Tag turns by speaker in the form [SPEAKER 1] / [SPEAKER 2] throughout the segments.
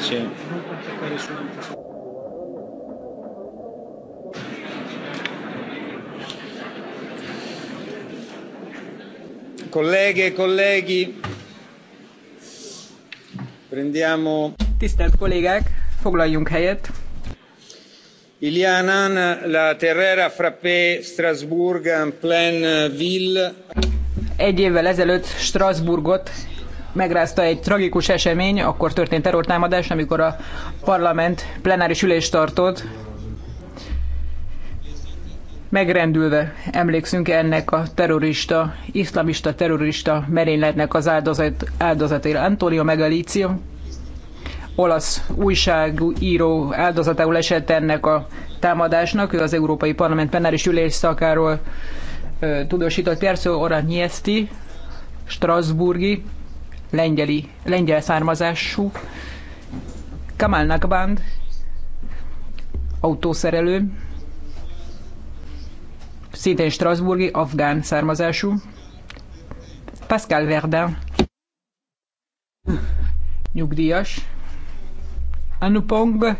[SPEAKER 1] Sì. Colleghe e colleghi,
[SPEAKER 2] prendiamo... Tisztelt kollégák, foglaljunk helyet. Iliana, la Terrera Frappé, Strasbourg, en plein ville. Egy évvel ezelőtt Strasbourgot megrázta egy tragikus esemény, akkor történt terrortámadás, amikor a parlament plenáris ülést tartott. Megrendülve emlékszünk ennek a terrorista, iszlamista terrorista merényletnek az áldozat, áldozatére. Antonio Megalizio, olasz újságíró áldozatául esett ennek a támadásnak. Ő az Európai Parlament plenáris ülés szakáról tudósított Perszó Oranyeszti, Strasburgi lengyeli, lengyel származású. Kamal Nagband autószerelő, szintén Strasburgi, afgán származású. Pascal Verdun, nyugdíjas. Anupong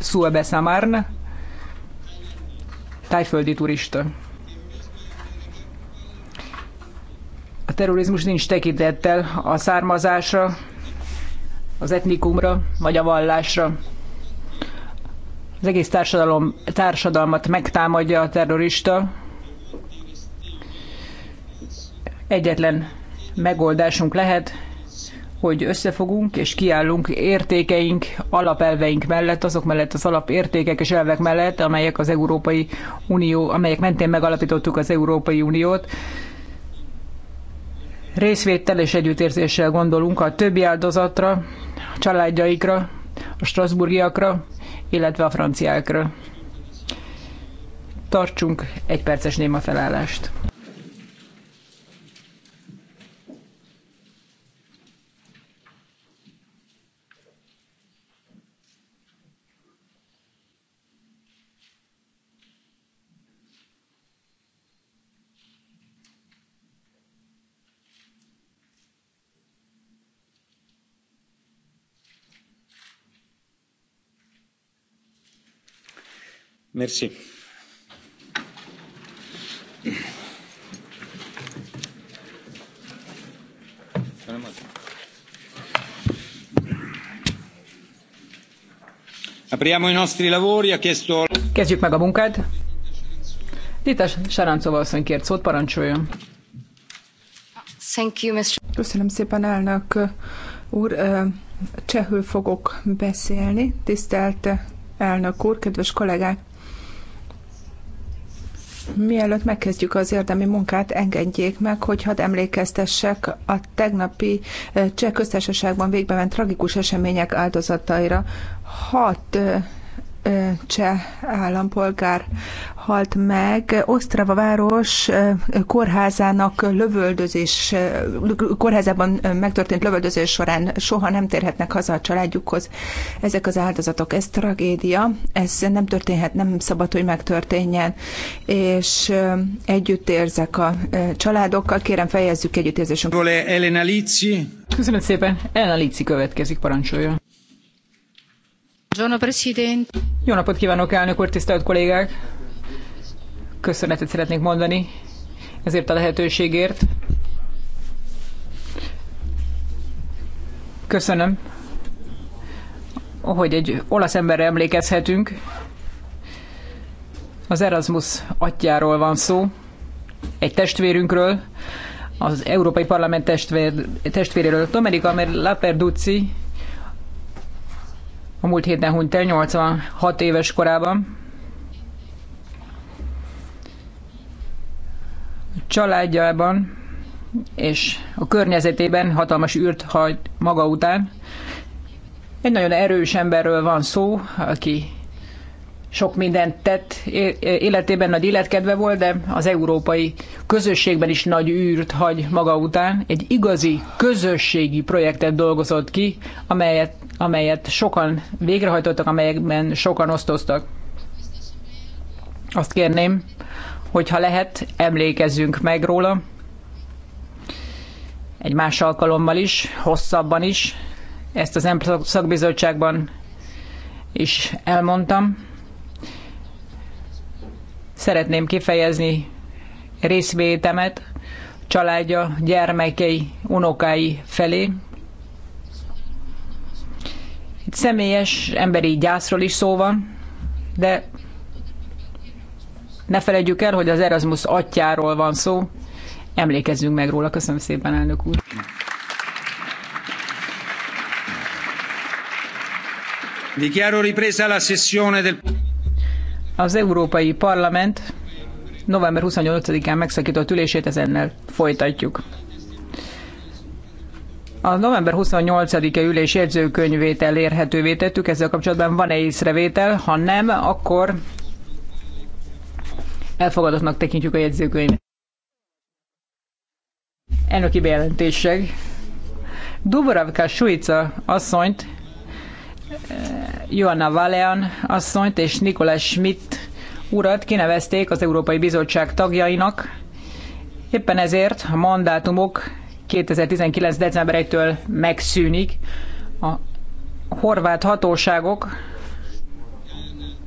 [SPEAKER 2] Suebe Samarn, tájföldi turista. A terrorizmus nincs tekintettel a származásra, az etnikumra vagy a vallásra. Az egész társadalom, társadalmat megtámadja a terrorista. Egyetlen megoldásunk lehet, hogy összefogunk és kiállunk értékeink, alapelveink mellett, azok mellett az alapértékek és elvek mellett, amelyek az Európai Unió, amelyek mentén megalapítottuk az Európai Uniót. Részvétel és együttérzéssel gondolunk a többi áldozatra, a családjaikra, a strasburgiakra, illetve a franciákra. Tartsunk egy perces néma felállást. Kezdjük meg a munkát. Titas Saráncova asszony kért szót, parancsoljon. Thank you, Mr. Köszönöm szépen, elnök
[SPEAKER 3] úr. Csehül fogok beszélni. Tisztelt elnök úr, kedves kollégák! Mielőtt megkezdjük az érdemi munkát, engedjék meg, hogy hadd emlékeztessek a tegnapi eh, cseh köztársaságban ment tragikus események áldozataira. Hat eh, cseh állampolgár halt meg. Osztrava város kórházának lövöldözés, kórházában megtörtént lövöldözés során soha nem térhetnek haza a családjukhoz. Ezek az áldozatok, ez tragédia, ez nem történhet, nem szabad, hogy megtörténjen. És együtt érzek a
[SPEAKER 2] családokkal, kérem fejezzük együttérzésünket. Elena Lici. Köszönöm szépen, Elena Lici következik, parancsolja. Jó napot kívánok, elnök úr, tisztelt kollégák! Köszönetet szeretnék mondani ezért a lehetőségért. Köszönöm, hogy egy olasz emberre emlékezhetünk. Az Erasmus atyáról van szó, egy testvérünkről, az Európai Parlament testvér, testvéréről, Domenico Laperduzzi, a múlt héten hunyt el 86 éves korában. A családjában és a környezetében hatalmas űrt hagy maga után. Egy nagyon erős emberről van szó, aki sok mindent tett, életében nagy életkedve volt, de az európai közösségben is nagy űrt hagy maga után. Egy igazi közösségi projektet dolgozott ki, amelyet, amelyet sokan végrehajtottak, amelyekben sokan osztoztak. Azt kérném, hogyha lehet, emlékezzünk meg róla. Egy más alkalommal is, hosszabban is. Ezt az szakbizottságban is elmondtam Szeretném kifejezni részvétemet családja, gyermekei, unokái felé. Itt személyes emberi gyászról is szó van, de ne felejtjük el, hogy az Erasmus atyáról van szó. Emlékezzünk meg róla. Köszönöm szépen, elnök úr.
[SPEAKER 1] Dichiaro ripresa la sessione del
[SPEAKER 2] az Európai Parlament november 28-án megszakított ülését ezennel folytatjuk. A november 28-e ülés jegyzőkönyvét elérhetővé tettük, ezzel kapcsolatban van-e észrevétel? Ha nem, akkor elfogadottnak tekintjük a jegyzőkönyvet. Elnöki bejelentések. Dubravka Suica asszonyt Joanna Valean asszonyt és Nikola Schmidt urat kinevezték az Európai Bizottság tagjainak. Éppen ezért a mandátumok 2019. december 1-től megszűnik. A horvát hatóságok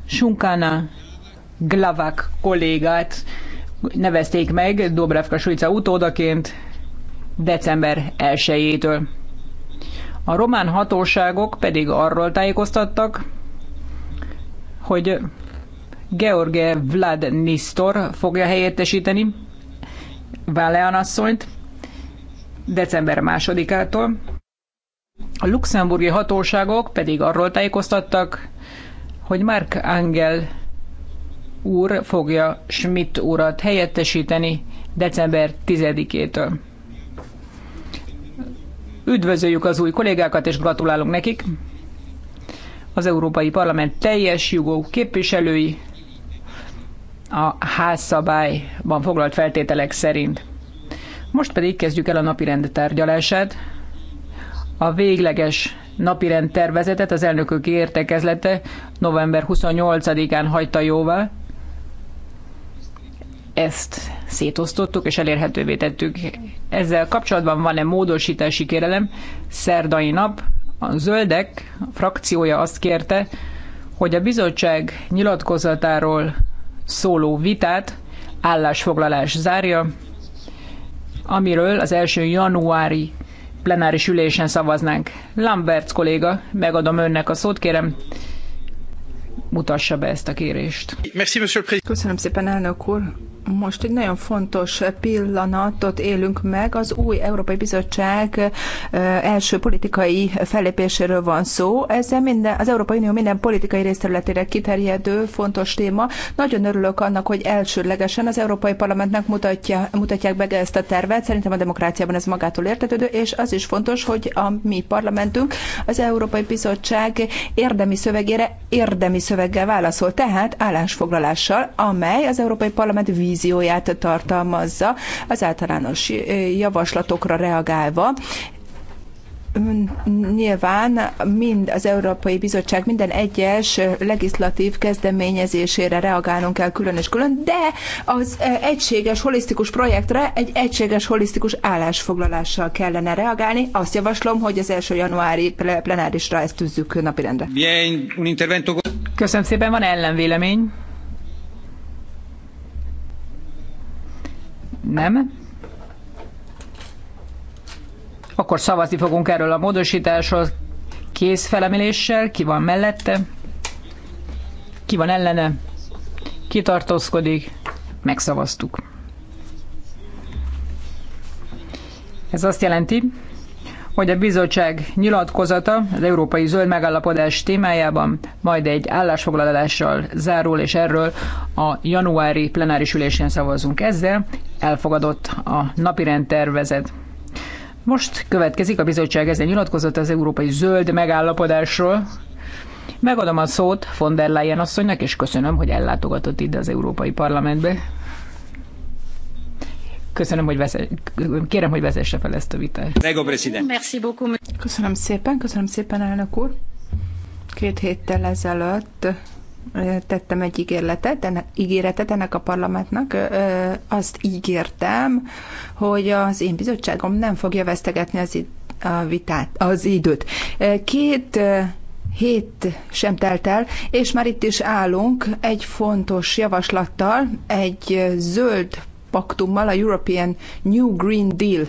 [SPEAKER 2] Sunkana Glavak kollégát nevezték meg Dobravka Suica utódaként december 1-től. A román hatóságok pedig arról tájékoztattak, hogy George Vlad Nistor fogja helyettesíteni Váleán asszonyt december másodikától. A luxemburgi hatóságok pedig arról tájékoztattak, hogy Mark Angel úr fogja Schmidt urat helyettesíteni december 10-től. Üdvözöljük az új kollégákat, és gratulálunk nekik. Az Európai Parlament teljes jogú képviselői a házszabályban foglalt feltételek szerint. Most pedig kezdjük el a napirend tárgyalását. A végleges napirend tervezetet az elnökök értekezlete november 28-án hagyta jóvá, ezt szétosztottuk és elérhetővé tettük. Ezzel kapcsolatban van-e módosítási kérelem? Szerdai nap a zöldek frakciója azt kérte, hogy a bizottság nyilatkozatáról szóló vitát állásfoglalás zárja, amiről az első januári plenáris ülésen szavaznánk. Lamberts kolléga, megadom önnek a szót, kérem, mutassa be ezt
[SPEAKER 3] a kérést.
[SPEAKER 2] Köszönöm szépen,
[SPEAKER 3] elnök úr. Most egy nagyon fontos pillanatot élünk meg. Az új Európai Bizottság első politikai fellépéséről van szó. Ez minden, az Európai Unió minden politikai részterületére kiterjedő fontos téma. Nagyon örülök annak, hogy elsődlegesen az Európai Parlamentnek mutatja, mutatják be ezt a tervet. Szerintem a demokráciában ez magától értetődő, és az is fontos, hogy a mi parlamentünk az Európai Bizottság érdemi szövegére érdemi szöveggel válaszol, tehát állásfoglalással, amely az Európai Parlament víz vízióját tartalmazza, az általános javaslatokra reagálva nyilván mind az Európai Bizottság minden egyes legislatív kezdeményezésére reagálnunk kell külön és külön, de az egységes holisztikus projektre egy egységes holisztikus állásfoglalással kellene reagálni. Azt javaslom, hogy az első januári
[SPEAKER 2] plenárisra ezt tűzzük napirendre. Köszönöm szépen, van ellenvélemény. Nem? Akkor szavazni fogunk erről a módosításról. Kész felemeléssel, ki van mellette, ki van ellene, ki tartózkodik, megszavaztuk. Ez azt jelenti, hogy a bizottság nyilatkozata az európai zöld megállapodás témájában majd egy állásfoglalással zárul, és erről a januári plenáris ülésen szavazunk. Ezzel elfogadott a napirend tervezet. Most következik a bizottság ezen nyilatkozata az európai zöld megállapodásról. Megadom a szót von der Leyen asszonynak, és köszönöm, hogy ellátogatott ide az Európai Parlamentbe. Köszönöm, hogy vezet, kérem, hogy vezesse fel ezt a vitát.
[SPEAKER 3] Köszönöm szépen, köszönöm szépen, elnök úr. Két héttel ezelőtt tettem egy ígérletet, enne, ígéretet ennek a parlamentnek. Azt ígértem, hogy az én bizottságom nem fogja vesztegetni az, a vitát, az időt. Két hét sem telt el, és már itt is állunk egy fontos javaslattal, egy zöld paktummal, a European New Green Deal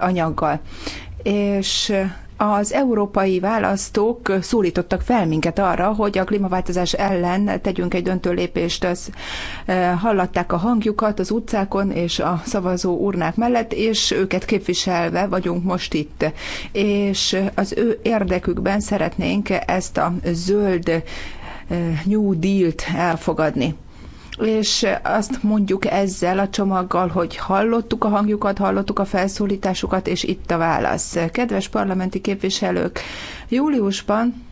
[SPEAKER 3] anyaggal. És az európai választók szólítottak fel minket arra, hogy a klímaváltozás ellen tegyünk egy döntő lépést. Az, hallatták a hangjukat az utcákon és a szavazó urnák mellett, és őket képviselve vagyunk most itt. És az ő érdekükben szeretnénk ezt a zöld New Deal-t elfogadni és azt mondjuk ezzel a csomaggal, hogy hallottuk a hangjukat, hallottuk a felszólításukat, és itt a válasz. Kedves parlamenti képviselők, júliusban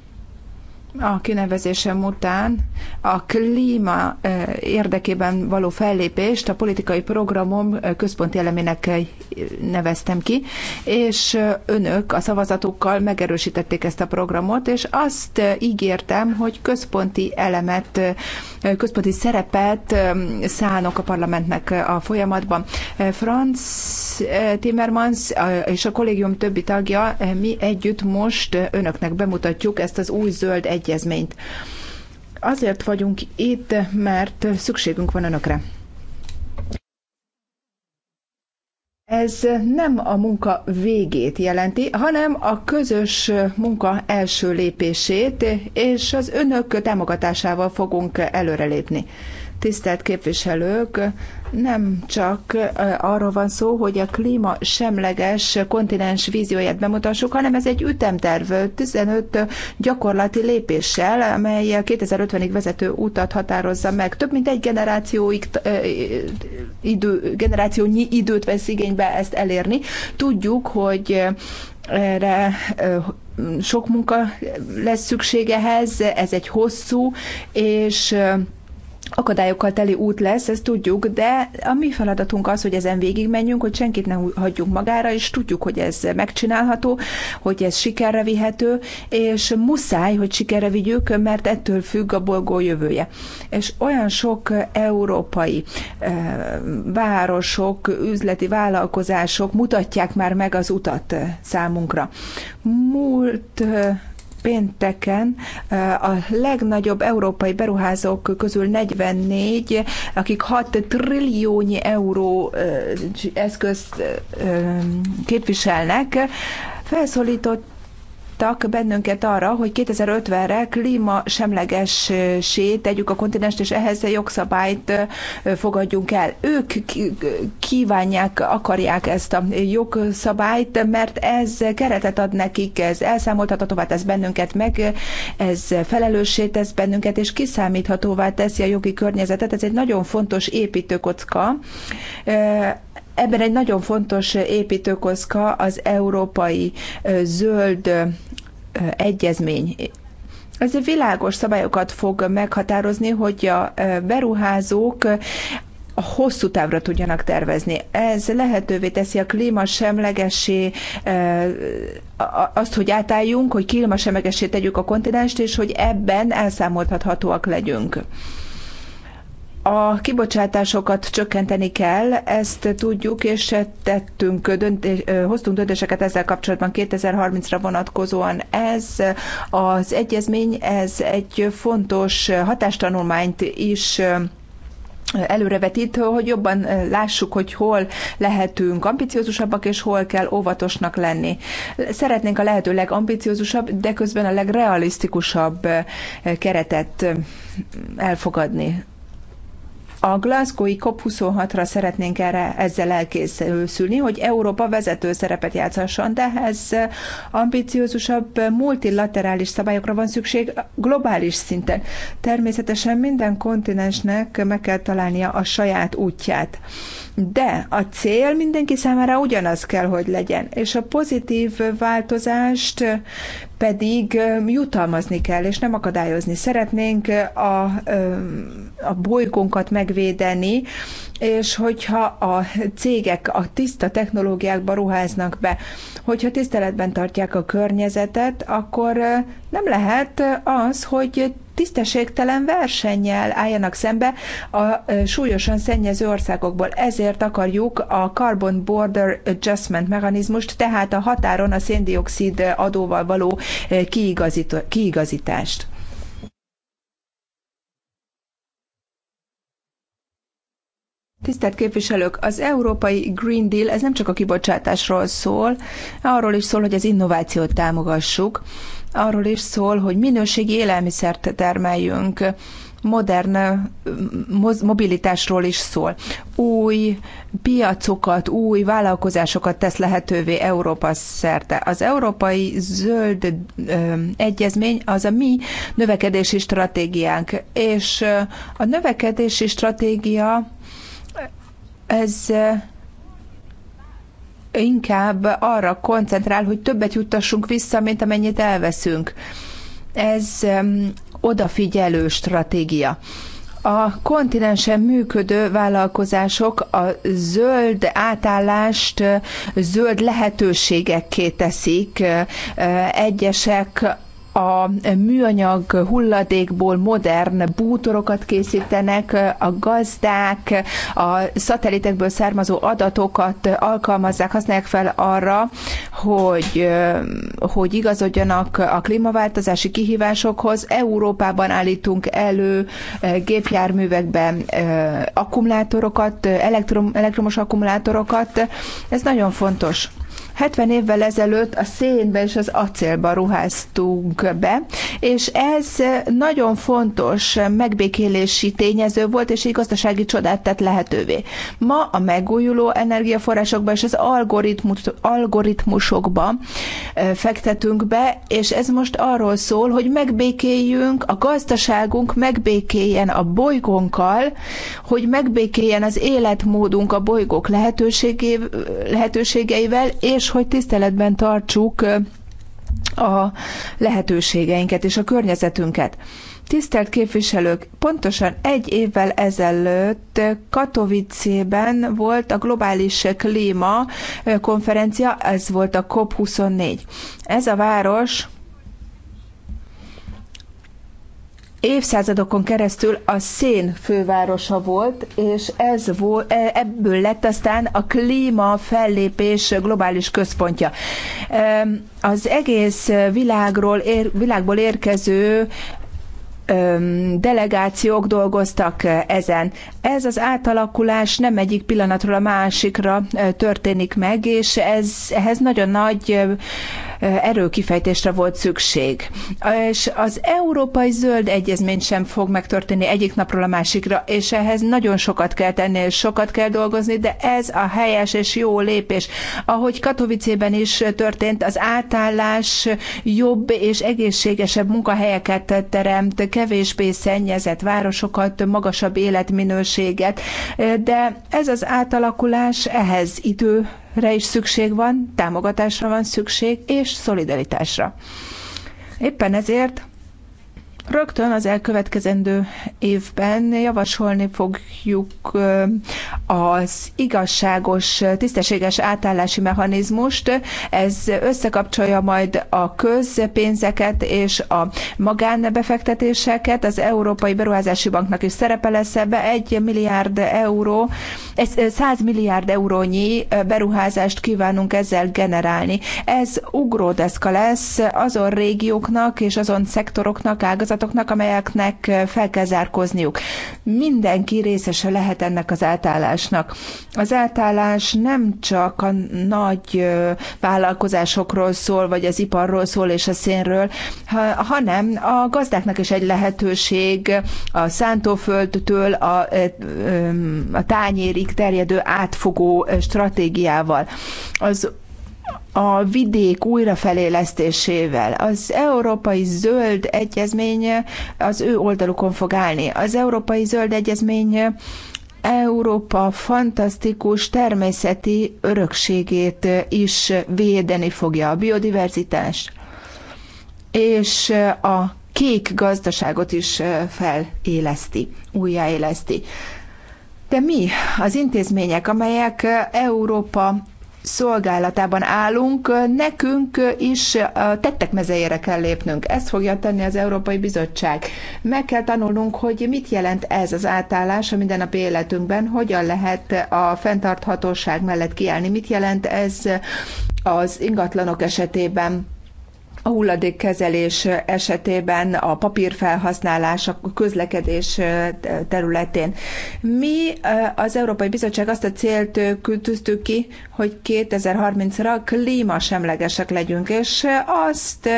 [SPEAKER 3] a kinevezésem után a klíma eh, érdekében való fellépést a politikai programom eh, központi elemének eh, neveztem ki, és önök a szavazatukkal megerősítették ezt a programot, és azt ígértem, hogy központi elemet központi szerepet szánok a parlamentnek a folyamatban. Franz Timmermans és a kollégium többi tagja, mi együtt most önöknek bemutatjuk ezt az új zöld egyezményt. Azért vagyunk itt, mert szükségünk van önökre. Ez nem a munka végét jelenti, hanem a közös munka első lépését, és az önök támogatásával fogunk előrelépni. Tisztelt képviselők, nem csak arról van szó, hogy a klíma semleges kontinens vízióját bemutassuk, hanem ez egy ütemterv 15 gyakorlati lépéssel, amely 2050-ig vezető utat határozza meg. Több mint egy generációig idő, generációnyi időt vesz igénybe ezt elérni. Tudjuk, hogy erre sok munka lesz szükségehez, ez egy hosszú és akadályokkal teli út lesz, ezt tudjuk, de a mi feladatunk az, hogy ezen végigmenjünk, hogy senkit ne hagyjunk magára, és tudjuk, hogy ez megcsinálható, hogy ez sikerre vihető, és muszáj, hogy sikerre vigyük, mert ettől függ a bolgó jövője. És olyan sok európai eh, városok, üzleti vállalkozások mutatják már meg az utat eh, számunkra. Múlt eh, pénteken eh, a legnagyobb európai beruházók közül 44, akik 6 trilliónyi euró eh, eszközt eh, képviselnek, felszólított meghívtak bennünket arra, hogy 2050-re klíma semlegessé tegyük a kontinenst, és ehhez jogszabályt fogadjunk el. Ők kívánják, akarják ezt a jogszabályt, mert ez keretet ad nekik, ez elszámoltathatóvá tesz bennünket meg, ez felelőssé tesz bennünket, és kiszámíthatóvá teszi a jogi környezetet. Ez egy nagyon fontos építőkocka Ebben egy nagyon fontos építőkozka az európai zöld egyezmény. Ez világos szabályokat fog meghatározni, hogy a beruházók a hosszú távra tudjanak tervezni. Ez lehetővé teszi a semlegesé azt, hogy átálljunk, hogy semlegesé tegyük a kontinenst, és hogy ebben elszámoltathatóak legyünk a kibocsátásokat csökkenteni kell, ezt tudjuk, és tettünk, döntés, hoztunk döntéseket ezzel kapcsolatban 2030-ra vonatkozóan. Ez az egyezmény, ez egy fontos hatástanulmányt is előrevetít, hogy jobban lássuk, hogy hol lehetünk ambiciózusabbak, és hol kell óvatosnak lenni. Szeretnénk a lehető legambiciózusabb, de közben a legrealisztikusabb keretet elfogadni. A Glasgow-i COP26-ra szeretnénk erre ezzel elkészülni, hogy Európa vezető szerepet játszhasson, de ehhez ambiciózusabb multilaterális szabályokra van szükség globális szinten. Természetesen minden kontinensnek meg kell találnia a saját útját de a cél mindenki számára ugyanaz kell, hogy legyen, és a pozitív változást pedig jutalmazni kell, és nem akadályozni. Szeretnénk a, a bolygónkat megvédeni, és hogyha a cégek a tiszta technológiákba ruháznak be, hogyha tiszteletben tartják a környezetet, akkor nem lehet az, hogy tisztességtelen versennyel álljanak szembe a súlyosan szennyező országokból. Ezért akarjuk a Carbon Border Adjustment mechanizmust, tehát a határon a széndiokszid adóval való kiigazítást. Tisztelt képviselők, az Európai Green Deal ez nem csak a kibocsátásról szól, arról is szól, hogy az innovációt támogassuk arról is szól, hogy minőségi élelmiszert termeljünk, modern mobilitásról is szól. Új piacokat, új vállalkozásokat tesz lehetővé Európa szerte. Az Európai Zöld Egyezmény az a mi növekedési stratégiánk, és a növekedési stratégia ez inkább arra koncentrál, hogy többet juttassunk vissza, mint amennyit elveszünk. Ez odafigyelő stratégia. A kontinensen működő vállalkozások a zöld átállást zöld lehetőségekké teszik. Egyesek a műanyag hulladékból modern bútorokat készítenek, a gazdák a szatelitekből származó adatokat alkalmazzák, használják fel arra, hogy, eh, hogy igazodjanak a klímaváltozási kihívásokhoz. Európában állítunk elő eh, gépjárművekben eh, akkumulátorokat, elektrom, elektromos akkumulátorokat. Ez nagyon fontos. 70 évvel ezelőtt a szénbe és az acélba ruháztunk be, és ez nagyon fontos megbékélési tényező volt, és egy gazdasági csodát tett lehetővé. Ma a megújuló energiaforrásokba és az algoritmus, algoritmusokba fektetünk be, és ez most arról szól, hogy megbékéljünk, a gazdaságunk megbékéljen a bolygónkkal, hogy megbékéljen az életmódunk a bolygók lehetőségeivel, és hogy tiszteletben tartsuk a lehetőségeinket és a környezetünket. Tisztelt képviselők, pontosan egy évvel ezelőtt Katowice-ben volt a globális klíma konferencia, ez volt a COP24. Ez a város évszázadokon keresztül a szén fővárosa volt, és ez volt, e, ebből lett aztán a klíma fellépés globális központja. E, az egész világról, világból érkező e, delegációk dolgoztak ezen. Ez az átalakulás nem egyik pillanatról a másikra történik meg, és ez, ehhez nagyon nagy erőkifejtésre volt szükség. És az európai zöld egyezmény sem fog megtörténni egyik napról a másikra, és ehhez nagyon sokat kell tenni, és sokat kell dolgozni, de ez a helyes és jó lépés. Ahogy Katowicében is történt, az átállás jobb és egészségesebb munkahelyeket teremt, kevésbé szennyezett városokat, magasabb életminőséget, de ez az átalakulás ehhez idő re is szükség van, támogatásra van szükség, és szolidaritásra. Éppen ezért Rögtön az elkövetkezendő évben javasolni fogjuk az igazságos, tisztességes átállási mechanizmust. Ez összekapcsolja majd a közpénzeket és a magánbefektetéseket. Az Európai Beruházási Banknak is szerepe lesz ebbe. Egy milliárd euró, 100 milliárd eurónyi beruházást kívánunk ezzel generálni. Ez ugródeszka lesz azon régióknak és azon szektoroknak, ágazatoknak, ágazatoknak, amelyeknek fel kell zárkózniuk. Mindenki részese lehet ennek az átállásnak. Az átállás nem csak a nagy vállalkozásokról szól, vagy az iparról szól és a szénről, hanem a gazdáknak is egy lehetőség a szántóföldtől a, a tányérig terjedő átfogó stratégiával. Az a vidék újrafelélesztésével. Az Európai Zöld Egyezmény az ő oldalukon fog állni. Az Európai Zöld Egyezmény Európa fantasztikus természeti örökségét is védeni fogja, a biodiverzitást és a kék gazdaságot is feléleszti, újjáéleszti. De mi az intézmények, amelyek Európa szolgálatában állunk, nekünk is a tettek mezejére kell lépnünk. Ezt fogja tenni az Európai Bizottság. Meg kell tanulnunk, hogy mit jelent ez az átállás a mindennapi életünkben, hogyan lehet a fenntarthatóság mellett kiállni, mit jelent ez az ingatlanok esetében a hulladékkezelés esetében, a papírfelhasználás, a közlekedés területén. Mi az Európai Bizottság azt a célt tűztük ki, hogy 2030-ra klímasemlegesek legyünk, és azt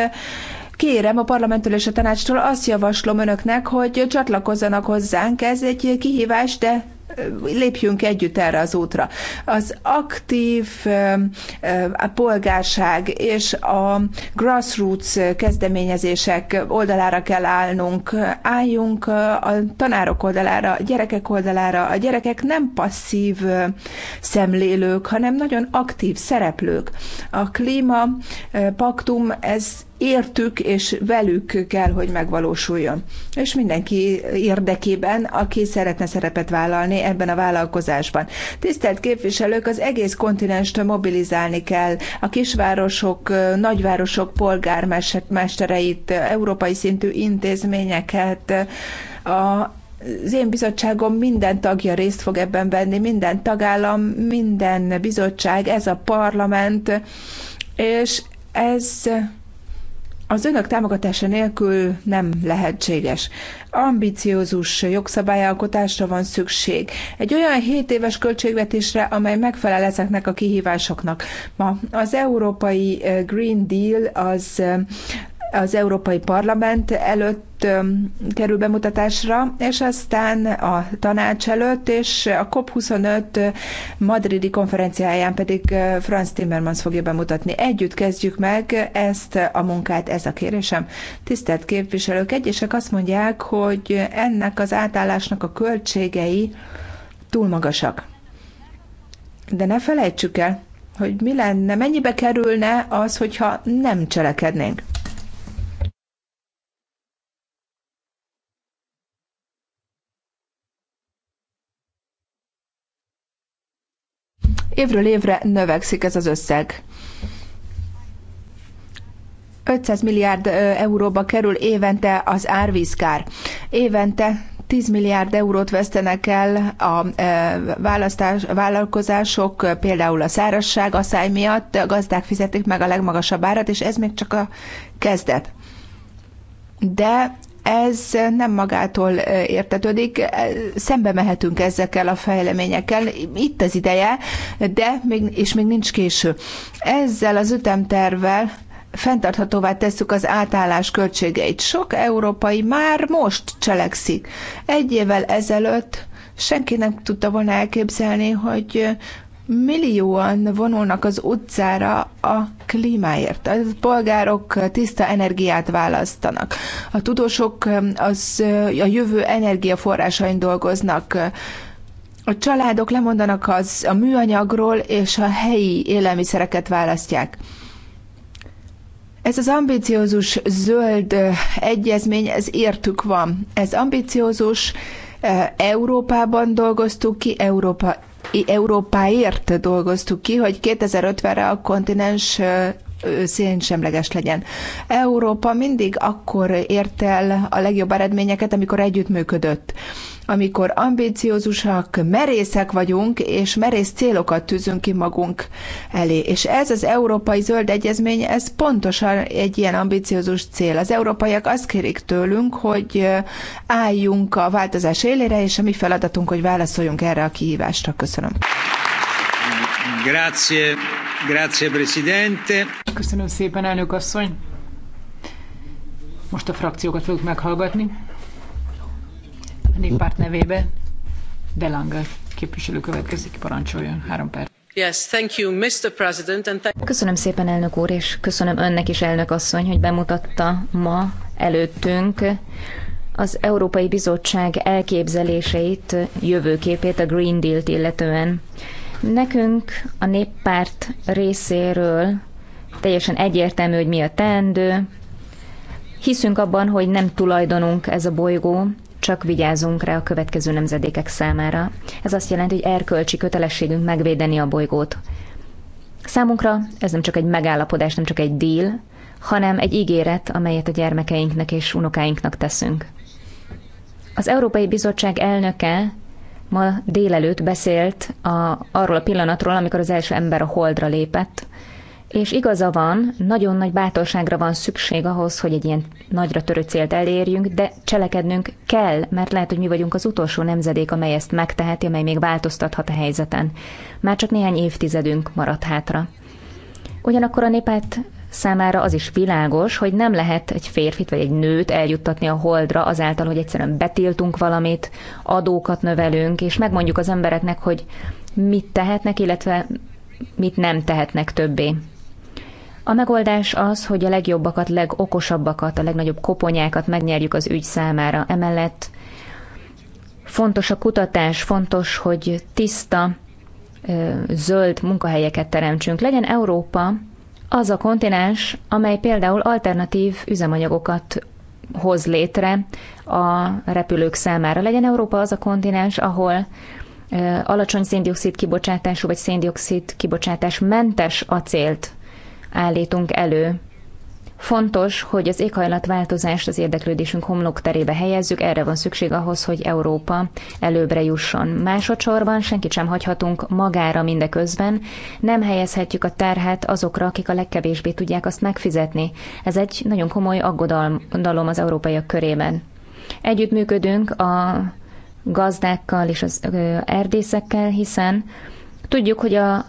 [SPEAKER 3] kérem a parlamenttől és a tanácstól, azt javaslom önöknek, hogy csatlakozzanak hozzánk. Ez egy kihívás, de lépjünk együtt erre az útra. Az aktív a polgárság és a grassroots kezdeményezések oldalára kell állnunk. Álljunk a tanárok oldalára, a gyerekek oldalára. A gyerekek nem passzív szemlélők, hanem nagyon aktív szereplők. A klíma paktum ez értük és velük kell, hogy megvalósuljon. És mindenki érdekében, aki szeretne szerepet vállalni ebben a vállalkozásban. Tisztelt képviselők, az egész kontinenst mobilizálni kell. A kisvárosok, nagyvárosok polgármestereit, európai szintű intézményeket, a az én bizottságom minden tagja részt fog ebben venni, minden tagállam, minden bizottság, ez a parlament, és ez az önök támogatása nélkül nem lehetséges. Ambiciózus jogszabályalkotásra van szükség. Egy olyan 7 éves költségvetésre, amely megfelel ezeknek a kihívásoknak. Ma az Európai eh, Green Deal az eh, az Európai Parlament előtt kerül bemutatásra, és aztán a tanács előtt, és a COP25 madridi konferenciáján pedig Franz Timmermans fogja bemutatni. Együtt kezdjük meg ezt a munkát, ez a kérésem. Tisztelt képviselők, egyesek azt mondják, hogy ennek az átállásnak a költségei túl magasak. De ne felejtsük el, hogy mi lenne, mennyibe kerülne az, hogyha nem cselekednénk. Évről évre növekszik ez az összeg. 500 milliárd euróba kerül évente az árvízkár. Évente 10 milliárd eurót vesztenek el a választás, vállalkozások, például a szárasság, a száj miatt, a gazdák fizetik meg a legmagasabb árat, és ez még csak a kezdet. De ez nem magától értetődik, szembe mehetünk ezekkel a fejleményekkel, itt az ideje, de még, és még nincs késő. Ezzel az ütemtervvel fenntarthatóvá tesszük az átállás költségeit. Sok európai már most cselekszik. Egy évvel ezelőtt senki nem tudta volna elképzelni, hogy millióan vonulnak az utcára a klímáért. A polgárok tiszta energiát választanak. A tudósok um, az, uh, a jövő energiaforrásain dolgoznak. A családok lemondanak az, a műanyagról, és a helyi élelmiszereket választják. Ez az ambiciózus zöld uh, egyezmény, ez értük van. Ez ambiciózus, uh, Európában dolgoztuk ki, Európa Európáért dolgoztuk ki, hogy 2050-re a kontinens szénsemleges legyen. Európa mindig akkor ért el a legjobb eredményeket, amikor együttműködött amikor ambíciózusak, merészek vagyunk, és merész célokat tűzünk ki magunk elé. És ez az Európai Zöld Egyezmény, ez pontosan egy ilyen ambíciózus cél. Az európaiak azt kérik tőlünk, hogy álljunk a változás élére, és a mi feladatunk, hogy válaszoljunk erre a kihívásra. Köszönöm.
[SPEAKER 4] Grazie,
[SPEAKER 1] grazie Presidente.
[SPEAKER 2] Köszönöm szépen, elnök asszony. Most a frakciókat fogjuk meghallgatni. A néppárt
[SPEAKER 4] De Lange képviselő következik, parancsoljon, három perc.
[SPEAKER 2] Yes, thank you, Mr. President, and thank
[SPEAKER 4] köszönöm szépen, elnök úr, és köszönöm önnek is, elnök asszony, hogy bemutatta ma előttünk az Európai Bizottság elképzeléseit, jövőképét, a Green Deal-t illetően. Nekünk a néppárt részéről teljesen egyértelmű, hogy mi a teendő. Hiszünk abban, hogy nem tulajdonunk ez a bolygó, csak vigyázunk rá a következő nemzedékek számára. Ez azt jelenti, hogy erkölcsi kötelességünk megvédeni a bolygót. Számunkra ez nem csak egy megállapodás, nem csak egy díl, hanem egy ígéret, amelyet a gyermekeinknek és unokáinknak teszünk. Az Európai Bizottság elnöke ma délelőtt beszélt a, arról a pillanatról, amikor az első ember a holdra lépett, és igaza van, nagyon nagy bátorságra van szükség ahhoz, hogy egy ilyen nagyra törő célt elérjünk, de cselekednünk kell, mert lehet, hogy mi vagyunk az utolsó nemzedék, amely ezt megteheti, amely még változtathat a helyzeten. Már csak néhány évtizedünk maradt hátra. Ugyanakkor a népát számára az is világos, hogy nem lehet egy férfit vagy egy nőt eljuttatni a holdra azáltal, hogy egyszerűen betiltunk valamit, adókat növelünk, és megmondjuk az embereknek, hogy mit tehetnek, illetve mit nem tehetnek többé. A megoldás az, hogy a legjobbakat, legokosabbakat, a legnagyobb koponyákat megnyerjük az ügy számára. Emellett fontos a kutatás, fontos, hogy tiszta, zöld munkahelyeket teremtsünk. Legyen Európa az a kontinens, amely például alternatív üzemanyagokat hoz létre a repülők számára. Legyen Európa az a kontinens, ahol alacsony széndiokszid kibocsátású vagy széndiokszid kibocsátás mentes acélt állítunk elő. Fontos, hogy az éghajlatváltozást az érdeklődésünk homlokterébe helyezzük, erre van szükség ahhoz, hogy Európa előbbre jusson. Másodszorban senkit sem hagyhatunk magára mindeközben, nem helyezhetjük a terhet azokra, akik a legkevésbé tudják azt megfizetni. Ez egy nagyon komoly aggodalom az európaiak körében. Együttműködünk a gazdákkal és az erdészekkel, hiszen tudjuk, hogy a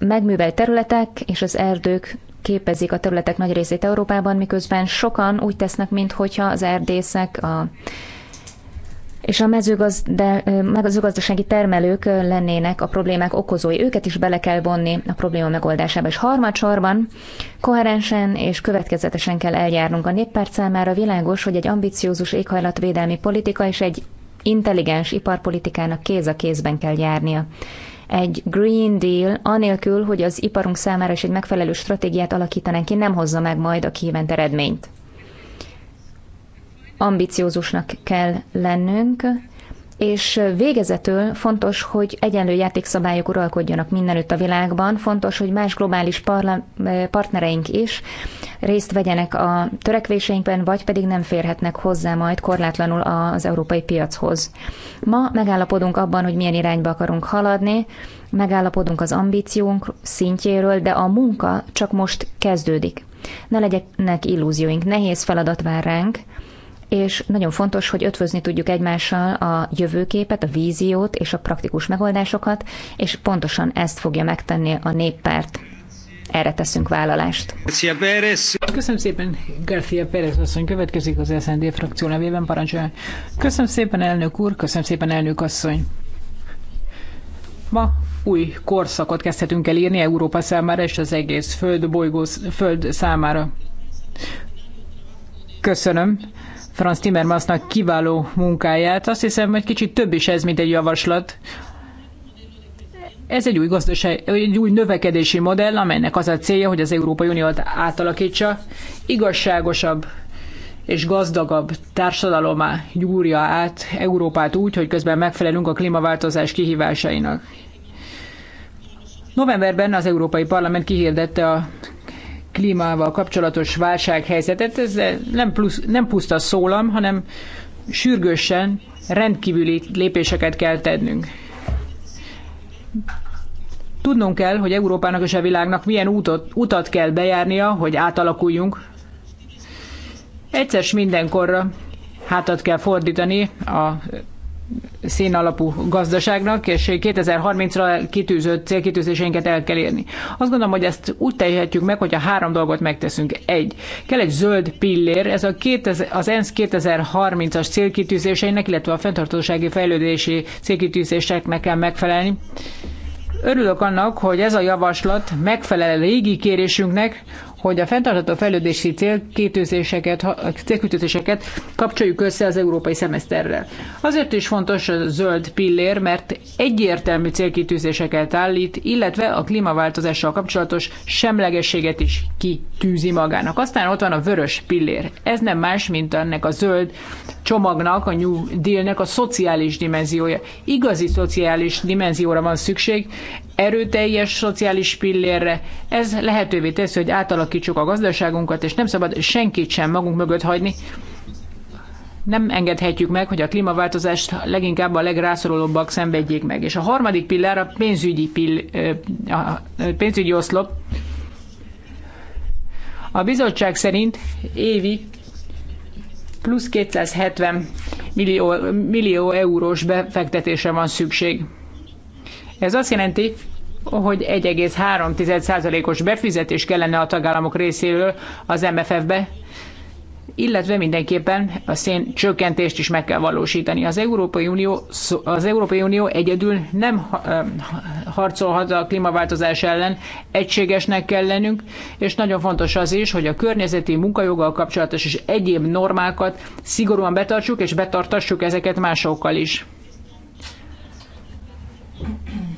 [SPEAKER 4] megművelt területek és az erdők képezik a területek nagy részét Európában, miközben sokan úgy tesznek, mintha az erdészek a, és a mezőgazdasági termelők lennének a problémák okozói. Őket is bele kell vonni a probléma megoldásába. És harmadsorban koherensen és következetesen kell eljárnunk. A néppárt számára világos, hogy egy ambiciózus éghajlatvédelmi politika és egy intelligens iparpolitikának kéz a kézben kell járnia egy Green Deal, anélkül, hogy az iparunk számára is egy megfelelő stratégiát alakítanánk ki, nem hozza meg majd a kívánt eredményt. Ambiciózusnak kell lennünk, és végezetül fontos, hogy egyenlő játékszabályok uralkodjanak mindenütt a világban, fontos, hogy más globális partnereink is részt vegyenek a törekvéseinkben, vagy pedig nem férhetnek hozzá majd korlátlanul az európai piachoz. Ma megállapodunk abban, hogy milyen irányba akarunk haladni, megállapodunk az ambíciónk szintjéről, de a munka csak most kezdődik. Ne legyenek illúzióink, nehéz feladat vár ránk, és nagyon fontos, hogy ötvözni tudjuk egymással a jövőképet, a víziót és a praktikus megoldásokat, és pontosan ezt fogja megtenni a néppárt. Erre teszünk vállalást.
[SPEAKER 2] Köszönöm szépen, García Pérez asszony. Következik az SND frakció nevében, parancsolja. Köszönöm szépen, elnök úr, köszönöm szépen, elnök asszony. Ma új korszakot kezdhetünk el írni Európa számára és az egész föld, bolygó, föld számára. Köszönöm Franz Timmermansnak kiváló munkáját. Azt hiszem, hogy kicsit több is ez, mint egy javaslat. Ez egy új, gazdaság, egy új növekedési modell, amelynek az a célja, hogy az Európai Uniót átalakítsa, igazságosabb és gazdagabb társadalomá gyúrja át Európát úgy, hogy közben megfelelünk a klímaváltozás kihívásainak. Novemberben az Európai Parlament kihirdette a klímával kapcsolatos válsághelyzetet. Ez nem, plusz, nem puszta szólam, hanem sürgősen rendkívüli lépéseket kell tennünk. Tudnunk kell, hogy Európának és a világnak milyen útot, utat kell bejárnia, hogy átalakuljunk. Egyszer mindenkorra hátat kell fordítani a szénalapú gazdaságnak, és 2030-ra kitűzött célkitűzéseinket el kell érni. Azt gondolom, hogy ezt úgy tehetjük meg, hogyha három dolgot megteszünk. Egy, kell egy zöld pillér, ez a 2000, az ENSZ 2030-as célkitűzéseinek, illetve a fenntartósági fejlődési célkitűzéseknek kell megfelelni. Örülök annak, hogy ez a javaslat megfelel a régi kérésünknek, hogy a fenntartható fejlődési célkitűzéseket, célkitűzéseket kapcsoljuk össze az európai szemeszterrel. Azért is fontos a zöld pillér, mert egyértelmű célkitűzéseket állít, illetve a klímaváltozással kapcsolatos semlegességet is kitűzi magának. Aztán ott van a vörös pillér. Ez nem más, mint ennek a zöld csomagnak, a New Deal-nek a szociális dimenziója. Igazi szociális dimenzióra van szükség, erőteljes szociális pillérre. Ez lehetővé teszi, hogy átalakítsuk megszakítsuk a gazdaságunkat, és nem szabad senkit sem magunk mögött hagyni. Nem engedhetjük meg, hogy a klímaváltozást leginkább a legrászorulóbbak szenvedjék meg. És a harmadik pillár a pénzügyi, pill, a pénzügyi oszlop. A bizottság szerint évi plusz 270 millió, millió eurós befektetésre van szükség. Ez azt jelenti, hogy 1,3%-os befizetés kellene a tagállamok részéről az MFF-be, illetve mindenképpen a szén csökkentést is meg kell valósítani. Az Európai Unió, az Európai Unió egyedül nem harcolhat a klímaváltozás ellen, egységesnek kell lennünk, és nagyon fontos az is, hogy a környezeti munkajoggal kapcsolatos és egyéb normákat szigorúan betartsuk, és betartassuk ezeket másokkal is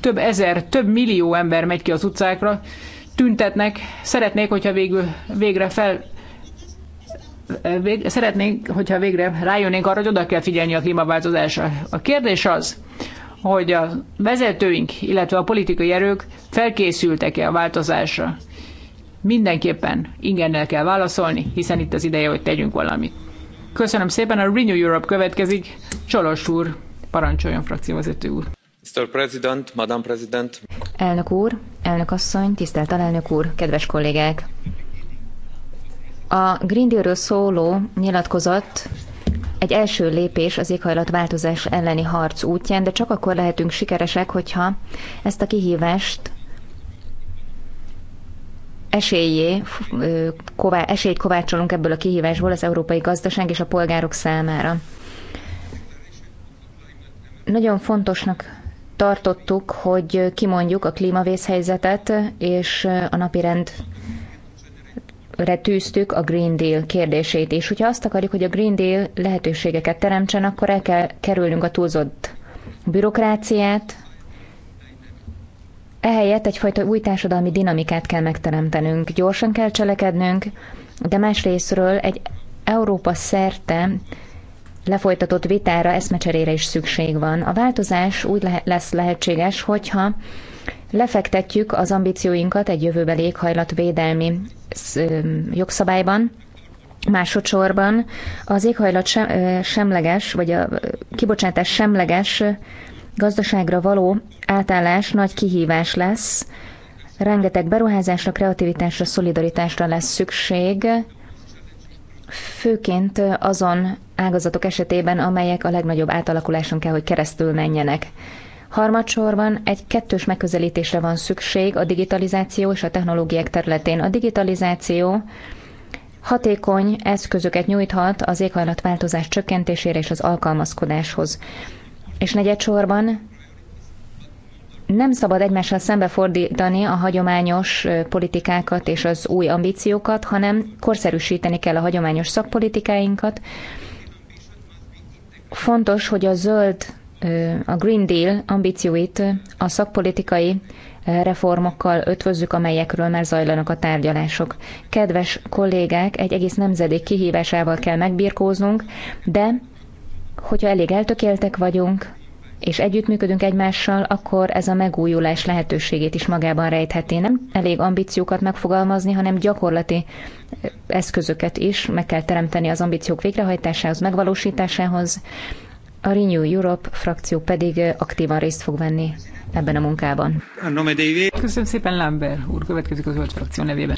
[SPEAKER 2] több ezer, több millió ember megy ki az utcákra, tüntetnek, szeretnék, hogyha végül, végre fel, vég, szeretnénk, hogyha végre rájönnénk arra, hogy oda kell figyelni a klímaváltozásra. A kérdés az, hogy a vezetőink, illetve a politikai erők felkészültek-e a változásra. Mindenképpen ingennel kell válaszolni, hiszen itt az ideje, hogy tegyünk valamit. Köszönöm szépen, a Renew Europe következik. Csolos úr, parancsoljon
[SPEAKER 4] frakcióvezető úr. Elnök úr, elnök asszony, tisztelt alelnök úr, kedves kollégák! A Green Deal-ről szóló nyilatkozat egy első lépés az éghajlatváltozás elleni harc útján, de csak akkor lehetünk sikeresek, hogyha ezt a kihívást esélyé, ková, esélyt kovácsolunk ebből a kihívásból az európai gazdaság és a polgárok számára. Nagyon fontosnak tartottuk, hogy kimondjuk a klímavészhelyzetet, és a rend tűztük a Green Deal kérdését is. Hogyha azt akarjuk, hogy a Green Deal lehetőségeket teremtsen, akkor el kell kerülnünk a túlzott bürokráciát, ehelyett egyfajta új társadalmi dinamikát kell megteremtenünk. Gyorsan kell cselekednünk, de másrésztről egy Európa szerte lefolytatott vitára, eszmecserére is szükség van. A változás úgy lesz lehetséges, hogyha lefektetjük az ambícióinkat egy jövőbeli éghajlatvédelmi jogszabályban, Másodszorban az éghajlat sem, semleges, vagy a kibocsátás semleges gazdaságra való átállás nagy kihívás lesz. Rengeteg beruházásra, kreativitásra, szolidaritásra lesz szükség, főként azon ágazatok esetében, amelyek a legnagyobb átalakuláson kell, hogy keresztül menjenek. Harmadsorban egy kettős megközelítésre van szükség a digitalizáció és a technológiák területén. A digitalizáció hatékony eszközöket nyújthat az éghajlatváltozás csökkentésére és az alkalmazkodáshoz. És negyedsorban nem szabad egymással szembefordítani a hagyományos politikákat és az új ambíciókat, hanem korszerűsíteni kell a hagyományos szakpolitikáinkat. Fontos, hogy a zöld, a Green Deal ambícióit a szakpolitikai reformokkal ötvözzük, amelyekről már zajlanak a tárgyalások. Kedves kollégák, egy egész nemzedék kihívásával kell megbirkóznunk, de hogyha elég eltökéltek vagyunk, és együttműködünk egymással, akkor ez a megújulás lehetőségét is magában rejtheti. Nem elég ambíciókat megfogalmazni, hanem gyakorlati eh, eszközöket is meg kell teremteni az ambíciók végrehajtásához, megvalósításához. A Renew Europe frakció pedig eh, aktívan részt fog venni ebben a munkában. Köszönöm szépen, Lambert úr. Következik a zöld frakció nevében.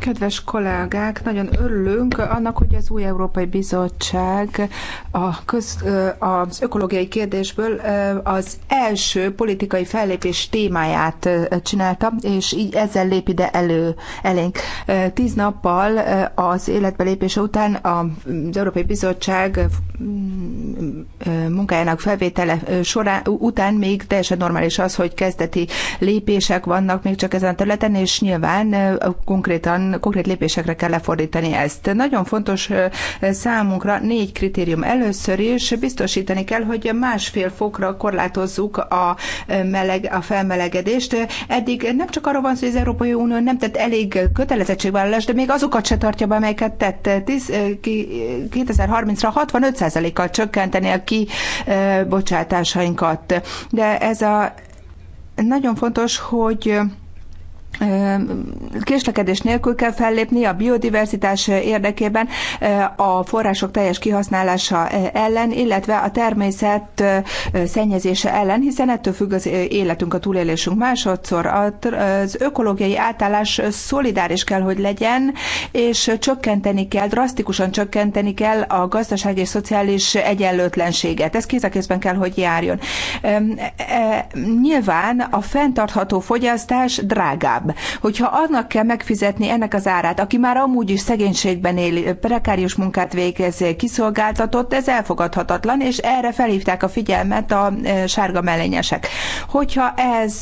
[SPEAKER 4] Kedves
[SPEAKER 3] kollégák, nagyon örülünk annak, hogy az új Európai Bizottság a köz, az ökológiai kérdésből az első politikai fellépés témáját csinálta, és így ezzel lép ide elő elénk. Tíz nappal az életbe lépése után az Európai Bizottság munkájának felvétele során, után még teljesen normális az, hogy kezdeti lépések vannak még csak ezen a területen, és nyilván konkrétan konkrét lépésekre kell lefordítani ezt. Nagyon fontos számunkra négy kritérium. Először is biztosítani kell, hogy másfél fokra korlátozzuk a, meleg, a felmelegedést. Eddig nem csak arról van szó, hogy az Európai Unió nem tett elég kötelezettségvállalás, de még azokat se tartja be, amelyeket tett. 2030-ra 65%-kal csökkenteni a kibocsátásainkat. De ez a nagyon fontos, hogy késlekedés nélkül kell fellépni a biodiverzitás érdekében, a források teljes kihasználása ellen, illetve a természet szennyezése ellen, hiszen ettől függ az életünk, a túlélésünk. Másodszor az ökológiai átállás szolidáris kell, hogy legyen, és csökkenteni kell, drasztikusan csökkenteni kell a gazdaság és szociális egyenlőtlenséget. Ez kéz a kézben kell, hogy járjon. Nyilván a fenntartható fogyasztás drágább Hogyha annak kell megfizetni ennek az árát, aki már amúgy is szegénységben él, prekárius munkát végez, kiszolgáltatott, ez elfogadhatatlan, és erre felhívták a figyelmet a e, sárga mellényesek. Hogyha ez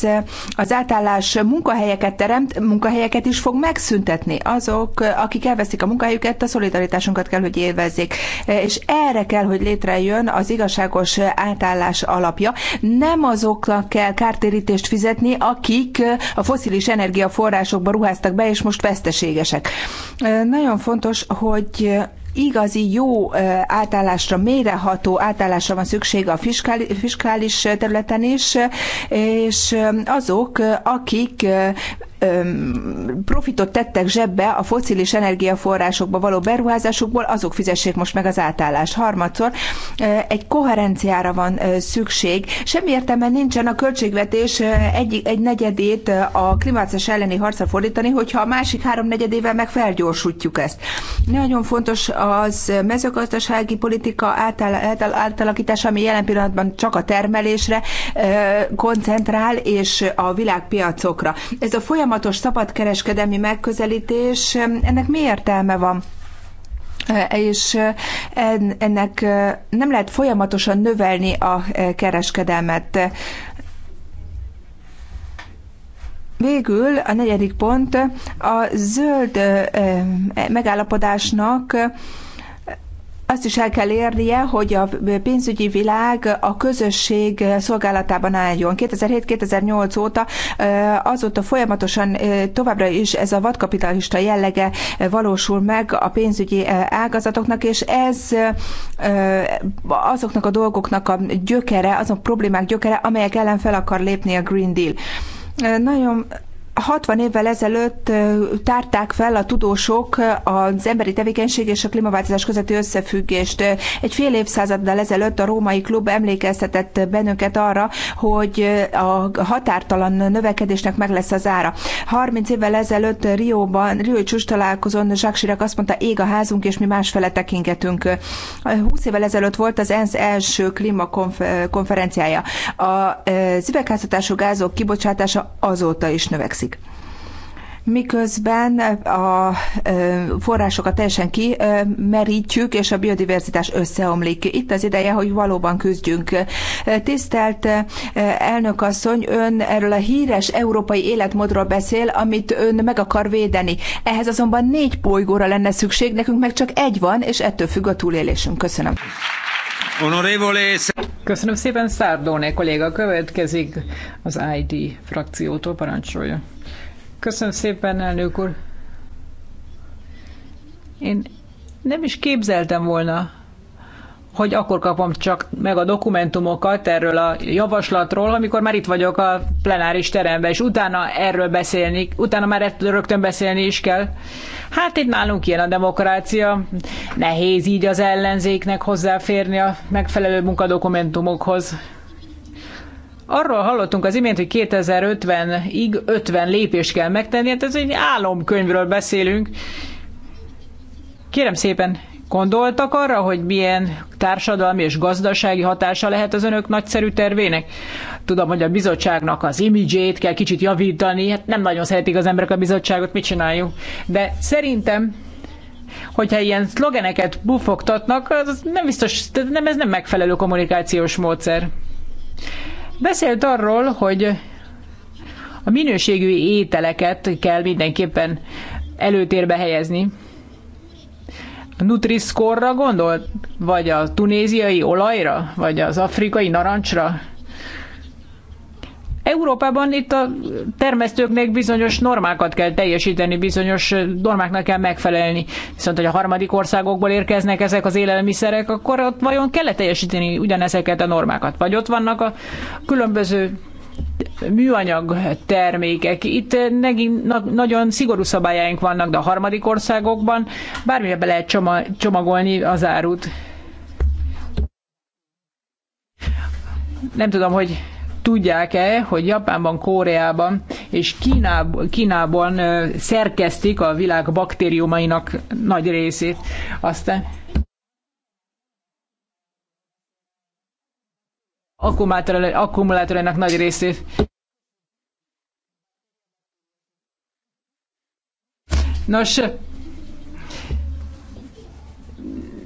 [SPEAKER 3] az átállás munkahelyeket teremt, munkahelyeket is fog megszüntetni. Azok, akik elveszik a munkahelyüket, a szolidaritásunkat kell, hogy élvezzék. E, és erre kell, hogy létrejön az igazságos átállás alapja. Nem azoknak kell kártérítést fizetni, akik a foszilis energiát energiaforrásokba ruháztak be, és most veszteségesek. Nagyon fontos, hogy igazi jó átállásra, mélyreható átállásra van szükség a fiskális területen is, és azok, akik profitot tettek zsebbe a foszilis energiaforrásokba való beruházásukból, azok fizessék most meg az átállást. Harmadszor egy koherenciára van szükség. Semmi értelme nincsen a költségvetés egy, egy negyedét a klímaváltozás elleni harcra fordítani, hogyha a másik három negyedével meg felgyorsítjuk ezt. Nagyon fontos az mezőgazdasági politika átáll, átalakítása, ami jelen pillanatban csak a termelésre koncentrál és a világpiacokra. Ez a folyamat folyamatos szabadkereskedelmi megközelítés, ennek mi értelme van? E, és e, ennek e, nem lehet folyamatosan növelni a kereskedelmet. Végül a negyedik pont a zöld megállapodásnak azt is el kell érnie, hogy a pénzügyi világ a közösség szolgálatában álljon. 2007-2008 óta azóta folyamatosan továbbra is ez a vadkapitalista jellege valósul meg a pénzügyi ágazatoknak, és ez azoknak a dolgoknak a gyökere, azok problémák gyökere, amelyek ellen fel akar lépni a Green Deal. Nagyon 60 évvel ezelőtt tárták fel a tudósok az emberi tevékenység és a klímaváltozás közötti összefüggést. Egy fél évszázaddal ezelőtt a Római Klub emlékeztetett bennünket arra, hogy a határtalan növekedésnek meg lesz az ára. 30 évvel ezelőtt Rióban, Rió csúcs találkozón Jacques Chirac azt mondta, ég a házunk, és mi másfele tekingetünk. 20 évvel ezelőtt volt az ENSZ első klímakonferenciája. A üvegházhatású gázok kibocsátása azóta is növekszik miközben a forrásokat teljesen kimerítjük, és a biodiverzitás összeomlik. Itt az ideje, hogy valóban küzdjünk. Tisztelt elnök asszony, ön erről a híres európai életmódról beszél, amit ön meg akar védeni. Ehhez azonban négy bolygóra lenne szükség, nekünk meg csak egy van, és ettől
[SPEAKER 2] függ a túlélésünk. Köszönöm. Köszönöm szépen, Szárdóné kolléga következik az ID frakciótól, parancsolja. Köszönöm szépen, elnök úr. Én nem is képzeltem volna, hogy akkor kapom csak meg a dokumentumokat erről a javaslatról, amikor már itt vagyok a plenáris teremben, és utána erről beszélni, utána már rögtön beszélni is kell. Hát itt nálunk ilyen a demokrácia, nehéz így az ellenzéknek hozzáférni a megfelelő munkadokumentumokhoz. Arról hallottunk az imént, hogy 2050-ig 50 lépést kell megtenni, hát ez egy álomkönyvről beszélünk. Kérem szépen, gondoltak arra, hogy milyen társadalmi és gazdasági hatása lehet az önök nagyszerű tervének? Tudom, hogy a bizottságnak az imidzsét kell kicsit javítani, hát nem nagyon szeretik az emberek a bizottságot, mit csináljuk. De szerintem hogyha ilyen szlogeneket bufogtatnak, az nem biztos, nem, ez nem megfelelő kommunikációs módszer. Beszélt arról, hogy a minőségű ételeket kell mindenképpen előtérbe helyezni. A nutri gondolt? Vagy a tunéziai olajra? Vagy az afrikai narancsra? Európában itt a termesztőknek bizonyos normákat kell teljesíteni, bizonyos normáknak kell megfelelni. Viszont, hogy a harmadik országokból érkeznek ezek az élelmiszerek, akkor ott vajon kell -e teljesíteni ugyanezeket a normákat? Vagy ott vannak a különböző műanyag termékek. Itt megint na- nagyon szigorú szabályaink vannak, de a harmadik országokban bármire be lehet csoma- csomagolni az árut. Nem tudom, hogy tudják-e, hogy Japánban, Koreában és Kínában, Kínában szerkesztik a világ baktériumainak nagy részét. Aztán akkumulátorainak nagy részét. Nos,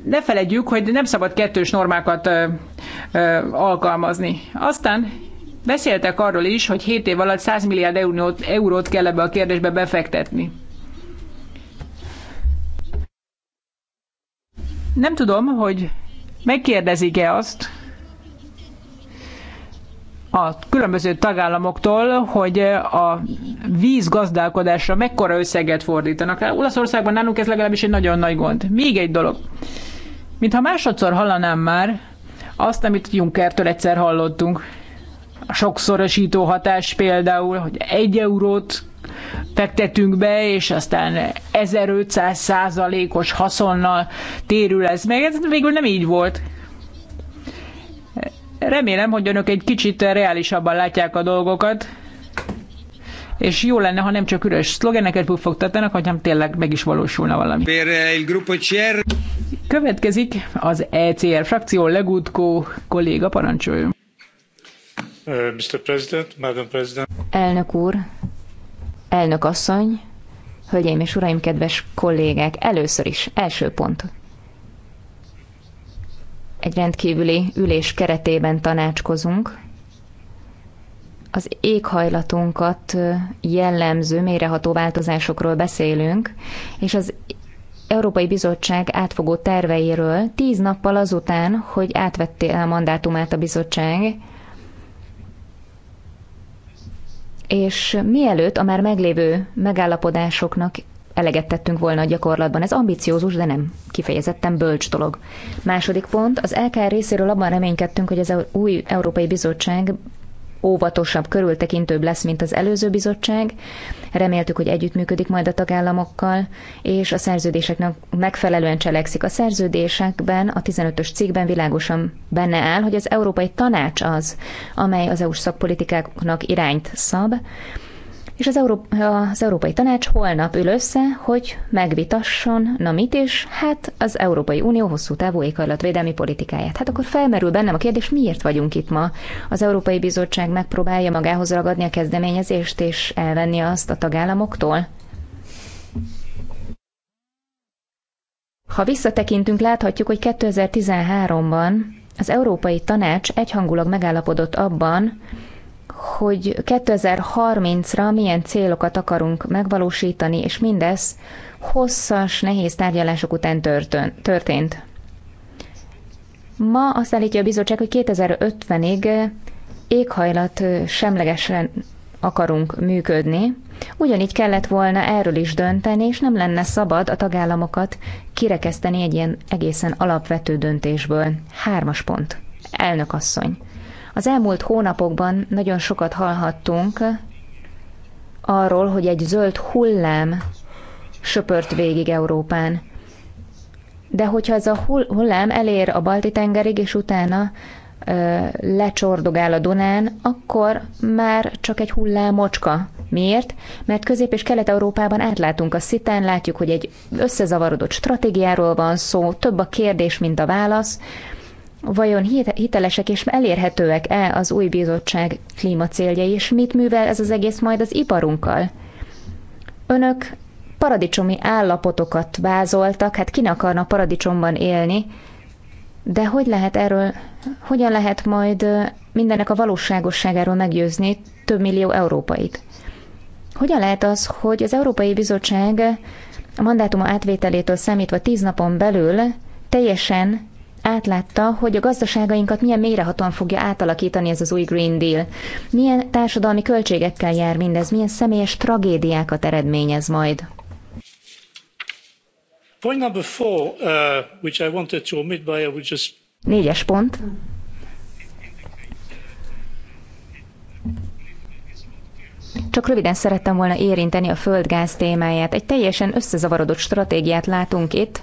[SPEAKER 2] ne felejtjük, hogy nem szabad kettős normákat ö, ö, alkalmazni. Aztán Beszéltek arról is, hogy 7 év alatt 100 milliárd eurót, eurót kell ebbe a kérdésbe befektetni. Nem tudom, hogy megkérdezik-e azt a különböző tagállamoktól, hogy a vízgazdálkodásra mekkora összeget fordítanak. Hát Olaszországban nálunk ez legalábbis egy nagyon nagy gond. Még egy dolog. Mintha másodszor hallanám már azt, amit Junkertől egyszer hallottunk a sokszorosító hatás például, hogy egy eurót fektetünk be, és aztán 1500 százalékos haszonnal térül ez meg. Ez végül nem így volt. Remélem, hogy önök egy kicsit reálisabban látják a dolgokat, és jó lenne, ha nem csak üres szlogeneket puffogtatnának, hanem tényleg meg is valósulna valami. Eh, e Következik az ECR frakció legutkó kolléga parancsoljon.
[SPEAKER 1] Uh,
[SPEAKER 4] elnök úr, elnök asszony, hölgyeim és uraim, kedves kollégák, először is, első pont. Egy rendkívüli ülés keretében tanácskozunk. Az éghajlatunkat uh, jellemző méreható változásokról beszélünk, és az Európai Bizottság átfogó terveiről tíz nappal azután, hogy átvette a mandátumát a bizottság, és mielőtt a már meglévő megállapodásoknak eleget tettünk volna a gyakorlatban. Ez ambiciózus, de nem kifejezetten bölcs dolog. Második pont, az LKR részéről abban reménykedtünk, hogy az új Európai Bizottság óvatosabb, körültekintőbb lesz, mint az előző bizottság. Reméltük, hogy együttműködik majd a tagállamokkal, és a szerződéseknek megfelelően cselekszik. A szerződésekben, a 15-ös cikkben világosan benne áll, hogy az Európai Tanács az, amely az EU-s szakpolitikáknak irányt szab, és az, Euró- az Európai Tanács holnap ül össze, hogy megvitasson, na mit is, hát az Európai Unió hosszú távú éghajlatvédelmi politikáját. Hát akkor felmerül bennem a kérdés, miért vagyunk itt ma? Az Európai Bizottság megpróbálja magához ragadni a kezdeményezést és elvenni azt a tagállamoktól? Ha visszatekintünk, láthatjuk, hogy 2013-ban az Európai Tanács egyhangulag megállapodott abban, hogy 2030-ra milyen célokat akarunk megvalósítani, és mindez hosszas, nehéz tárgyalások után történt. Ma azt állítja a bizottság, hogy 2050-ig éghajlat semlegesen akarunk működni, ugyanígy kellett volna erről is dönteni, és nem lenne szabad a tagállamokat kirekeszteni egy ilyen egészen alapvető döntésből. Hármas pont. Elnök asszony. Az elmúlt hónapokban nagyon sokat hallhattunk arról, hogy egy zöld hullám söpört végig Európán. De hogyha ez a hullám elér a Balti-tengerig, és utána ö, lecsordogál a Dunán, akkor már csak egy hullámocska. Miért? Mert Közép- és Kelet-Európában átlátunk a szitán, látjuk, hogy egy összezavarodott stratégiáról van szó, több a kérdés, mint a válasz, Vajon hitelesek és elérhetőek-e az új bizottság klímacéljai, és mit művel ez az egész majd az iparunkkal? Önök paradicsomi állapotokat vázoltak, hát ki akarna paradicsomban élni, de hogy lehet erről, hogyan lehet majd mindennek a valóságosságáról meggyőzni több millió európait? Hogyan lehet az, hogy az Európai Bizottság a mandátuma átvételétől számítva tíz napon belül teljesen átlátta, hogy a gazdaságainkat milyen mélyrehatóan fogja átalakítani ez az új Green Deal. Milyen társadalmi költségekkel jár mindez, milyen személyes tragédiákat eredményez majd.
[SPEAKER 1] Point number four, uh, which I wanted to omit, by, I would just...
[SPEAKER 4] Négyes pont. Csak röviden szerettem volna érinteni a földgáz témáját. Egy teljesen összezavarodott stratégiát látunk itt,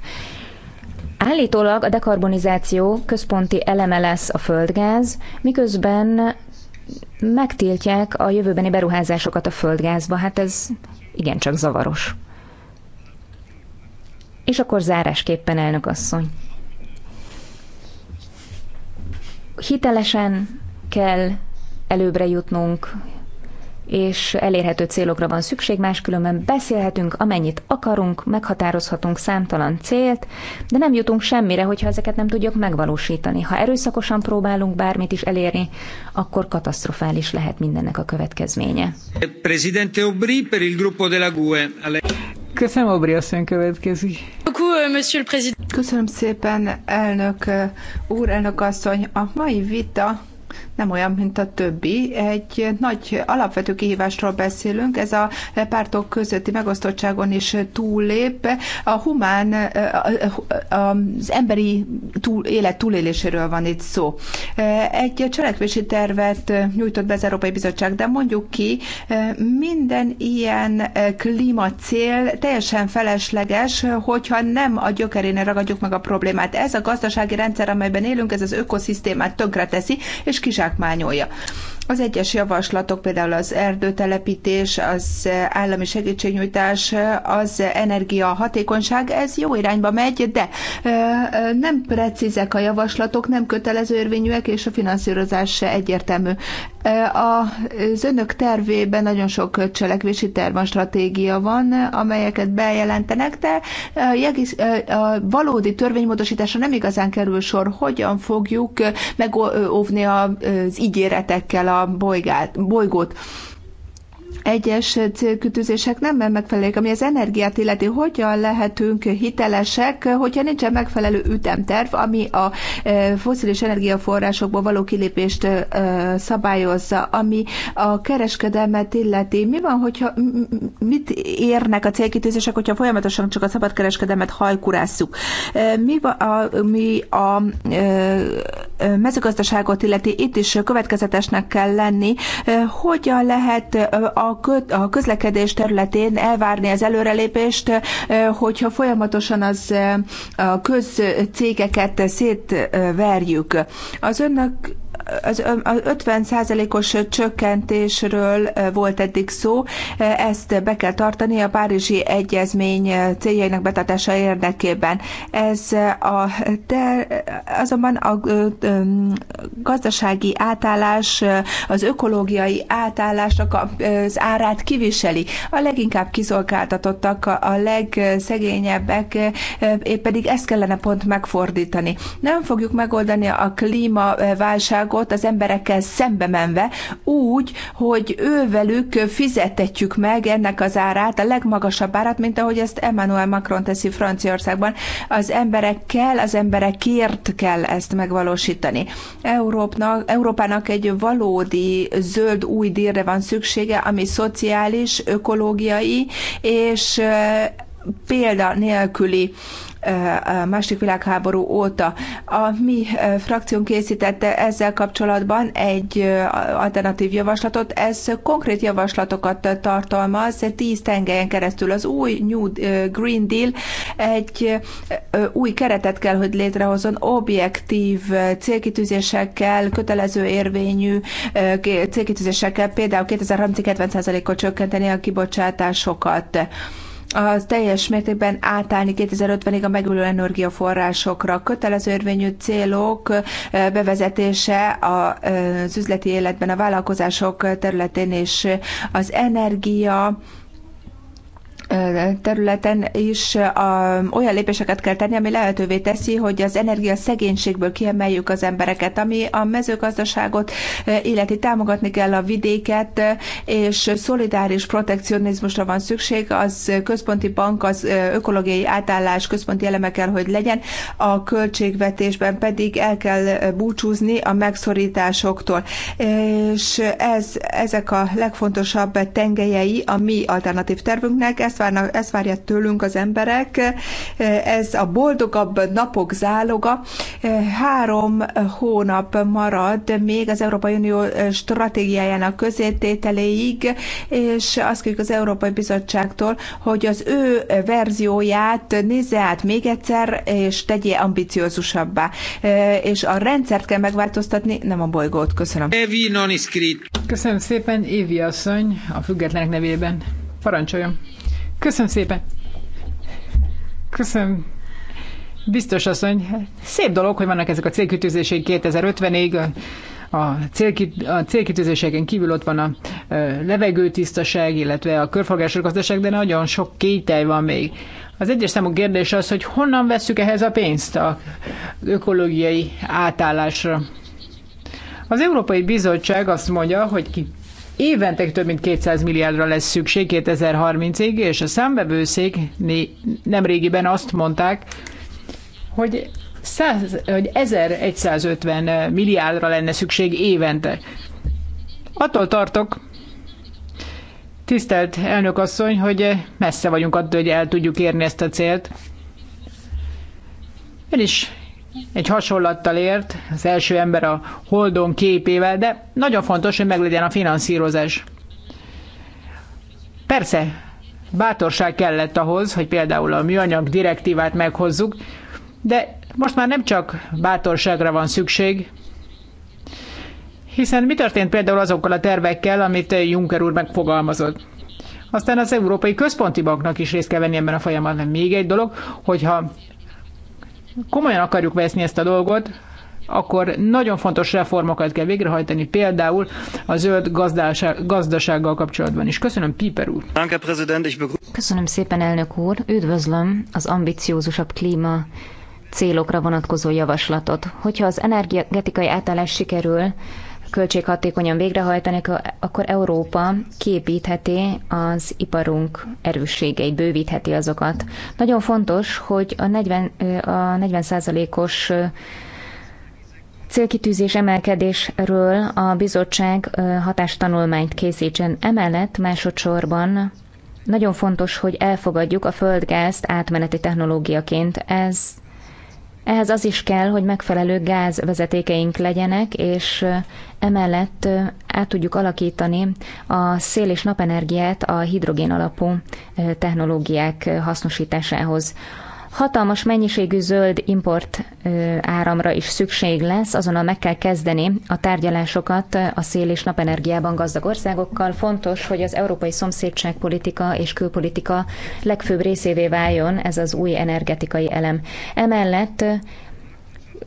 [SPEAKER 4] Állítólag a dekarbonizáció központi eleme lesz a földgáz, miközben megtiltják a jövőbeni beruházásokat a földgázba. Hát ez igencsak zavaros. És akkor zárásképpen, elnök asszony. Hitelesen kell előbbre jutnunk, és elérhető célokra van szükség, máskülönben beszélhetünk, amennyit akarunk, meghatározhatunk számtalan célt, de nem jutunk semmire, hogyha ezeket nem tudjuk megvalósítani. Ha erőszakosan próbálunk bármit is elérni, akkor katasztrofális lehet mindennek a következménye.
[SPEAKER 2] Presidente per il gruppo della GUE.
[SPEAKER 4] Köszönöm, Obri asszony következik.
[SPEAKER 3] Euh, Köszönöm szépen, elnök euh, úr, elnök asszony. A mai vita nem olyan, mint a többi. Egy nagy alapvető kihívásról beszélünk, ez a pártok közötti megosztottságon is túllép. A humán, az emberi túl, élet túléléséről van itt szó. Egy cselekvési tervet nyújtott be az Európai Bizottság, de mondjuk ki, minden ilyen klímacél teljesen felesleges, hogyha nem a gyökerénél ragadjuk meg a problémát. Ez a gazdasági rendszer, amelyben élünk, ez az ökoszisztémát tönkreteszi, és kizsák zsákmányolja. Az egyes javaslatok, például az erdőtelepítés, az állami segítségnyújtás, az energiahatékonyság ez jó irányba megy, de nem precízek a javaslatok, nem kötelező érvényűek, és a finanszírozás se egyértelmű. Az önök tervében nagyon sok cselekvési terv, stratégia van, amelyeket bejelentenek, de a valódi törvénymódosításra nem igazán kerül sor. Hogyan fogjuk megóvni az ígéretekkel a bolygát, bolygót egyes célkütőzések nem megfelelők, ami az energiát illeti, hogyan lehetünk hitelesek, hogyha nincsen megfelelő ütemterv, ami a e, foszilis energiaforrásokból való kilépést e, szabályozza, ami a kereskedelmet illeti. Mi van, hogyha mit érnek a célkütőzések, hogyha folyamatosan csak a szabadkereskedelmet hajkurásszuk? E, mi, van, a, mi a mezőgazdaságot illeti, itt is következetesnek kell lenni. Hogyan lehet a a, közlekedés területén elvárni az előrelépést, hogyha folyamatosan az a közcégeket szétverjük. Az önök az 50%-os csökkentésről volt eddig szó, ezt be kell tartani a Párizsi Egyezmény céljainak betartása érdekében. Ez a, de azonban a gazdasági átállás, az ökológiai átállásnak az árát kiviseli. A leginkább kiszolgáltatottak, a legszegényebbek, épp pedig ezt kellene pont megfordítani. Nem fogjuk megoldani a klímaválságot, ott az emberekkel szembe menve, úgy, hogy ővelük fizetetjük meg ennek az árát, a legmagasabb árat, mint ahogy ezt Emmanuel Macron teszi Franciaországban. Az emberekkel, az emberekért kell ezt megvalósítani. Európnak, Európának egy valódi zöld új dírre van szüksége, ami szociális, ökológiai és példa nélküli a második világháború óta. A mi frakción készítette ezzel kapcsolatban egy alternatív javaslatot. Ez konkrét javaslatokat tartalmaz, tíz tengelyen keresztül az új New Green Deal egy új keretet kell, hogy létrehozzon objektív célkitűzésekkel, kötelező érvényű célkitűzésekkel, például 2030 70%-kal csökkenteni a kibocsátásokat az teljes mértékben átállni 2050-ig a megülő energiaforrásokra. Kötelező érvényű célok bevezetése az üzleti életben, a vállalkozások területén és az energia területen is a, olyan lépéseket kell tenni, ami lehetővé teszi, hogy az energiaszegénységből kiemeljük az embereket, ami a mezőgazdaságot illeti támogatni kell a vidéket, és szolidáris protekcionizmusra van szükség, az központi bank, az ökológiai átállás központi eleme kell, hogy legyen, a költségvetésben pedig el kell búcsúzni a megszorításoktól. És ez, ezek a legfontosabb tengelyei a mi alternatív tervünknek, ezt várnak, ezt várják tőlünk az emberek, ez a boldogabb napok záloga. Három hónap marad még az Európai Unió stratégiájának közétételéig, és azt kérjük az Európai Bizottságtól, hogy az ő verzióját nézze át még egyszer, és tegye ambiciózusabbá.
[SPEAKER 2] És a rendszert kell megváltoztatni, nem a bolygót. Köszönöm. Evi non iscrit. Köszönöm szépen, Évi asszony, a függetlenek nevében. Parancsoljon! Köszönöm szépen. Köszönöm. Biztos asszony, szép dolog, hogy vannak ezek a célkütőzések 2050-ig, a, célkit, a célkitűzéseken kívül ott van a levegőtisztaság, illetve a körforgásos gazdaság, de nagyon sok kételj van még. Az egyes számú kérdés az, hogy honnan vesszük ehhez a pénzt a ökológiai átállásra. Az Európai Bizottság azt mondja, hogy ki évente több mint 200 milliárdra lesz szükség 2030-ig, és a számbevőszék régiben azt mondták, hogy, 100, hogy 1150 milliárdra lenne szükség évente. Attól tartok, tisztelt elnök asszony, hogy messze vagyunk attól, hogy el tudjuk érni ezt a célt. Én is egy hasonlattal ért, az első ember a holdon képével, de nagyon fontos, hogy meglegyen a finanszírozás. Persze, bátorság kellett ahhoz, hogy például a műanyag direktívát meghozzuk, de most már nem csak bátorságra van szükség, hiszen mi történt például azokkal a tervekkel, amit Juncker úr megfogalmazott? Aztán az Európai Központi Banknak is részt kell venni ebben a folyamatban. Még egy dolog, hogyha komolyan akarjuk veszni ezt a dolgot, akkor nagyon fontos reformokat kell végrehajtani, például a zöld gazdasággal kapcsolatban is. Köszönöm, Piper úr!
[SPEAKER 4] Köszönöm szépen, elnök úr! Üdvözlöm az ambiciózusabb klíma célokra vonatkozó javaslatot. Hogyha az energetikai átállás sikerül, költséghatékonyan végrehajtani, akkor Európa képítheti az iparunk erősségeit, bővítheti azokat. Nagyon fontos, hogy a 40, a 40 os célkitűzés emelkedésről a bizottság hatástanulmányt készítsen. Emellett másodszorban nagyon fontos, hogy elfogadjuk a földgázt átmeneti technológiaként. Ez ehhez az is kell, hogy megfelelő gázvezetékeink legyenek, és emellett át tudjuk alakítani a szél- és napenergiát a hidrogén alapú technológiák hasznosításához. Hatalmas mennyiségű zöld import áramra is szükség lesz, azonnal meg kell kezdeni a tárgyalásokat a szél- és napenergiában gazdag országokkal. Fontos, hogy az európai szomszédságpolitika és külpolitika legfőbb részévé váljon ez az új energetikai elem. Emellett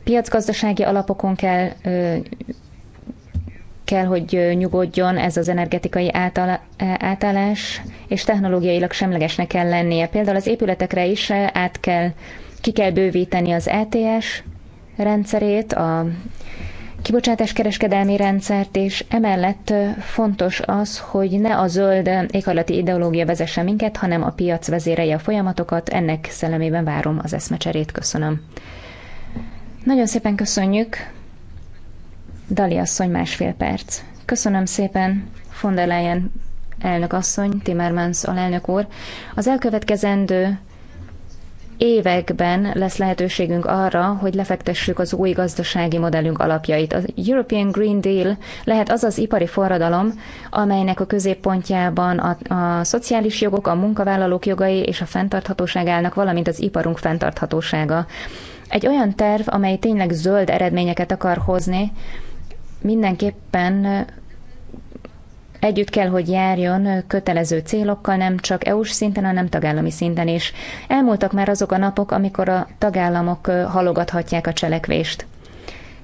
[SPEAKER 4] piacgazdasági alapokon kell kell, hogy nyugodjon ez az energetikai átal- átállás, és technológiailag semlegesnek kell lennie. Például az épületekre is át kell, ki kell bővíteni az ETS rendszerét, a kibocsátás kereskedelmi rendszert, és emellett fontos az, hogy ne a zöld éghajlati ideológia vezesse minket, hanem a piac vezérelje a folyamatokat. Ennek szellemében várom az eszmecserét. Köszönöm. Nagyon szépen köszönjük Dali asszony másfél perc. Köszönöm szépen, von der Leyen elnök asszony, Timmermans alelnök úr. Az elkövetkezendő években lesz lehetőségünk arra, hogy lefektessük az új gazdasági modellünk alapjait. A European Green Deal lehet az az ipari forradalom, amelynek a középpontjában a, a szociális jogok, a munkavállalók jogai és a fenntarthatóság állnak, valamint az iparunk fenntarthatósága. Egy olyan terv, amely tényleg zöld eredményeket akar hozni, mindenképpen együtt kell, hogy járjon kötelező célokkal, nem csak EU-s szinten, hanem tagállami szinten is. Elmúltak már azok a napok, amikor a tagállamok halogathatják a cselekvést.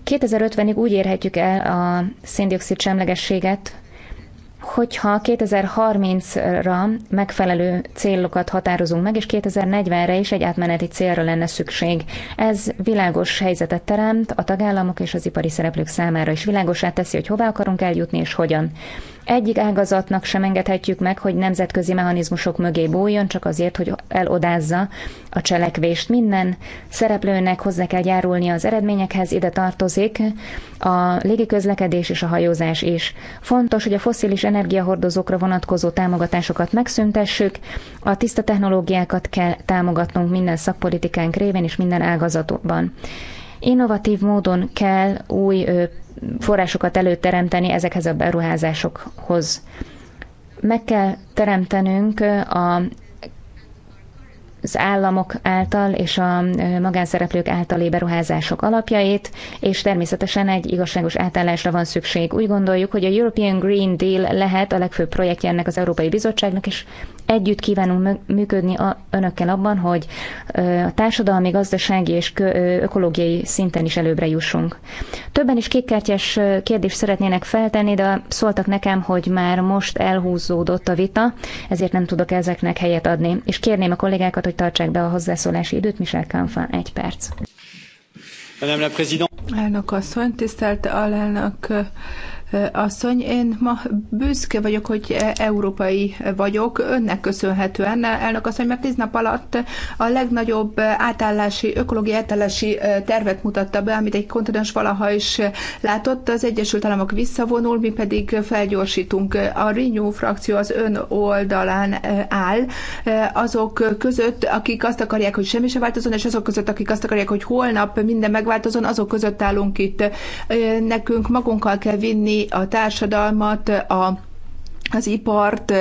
[SPEAKER 4] 2050-ig úgy érhetjük el a széndiokszid semlegességet, hogyha 2030-ra megfelelő célokat határozunk meg, és 2040-re is egy átmeneti célra lenne szükség. Ez világos helyzetet teremt a tagállamok és az ipari szereplők számára is világosá teszi, hogy hová akarunk eljutni és hogyan. Egyik ágazatnak sem engedhetjük meg, hogy nemzetközi mechanizmusok mögé bújjon, csak azért, hogy elodázza a cselekvést. Minden szereplőnek hozzá kell járulni az eredményekhez, ide tartozik a légiközlekedés és a hajózás is. Fontos, hogy a foszilis energiahordozókra vonatkozó támogatásokat megszüntessük, a tiszta technológiákat kell támogatnunk minden szakpolitikánk révén és minden ágazatokban. Innovatív módon kell új forrásokat előteremteni ezekhez a beruházásokhoz. Meg kell teremtenünk a az államok által és a magánszereplők általi beruházások alapjait, és természetesen egy igazságos átállásra van szükség. Úgy gondoljuk, hogy a European Green Deal lehet a legfőbb projektje ennek az Európai Bizottságnak, és együtt kívánunk működni a, önökkel abban, hogy a társadalmi, gazdasági és ökológiai szinten is előbbre jussunk. Többen is kékkártyás kérdést szeretnének feltenni, de szóltak nekem, hogy már most elhúzódott a vita, ezért nem tudok ezeknek helyet adni. És kérném a kollégákat, hogy tartsák be a hozzászólási időt. Michel Canfan, egy perc. Elnök asszony, tisztelt alelnök asszony, én
[SPEAKER 3] ma büszke vagyok, hogy európai vagyok, önnek köszönhetően, elnök asszony, mert tíz nap alatt a legnagyobb átállási, ökológiai átállási tervet mutatta be, amit egy kontinens valaha is látott. Az Egyesült Államok visszavonul, mi pedig felgyorsítunk. A Renew frakció az ön oldalán áll, azok között, akik azt akarják, hogy semmi se változon, és azok között, akik azt akarják, hogy holnap minden megváltozon, azok között állunk itt. Nekünk magunkkal kell vinni a társadalmat, a az ipart,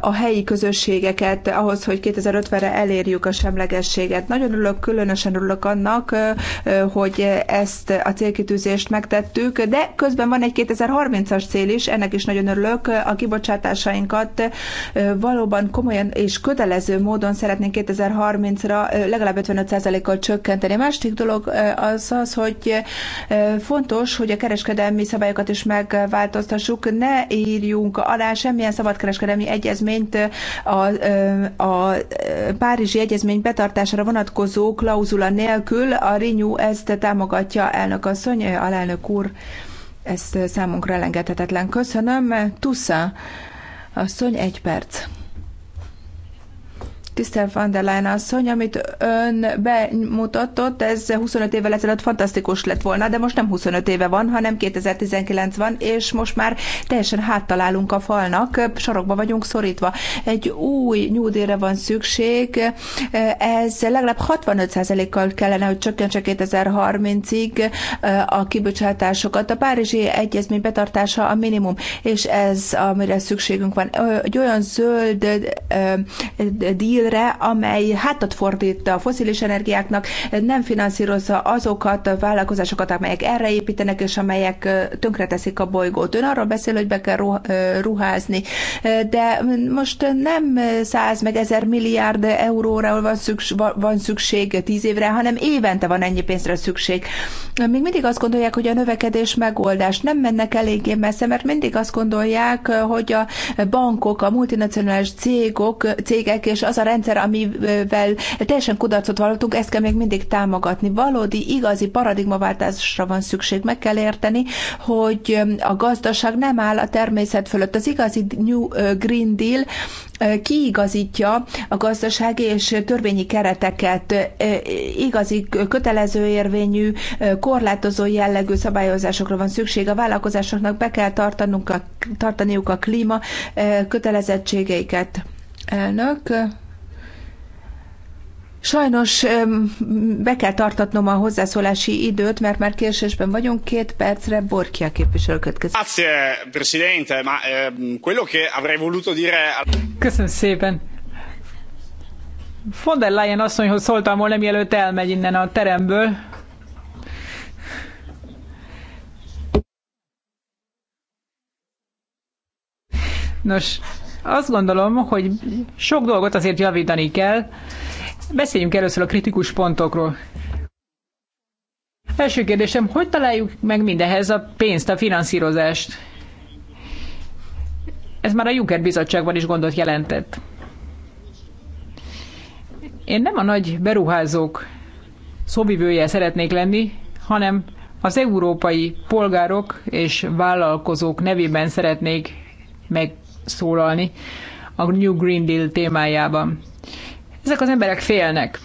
[SPEAKER 3] a helyi közösségeket ahhoz, hogy 2050-re elérjük a semlegességet. Nagyon örülök, különösen örülök annak, hogy ezt a célkitűzést megtettük, de közben van egy 2030-as cél is, ennek is nagyon örülök. A kibocsátásainkat valóban komolyan és kötelező módon szeretnénk 2030-ra legalább 55%-kal csökkenteni. A másik dolog az az, hogy fontos, hogy a kereskedelmi szabályokat is megváltoztassuk, ne írjunk alá alá semmilyen szabadkereskedelmi egyezményt a, a Párizsi Egyezmény betartására vonatkozó klauzula nélkül. A Rinyú ezt támogatja elnök asszony, alelnök úr. ezt számunkra elengedhetetlen. Köszönöm. Tusza, asszony, egy perc. Tisztelt van der Leyen asszony, amit ön bemutatott, ez 25 évvel ezelőtt fantasztikus lett volna, de most nem 25 éve van, hanem 2019 van, és most már teljesen háttalálunk a falnak, sarokba vagyunk szorítva. Egy új nyúdére van szükség, ez legalább 65%-kal kellene, hogy csökkentse 2030-ig eh, a kibocsátásokat. A Párizsi Egyezmény betartása a minimum, és ez, amire szükségünk van. Egy olyan zöld eh, díl időre, amely hátat fordít a foszilis energiáknak, nem finanszírozza azokat a vállalkozásokat, amelyek erre építenek, és amelyek tönkreteszik a bolygót. Ön arról beszél, hogy be kell ruházni, de most nem száz meg ezer milliárd euróra van szükség, van szükség tíz évre, hanem évente van ennyi pénzre szükség. Még mindig azt gondolják, hogy a növekedés megoldás. Nem mennek eléggé messze, mert mindig azt gondolják, hogy a bankok, a multinacionális cégok, cégek és az a rendszer, amivel teljesen kudarcot vallottunk, ezt kell még mindig támogatni. Valódi, igazi paradigmaváltásra van szükség. Meg kell érteni, hogy a gazdaság nem áll a természet fölött. Az igazi New Green Deal kiigazítja a gazdasági és törvényi kereteket, igazi kötelező érvényű, korlátozó jellegű szabályozásokra van szükség. A vállalkozásoknak be kell tartanunk a, tartaniuk a klíma kötelezettségeiket. Elnök, Sajnos be kell tartatnom a hozzászólási időt, mert már késésben vagyunk. Két percre a képviselő következik.
[SPEAKER 2] Köszönöm szépen. Von der Leyen asszonyhoz szóltam volna, mielőtt elmegy innen a teremből. Nos, azt gondolom, hogy sok dolgot azért javítani kell, Beszéljünk először a kritikus pontokról. Első kérdésem, hogy találjuk meg mindehez a pénzt, a finanszírozást? Ez már a Juncker bizottságban is gondot jelentett. Én nem a nagy beruházók szóvivője szeretnék lenni, hanem az európai polgárok és vállalkozók nevében szeretnék megszólalni a New Green Deal témájában. Ezek az emberek félnek.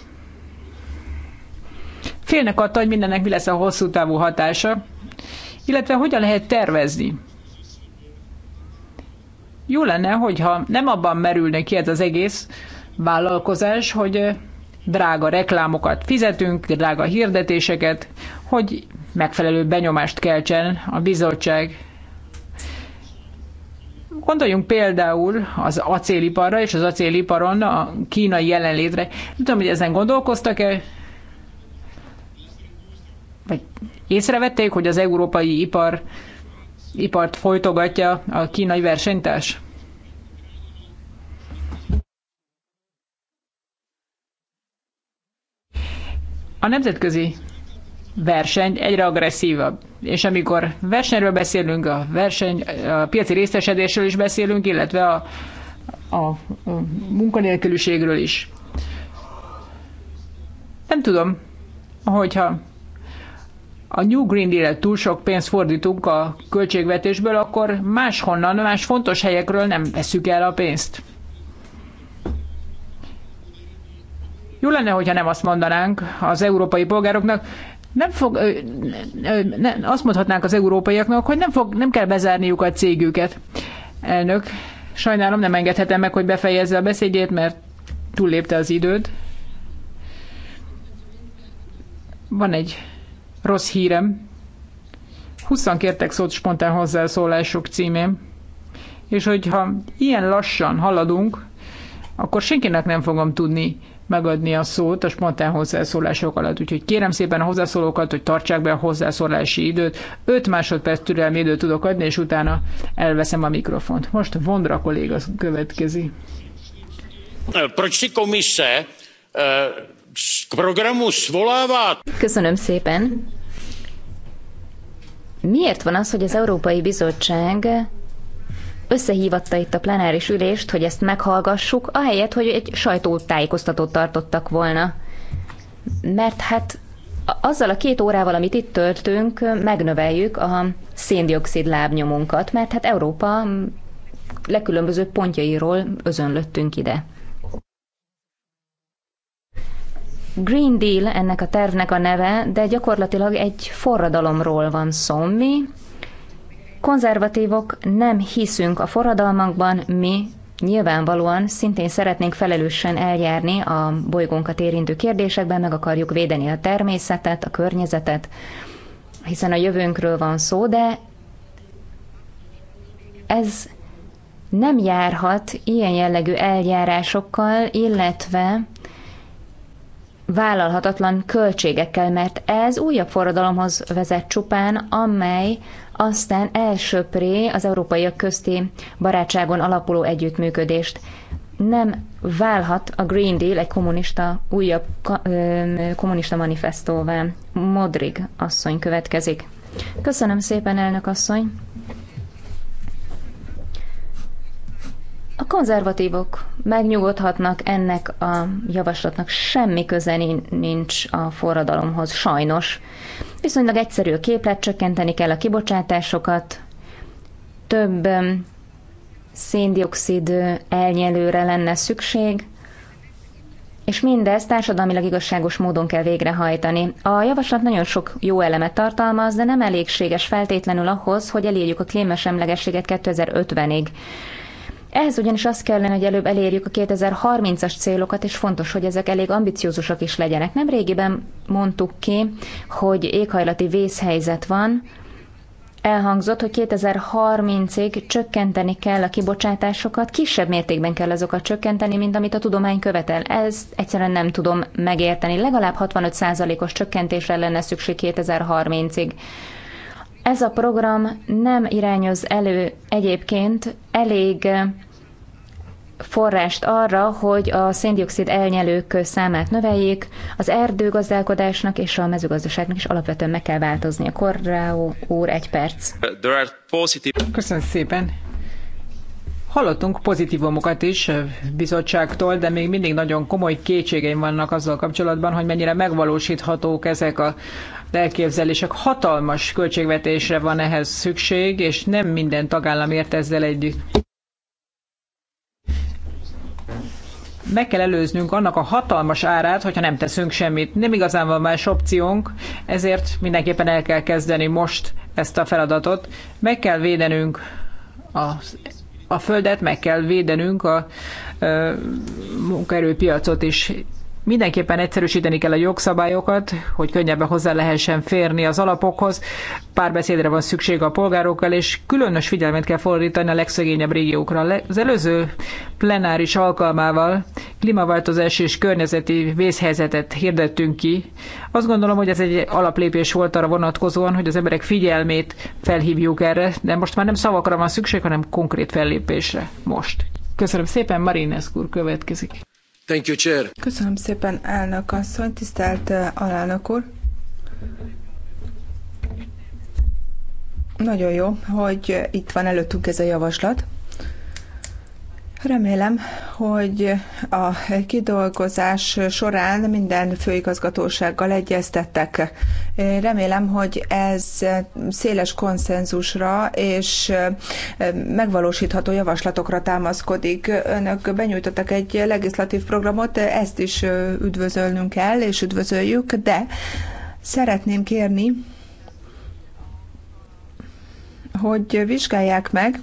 [SPEAKER 2] Félnek attól, hogy mindennek mi lesz a hosszú távú hatása, illetve hogyan lehet tervezni. Jó lenne, hogyha nem abban merülne ki ez az egész vállalkozás, hogy drága reklámokat fizetünk, drága hirdetéseket, hogy megfelelő benyomást keltsen a bizottság Gondoljunk például az acéliparra és az acéliparon a kínai jelenlétre. Nem tudom, hogy ezen gondolkoztak-e, vagy észrevették, hogy az európai ipar, ipart folytogatja a kínai versenytárs? A nemzetközi verseny egyre agresszívabb. És amikor versenyről beszélünk, a, verseny, a piaci részesedésről is beszélünk, illetve a, a, a munkanélküliségről is. Nem tudom, hogyha a New Green deal túl sok pénzt fordítunk a költségvetésből, akkor máshonnan, más fontos helyekről nem veszük el a pénzt. Jó lenne, hogyha nem azt mondanánk az európai polgároknak, nem fog, ö, ö, ne, azt mondhatnánk az európaiaknak, hogy nem, fog, nem kell bezárniuk a cégüket. Elnök, sajnálom, nem engedhetem meg, hogy befejezze a beszédét, mert túllépte az időt. Van egy rossz hírem. 20 kértek szót spontán hozzászólások címén, és hogyha ilyen lassan haladunk, akkor senkinek nem fogom tudni megadni a szót a spontán hozzászólások alatt. Úgyhogy kérem szépen a hozzászólókat, hogy tartsák be a hozzászólási időt. 5 másodperc türelmi időt tudok adni, és utána elveszem a mikrofont. Most Vondra kolléga következi.
[SPEAKER 1] Proč komise eh, k programu svolává?
[SPEAKER 4] Köszönöm szépen. Miért van az, hogy az Európai Bizottság összehívatta itt a plenáris ülést, hogy ezt meghallgassuk, ahelyett, hogy egy sajtótájékoztatót tartottak volna. Mert hát azzal a két órával, amit itt töltünk, megnöveljük a széndiokszid lábnyomunkat, mert hát Európa legkülönbözőbb pontjairól özönlöttünk ide. Green Deal ennek a tervnek a neve, de gyakorlatilag egy forradalomról van szó. Mi konzervatívok nem hiszünk a forradalmakban, mi nyilvánvalóan szintén szeretnénk felelősen eljárni a bolygónkat érintő kérdésekben, meg akarjuk védeni a természetet, a környezetet, hiszen a jövőnkről van szó, de ez nem járhat ilyen jellegű eljárásokkal, illetve vállalhatatlan költségekkel, mert ez újabb forradalomhoz vezet csupán, amely aztán elsöpré az európaiak közti barátságon alapuló együttműködést. Nem válhat a Green Deal egy kommunista, újabb kommunista manifestóvá. Modrig asszony következik. Köszönöm szépen, elnök asszony! A konzervatívok megnyugodhatnak, ennek a javaslatnak semmi köze nincs a forradalomhoz, sajnos. Viszonylag egyszerű a képlet, csökkenteni kell a kibocsátásokat, több um, széndiokszid uh, elnyelőre lenne szükség, és mindezt társadalmilag igazságos módon kell végrehajtani. A javaslat nagyon sok jó elemet tartalmaz, de nem elégséges feltétlenül ahhoz, hogy elérjük a klímasemlegességet 2050-ig. Ehhez ugyanis azt kellene, hogy előbb elérjük a 2030-as célokat, és fontos, hogy ezek elég ambiciózusak is legyenek. Nem régiben mondtuk ki, hogy éghajlati vészhelyzet van, Elhangzott, hogy 2030-ig csökkenteni kell a kibocsátásokat, kisebb mértékben kell azokat csökkenteni, mint amit a tudomány követel. Ezt egyszerűen nem tudom megérteni. Legalább 65%-os csökkentésre lenne szükség 2030-ig. Ez a program nem irányoz elő egyébként elég eh, forrást arra, hogy a széndiokszid elnyelők számát növeljék, az erdőgazdálkodásnak és a mezőgazdaságnak is alapvetően meg kell változni. A Korráó úr, egy perc. Köszönöm szépen.
[SPEAKER 2] Hallottunk pozitívumokat is eh, bizottságtól, de még mindig nagyon komoly kétségeim vannak azzal kapcsolatban, hogy mennyire megvalósíthatók ezek a elképzelések. Hatalmas költségvetésre van ehhez szükség, és nem minden tagállam ért ezzel együtt. meg kell előznünk annak a hatalmas árát, hogyha nem teszünk semmit. Nem igazán van más opciónk, ezért mindenképpen el kell kezdeni most ezt a feladatot. Meg kell védenünk a, a földet, meg kell védenünk a, a munkaerőpiacot is. Mindenképpen egyszerűsíteni kell a jogszabályokat, hogy könnyebben hozzá lehessen férni az alapokhoz. Párbeszédre van szükség a polgárokkal, és különös figyelmet kell fordítani a legszegényebb régiókra. Az előző plenáris alkalmával klímaváltozás és környezeti vészhelyzetet hirdettünk ki. Azt gondolom, hogy ez egy alaplépés volt arra vonatkozóan, hogy az emberek figyelmét felhívjuk erre, de most már nem szavakra van szükség, hanem konkrét fellépésre most. Köszönöm szépen, Marinesz következik.
[SPEAKER 1] Thank you, Chair.
[SPEAKER 2] Köszönöm szépen, elnök asszony, tisztelt eh, alelnök úr.
[SPEAKER 3] Nagyon jó, hogy itt van előttünk ez a javaslat. Remélem, hogy a kidolgozás során minden főigazgatósággal egyeztettek. Remélem, hogy ez széles konszenzusra és megvalósítható javaslatokra támaszkodik. Önök benyújtottak egy legislatív programot, ezt is üdvözölnünk kell, és üdvözöljük, de szeretném kérni, hogy vizsgálják meg,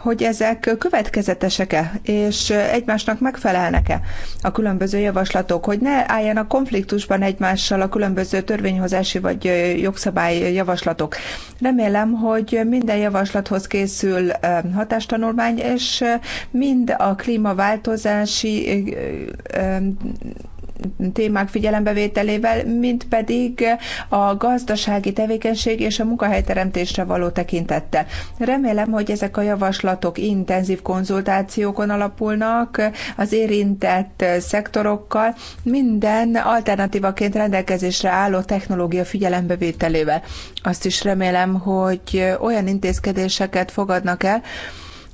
[SPEAKER 3] hogy ezek következetesek-e, és egymásnak megfelelnek-e a különböző javaslatok, hogy ne álljanak konfliktusban egymással a különböző törvényhozási vagy jogszabály javaslatok. Remélem, hogy minden javaslathoz készül hatástanulmány, és mind a klímaváltozási témák figyelembevételével, mint pedig a gazdasági tevékenység és a munkahelyteremtésre való tekintettel. Remélem, hogy ezek a javaslatok intenzív konzultációkon alapulnak az érintett szektorokkal, minden alternatívaként rendelkezésre álló technológia figyelembevételével. Azt is remélem, hogy olyan intézkedéseket fogadnak el,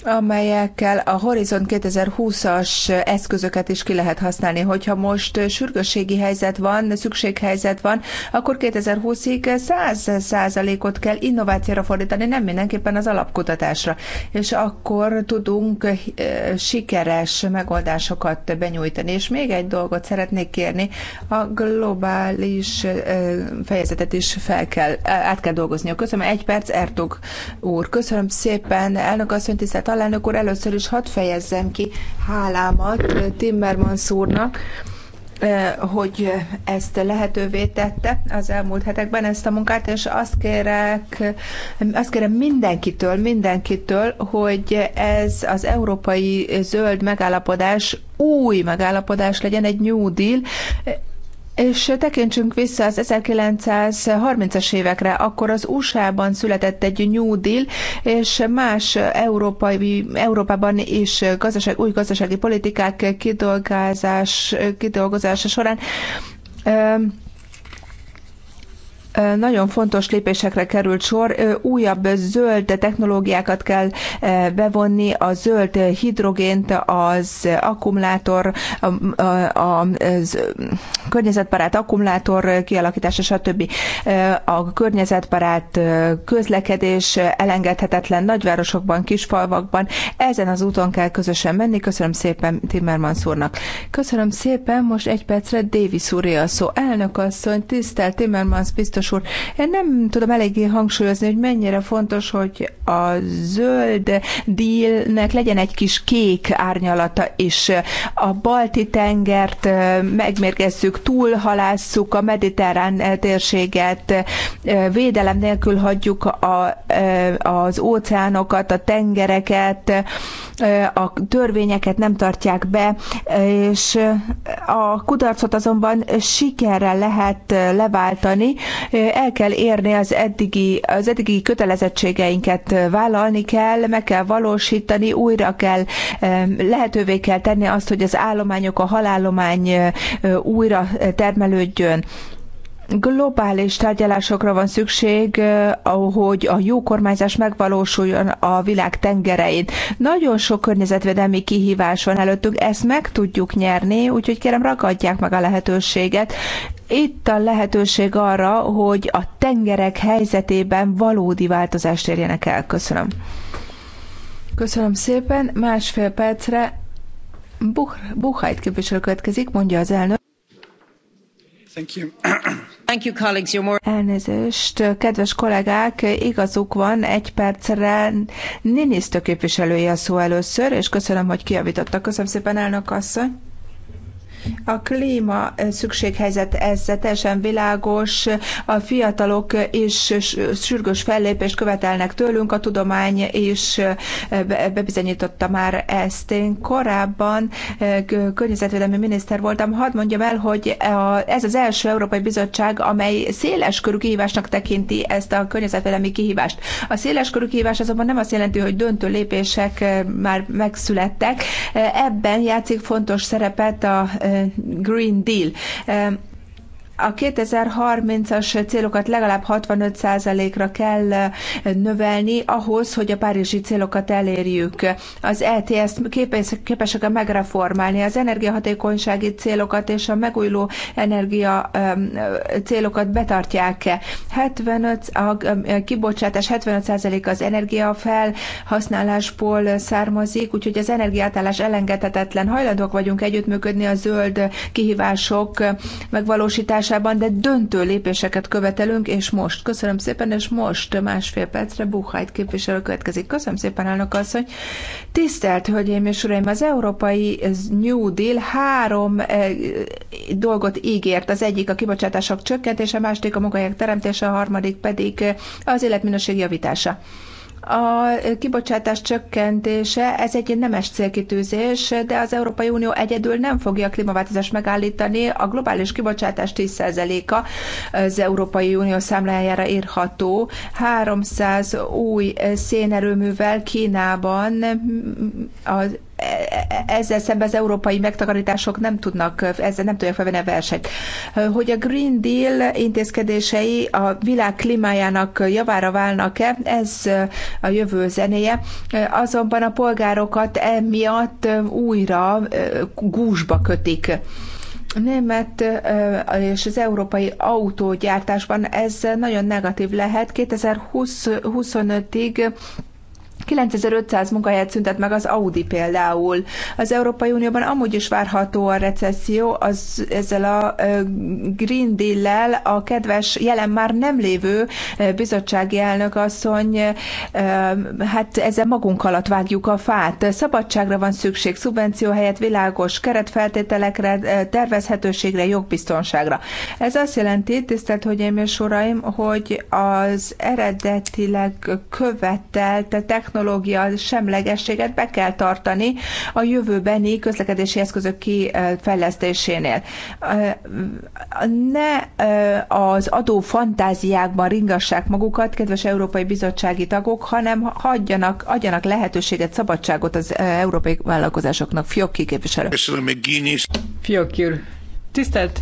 [SPEAKER 3] amelyekkel a horizont 2020-as eszközöket is ki lehet használni. Hogyha most sürgősségi helyzet van, szükséghelyzet van, akkor 2020-ig 100 százalékot kell innovációra fordítani, nem mindenképpen az alapkutatásra. És akkor tudunk eh, sikeres megoldásokat benyújtani. És még egy dolgot szeretnék kérni, a globális eh, fejezetet is fel kell, át kell dolgozniuk. Köszönöm, egy perc, Ertug úr. Köszönöm szépen, elnök asszony, tisztelt alelnök úr, először is hadd fejezzem ki hálámat eh, Timmermans úrnak, eh, hogy ezt lehetővé tette az elmúlt hetekben ezt a munkát, és azt kérek, azt kérem mindenkitől, mindenkitől, hogy ez az európai zöld megállapodás új megállapodás legyen, egy New Deal, és tekintsünk vissza az 1930-as évekre, akkor az USA-ban született egy New Deal, és más európai, Európában is gazdaság, új gazdasági politikák kidolgozása során nagyon fontos lépésekre került sor. Újabb zöld technológiákat kell bevonni, a zöld hidrogént, az akkumulátor, a, a, a környezetbarát akkumulátor kialakítása, stb. A környezetbarát közlekedés elengedhetetlen nagyvárosokban, kisfalvakban. Ezen az úton kell közösen menni. Köszönöm szépen Timmermans úrnak. Köszönöm szépen, most egy percre Davis úré a szó. Elnök asszony, tisztelt Timmermans biztos biztos úr. Én nem tudom eléggé hangsúlyozni, hogy mennyire fontos, hogy a zöld dílnek legyen egy kis kék árnyalata is. A balti tengert megmérgezzük, túlhalásszuk a mediterrán térséget, védelem nélkül hagyjuk a, az óceánokat, a tengereket, a törvényeket nem tartják be, és a kudarcot azonban sikerrel lehet leváltani, el kell érni az eddigi, az eddigi kötelezettségeinket vállalni kell, meg kell valósítani, újra kell, lehetővé kell tenni azt, hogy az állományok, a halállomány újra termelődjön globális tárgyalásokra van szükség, hogy a jó kormányzás megvalósuljon a világ tengerein. Nagyon sok környezetvédelmi kihívás van előttünk, ezt meg tudjuk nyerni, úgyhogy kérem ragadják meg a lehetőséget, itt a lehetőség arra, hogy a tengerek helyzetében valódi változást érjenek el. Köszönöm. Köszönöm szépen. Másfél percre Buch, Buchheit képviselő következik, mondja az elnök.
[SPEAKER 1] Thank you. Thank you, colleagues. You're more...
[SPEAKER 3] Elnézést, kedves kollégák, igazuk van, egy percre Ninisztő képviselője a szó először, és köszönöm, hogy kiavítottak. Köszönöm szépen, elnök asszony. A klíma eh, szükséghelyzet, ez teljesen világos. A fiatalok is sürgős fellépést követelnek tőlünk, a tudomány is eh, bebizonyította már ezt. Én korábban eh, környezetvédelmi miniszter voltam. Hadd mondjam el, hogy ez az első Európai Bizottság, amely széles körű kihívásnak tekinti ezt a környezetvédelmi kihívást. A széles körű kihívás azonban nem azt jelenti, hogy döntő lépések már megszülettek. Ebben játszik fontos szerepet a Green Deal a 2030-as célokat legalább 65%-ra kell eh, növelni ahhoz, hogy a párizsi célokat elérjük. Az ets képes képesek -e megreformálni az energiahatékonysági célokat és a megújuló energia célokat betartják-e? 75, a kibocsátás 75% az energiafelhasználásból származik, úgyhogy az energiátállás elengedhetetlen. Hajlandók vagyunk együttműködni a zöld kihívások megvalósítására vonatkozásában, de döntő lépéseket követelünk, és most. Köszönöm szépen, és most másfél percre Buchheit képviselő következik. Köszönöm szépen, elnök asszony. Tisztelt Hölgyeim és Uraim, az Európai New Deal három eh, dolgot ígért. Az egyik a kibocsátások csökkentése, a második a munkahelyek teremtése, a harmadik pedig az életminőség javítása. A kibocsátás csökkentése, ez egy nemes célkitűzés, de az Európai Unió egyedül nem fogja a klímaváltozást megállítani. A globális kibocsátás 10%-a az Európai Unió számlájára írható. 300 új szénerőművel Kínában az ezzel szemben az európai megtakarítások nem tudnak, ezzel nem tudják felvenni a versenyt. Hogy a Green Deal intézkedései a világ klímájának javára válnak-e, ez a jövő zenéje, azonban a polgárokat emiatt újra gúzsba kötik. Német eh, és az európai autógyártásban ez nagyon negatív lehet. 2025-ig 9500 munkahelyet szüntet meg az Audi például. Az Európai Unióban amúgy is várható a recesszió, az, ezzel a Green Deal-lel a kedves, jelen már nem lévő bizottsági elnök asszony, hát ezzel magunk alatt vágjuk a fát. Szabadságra van szükség, szubvenció helyett világos keretfeltételekre, tervezhetőségre, jogbiztonságra. Ez azt jelenti, tisztelt Hölgyeim és Uraim, hogy az eredetileg követelt technológiai technológia semlegességet be kell tartani a jövőbeni közlekedési eszközök kifejlesztésénél. Ne az adó fantáziákban ringassák magukat, kedves Európai Bizottsági tagok, hanem hagyjanak, adjanak lehetőséget,
[SPEAKER 2] szabadságot az európai vállalkozásoknak. Fiokki képviselő.
[SPEAKER 1] Köszönöm, McGuinness.
[SPEAKER 2] Fiokki úr. Tisztelt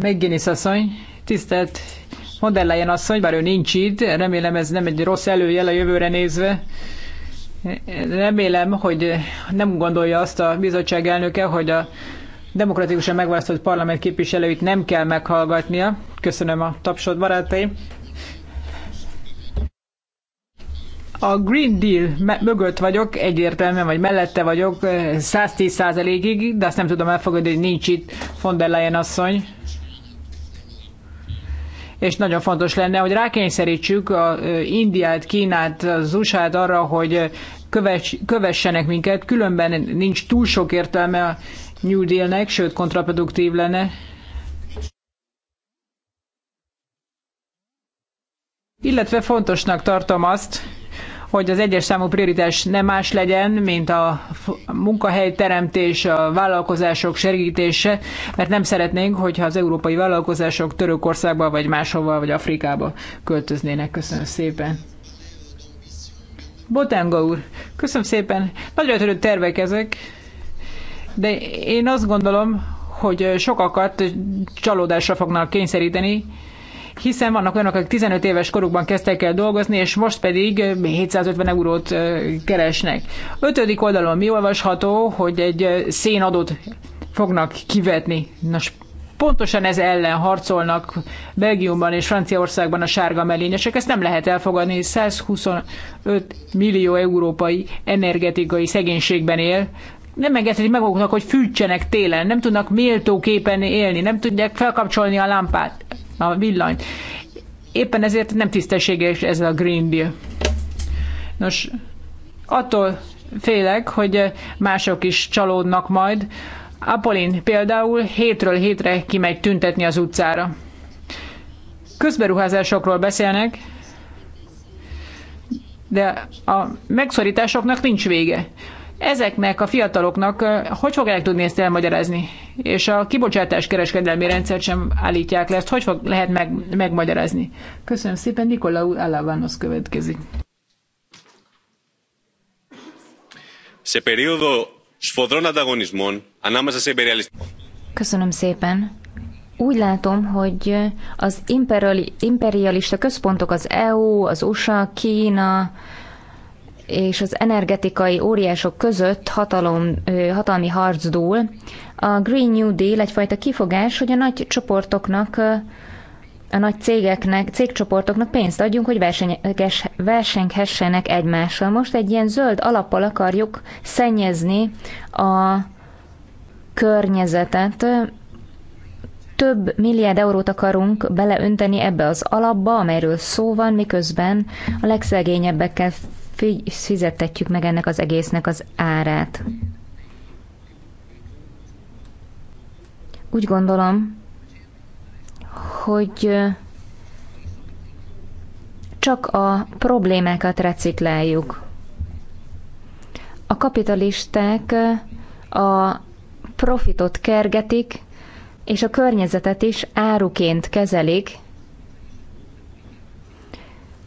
[SPEAKER 2] McGuinness asszony, tisztelt von der Leyen asszony, bár ő nincs itt, remélem ez nem egy rossz előjel a jövőre nézve, remélem, hogy nem gondolja azt a bizottság elnöke, hogy a demokratikusan megválasztott parlament képviselőit nem kell meghallgatnia. Köszönöm a tapsot, barátaim. A Green Deal mögött vagyok, egyértelműen, vagy mellette vagyok, 110 ig de azt nem tudom elfogadni, hogy nincs itt von der Leyen asszony és nagyon fontos lenne, hogy rákényszerítsük a Indiát, Kínát, az usa arra, hogy kövess, kövessenek minket, különben nincs túl sok értelme a New Dealnek, sőt kontraproduktív lenne. Illetve fontosnak tartom azt, hogy az egyes számú prioritás nem más legyen, mint a munkahelyteremtés, a vállalkozások segítése, mert nem szeretnénk, hogyha az európai vállalkozások Törökországba, vagy máshova, vagy Afrikába költöznének. Köszönöm szépen. Botánga úr, köszönöm szépen. Nagyon törő tervek ezek, de én azt gondolom, hogy sokakat csalódásra fognak kényszeríteni, hiszen vannak olyanok, akik 15 éves korukban kezdtek el dolgozni, és most pedig 750 eurót keresnek. Ötödik oldalon mi olvasható, hogy egy szénadót fognak kivetni. Nos, pontosan ez ellen harcolnak Belgiumban és Franciaországban a sárga mellényesek. Ezt nem lehet elfogadni, 125 millió európai energetikai szegénységben él. Nem engedheti maguknak, hogy fűtsenek télen, nem tudnak méltóképpen élni, nem tudják felkapcsolni a lámpát a villanyt. Éppen ezért nem tisztességes ez a Green Deal. Nos, attól félek, hogy mások is csalódnak majd. Apolin például hétről hétre kimegy tüntetni az utcára. Közberuházásokról beszélnek, de a megszorításoknak nincs vége. Ezeknek a fiataloknak hogy fogják tudni ezt elmagyarázni? És a kibocsátás kereskedelmi rendszert sem állítják le, ezt hogy fog, lehet meg, megmagyarázni? Köszönöm szépen, Nikolau Alavános következik.
[SPEAKER 1] Σε περίοδο σφοδρών ανταγωνισμών ανάμεσα σε
[SPEAKER 4] Köszönöm szépen. Úgy látom, hogy az imperialista központok, az EU, az USA, Kína, és az energetikai óriások között hatalom, hatalmi harc dúl. A Green New Deal egyfajta kifogás, hogy a nagy csoportoknak, a nagy cégeknek, cégcsoportoknak pénzt adjunk, hogy versenyhessenek egymással. Most egy ilyen zöld alappal akarjuk szennyezni a környezetet, több milliárd eurót akarunk beleönteni ebbe az alapba, amelyről szó van, miközben a legszegényebbekkel fizetetjük meg ennek az egésznek az árát. Úgy gondolom, hogy csak a problémákat recikláljuk. A kapitalisták a profitot kergetik, és a környezetet is áruként kezelik,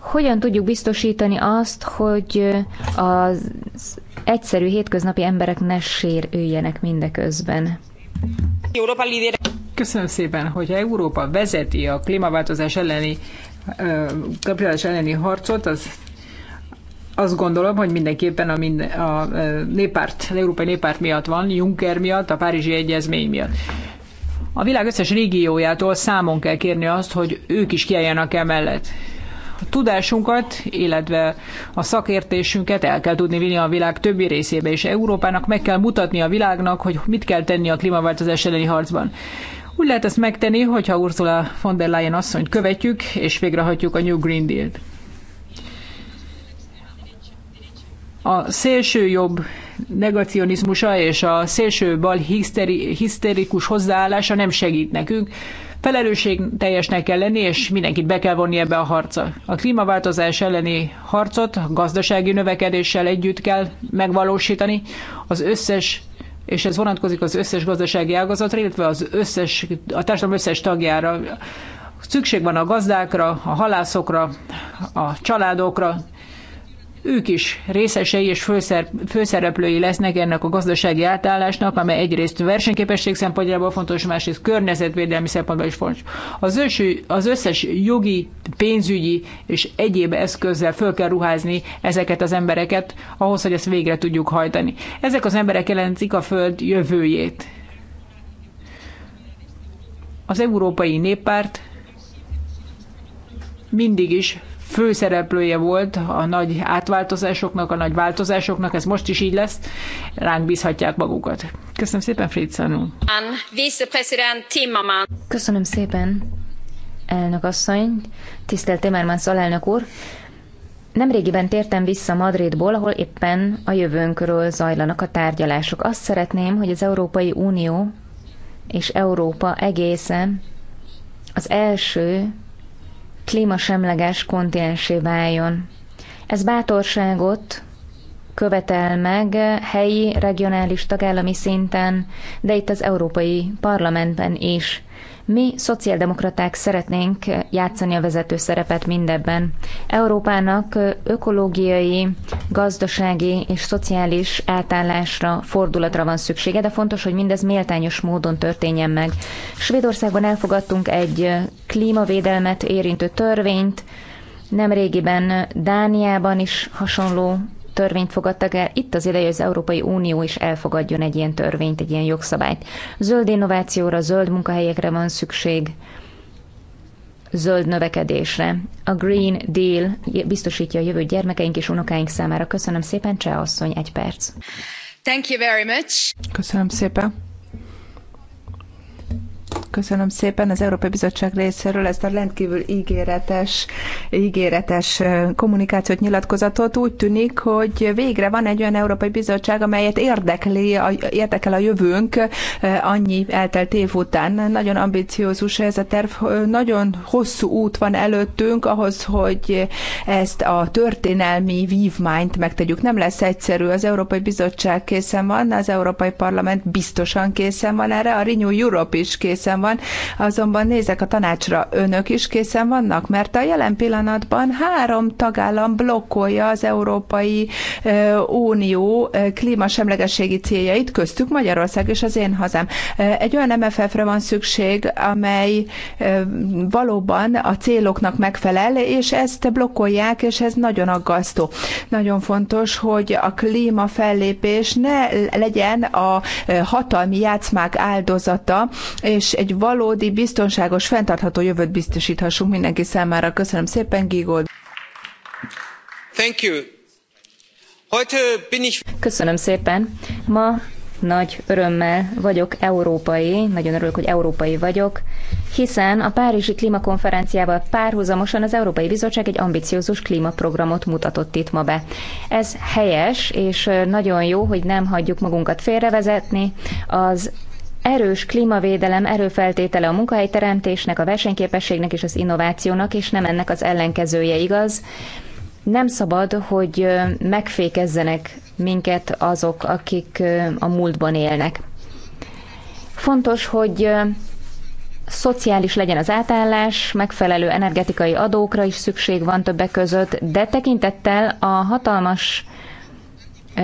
[SPEAKER 4] hogyan tudjuk biztosítani azt, hogy az egyszerű hétköznapi emberek ne sérüljenek mindeközben?
[SPEAKER 2] Köszönöm szépen, hogy Európa vezeti a klímaváltozás elleni, kapcsolás elleni harcot, az azt gondolom, hogy mindenképpen a, minden, a néppárt, az Európai Néppárt miatt van, Juncker miatt, a Párizsi Egyezmény miatt. A világ összes régiójától számon kell kérni azt, hogy ők is kiálljanak emellett tudásunkat, illetve a szakértésünket el kell tudni vinni a világ többi részébe, és Európának meg kell mutatni a világnak, hogy mit kell tenni a klímaváltozás elleni harcban. Úgy lehet ezt megtenni, hogyha Ursula von der Leyen asszonyt követjük, és végrehajtjuk a New Green Deal-t. A szélső jobb negacionizmusa és a szélső bal hiszteri, hiszterikus hozzáállása nem segít nekünk. Felelősségteljesnek kell lenni, és mindenkit be kell vonni ebbe a harca. A klímaváltozás elleni harcot a gazdasági növekedéssel együtt kell megvalósítani. Az összes és ez vonatkozik az összes gazdasági ágazatra, illetve az összes, a társadalom összes tagjára. Szükség van a gazdákra, a halászokra, a családokra, ők is részesei és főszereplői lesznek ennek a gazdasági átállásnak, amely egyrészt versenyképesség szempontjából fontos, másrészt környezetvédelmi szempontból is fontos. Az, ősű, az összes jogi, pénzügyi és egyéb eszközzel föl kell ruházni ezeket az embereket, ahhoz, hogy ezt végre tudjuk hajtani. Ezek az emberek jelentik a Föld jövőjét. Az Európai Néppárt mindig is főszereplője volt a nagy átváltozásoknak, a nagy változásoknak, ez most is így lesz, ránk bízhatják magukat. Köszönöm szépen, Fritzan úr.
[SPEAKER 4] Köszönöm szépen, elnök asszony, tisztelt Timmermans alelnök úr. Nemrégiben tértem vissza Madridból, ahol éppen a jövőnkről zajlanak a tárgyalások. Azt szeretném, hogy az Európai Unió és Európa egészen az első klímasemleges kontinensé váljon. Ez bátorságot követel meg helyi, regionális, tagállami szinten, de itt az Európai Parlamentben is. Mi, szociáldemokraták szeretnénk játszani a vezető szerepet mindebben. Európának ökológiai, gazdasági és szociális átállásra, fordulatra van szüksége, de fontos, hogy mindez méltányos módon történjen meg. Svédországban elfogadtunk egy klímavédelmet érintő törvényt, Nemrégiben Dániában is hasonló törvényt fogadtak el, itt az ideje, hogy az Európai Unió is elfogadjon egy ilyen törvényt, egy ilyen jogszabályt. Zöld innovációra, zöld munkahelyekre van szükség, zöld növekedésre. A Green Deal biztosítja a jövő gyermekeink és unokáink számára. Köszönöm szépen, Cseh asszony, egy perc.
[SPEAKER 1] Thank you very much.
[SPEAKER 4] Köszönöm szépen.
[SPEAKER 3] Köszönöm szépen az Európai Bizottság részéről ezt a rendkívül ígéretes, ígéretes kommunikációt, nyilatkozatot. Úgy tűnik, hogy végre van egy olyan Európai Bizottság, amelyet érdekli, a, érdekel a jövőnk annyi eltelt év után. Nagyon ambiciózus ez a terv, nagyon hosszú út van előttünk ahhoz, hogy ezt a történelmi vívmányt megtegyük. Nem lesz egyszerű, az Európai Bizottság készen van, az Európai Parlament biztosan készen van erre, a Renew Europe is készen van, van, azonban nézek a tanácsra, önök is készen vannak, mert a jelen pillanatban három tagállam blokkolja az Európai Unió klímasemlegességi céljait, köztük Magyarország és az én hazám. Egy olyan MFF-re van szükség, amely valóban a céloknak megfelel, és ezt blokkolják, és ez nagyon aggasztó. Nagyon fontos, hogy a klíma fellépés ne legyen a hatalmi játszmák áldozata, és egy egy valódi, biztonságos, fenntartható jövőt biztosíthassunk mindenki számára. Köszönöm szépen,
[SPEAKER 4] Gigold.
[SPEAKER 1] Thank you. Heute
[SPEAKER 4] bin ich... Köszönöm szépen. Ma nagy örömmel vagyok európai, nagyon örülök, hogy európai vagyok, hiszen a Párizsi Klímakonferenciával párhuzamosan az Európai Bizottság egy ambiciózus klímaprogramot mutatott itt ma be. Ez helyes, és nagyon jó, hogy nem hagyjuk magunkat félrevezetni. Az erős klímavédelem erőfeltétele a munkahelyteremtésnek, a versenyképességnek és az innovációnak, és nem ennek az ellenkezője igaz. Nem szabad, hogy megfékezzenek minket azok, akik a múltban élnek. Fontos, hogy szociális legyen az átállás, megfelelő energetikai adókra is szükség van többek között, de tekintettel a hatalmas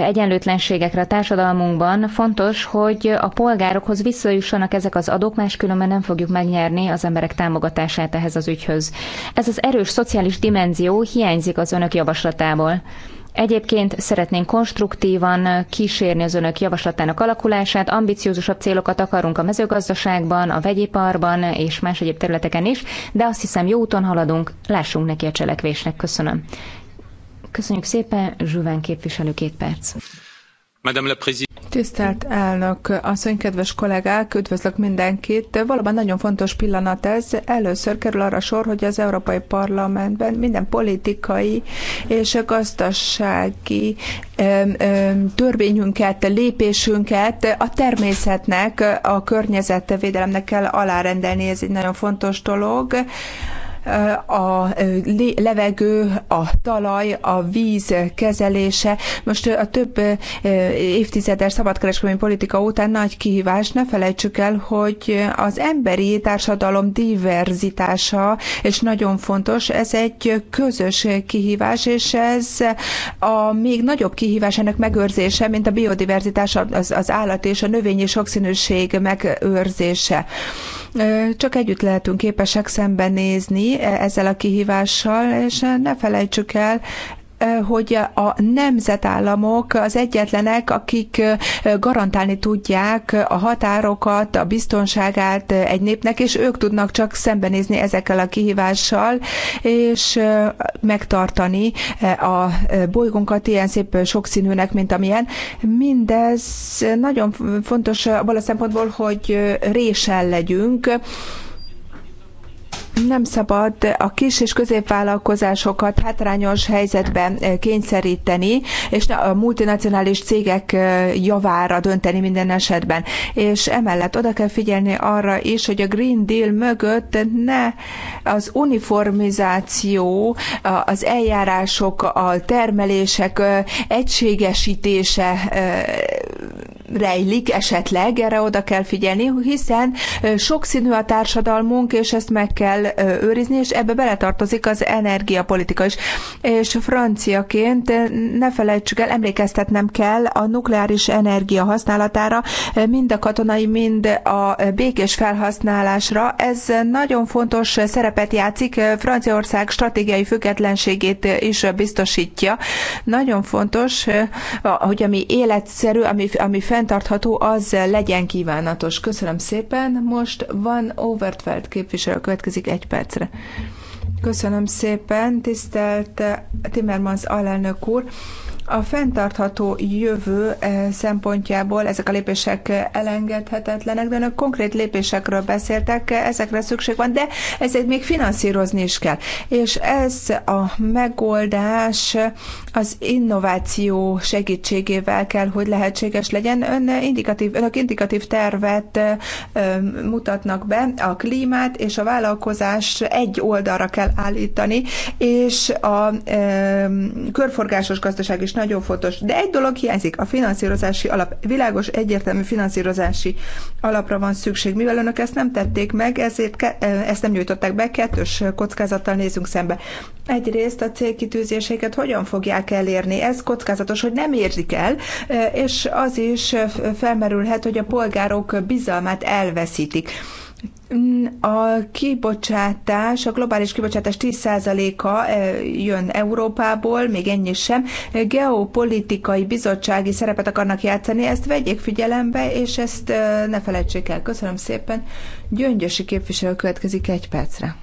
[SPEAKER 4] egyenlőtlenségekre a társadalmunkban, fontos, hogy a polgárokhoz visszajussanak ezek az adók, máskülönben nem fogjuk megnyerni az emberek támogatását ehhez az ügyhöz. Ez az erős szociális dimenzió hiányzik az önök javaslatából. Egyébként szeretnénk konstruktívan kísérni az önök javaslatának alakulását, ambiciózusabb célokat akarunk a mezőgazdaságban, a vegyiparban és más egyéb területeken is, de azt hiszem jó úton haladunk, lássunk neki a cselekvésnek. Köszönöm. Köszönjük szépen, Zsuván képviselő két perc.
[SPEAKER 1] Madame la Présidente.
[SPEAKER 4] Tisztelt elnök asszony, kedves kollégák, üdvözlök mindenkit.
[SPEAKER 3] Valóban nagyon fontos pillanat ez. Először kerül arra sor, hogy az Európai Parlamentben minden politikai és gazdasági törvényünket, lépésünket a természetnek, a környezetvédelemnek kell alárendelni. Ez egy nagyon fontos dolog a levegő, a talaj, a víz kezelése. Most a több évtizedes szabadkereskedelmi politika után nagy kihívás, ne felejtsük el, hogy az emberi társadalom diverzitása, és nagyon fontos, ez egy közös kihívás, és ez a még nagyobb kihívás ennek megőrzése, mint a biodiverzitás, az, az állat és a növényi sokszínűség megőrzése. Csak együtt lehetünk képesek szembenézni e, ezzel a kihívással, és e, ne felejtsük el hogy a nemzetállamok az egyetlenek, akik garantálni tudják a határokat, a biztonságát egy népnek, és ők tudnak csak szembenézni ezekkel a kihívással, és megtartani a bolygónkat ilyen szép sokszínűnek, mint amilyen. Mindez nagyon fontos abban a szempontból, hogy résen legyünk, nem szabad a kis és középvállalkozásokat hátrányos helyzetben eh, kényszeríteni, és a multinacionális cégek eh, javára dönteni minden esetben. És emellett oda kell figyelni arra is, hogy a Green Deal mögött ne az uniformizáció, az eljárások, a termelések egységesítése rejlik esetleg, erre oda kell figyelni, hiszen sokszínű a társadalmunk, és ezt meg kell kell őrizni, és ebbe beletartozik az energiapolitika is. És franciaként ne felejtsük el, emlékeztetnem kell a nukleáris energia használatára, mind a katonai, mind a békés felhasználásra. Ez nagyon fontos szerepet játszik, Franciaország stratégiai függetlenségét is biztosítja. Nagyon fontos, hogy ami életszerű, ami, ami fenntartható, az legyen kívánatos. Köszönöm szépen. Most van Overtfeld képviselő következik egy percre. Köszönöm szépen, tisztelt Timmermans alelnök úr. A fenntartható jövő eh, szempontjából ezek a lépések eh, elengedhetetlenek, de önök konkrét lépésekről beszéltek, eh, ezekre szükség van, de ezért még finanszírozni is kell. És ez a megoldás az innováció segítségével kell, hogy lehetséges legyen. Ön indikatív, önök indikatív tervet mutatnak be, a klímát és a vállalkozás egy oldalra kell állítani, és a körforgásos gazdasági is nagyon fontos. De egy dolog hiányzik, a finanszírozási alap. Világos, egyértelmű finanszírozási alapra van szükség. Mivel önök ezt nem tették meg, ezért e, ezt nem nyújtották be, kettős kockázattal nézünk szembe. Egyrészt a célkitűzéseket hogyan fogják elérni? Ez kockázatos, hogy nem érzik el, e, és az is e, felmerülhet, hogy a polgárok bizalmát elveszítik a kibocsátás, a globális kibocsátás 10%-a eh, jön Európából, még ennyi sem. Geopolitikai bizottsági szerepet akarnak játszani, ezt vegyék figyelembe, és ezt eh, ne felejtsék el. Köszönöm szépen. Gyöngyösi képviselő következik egy percre.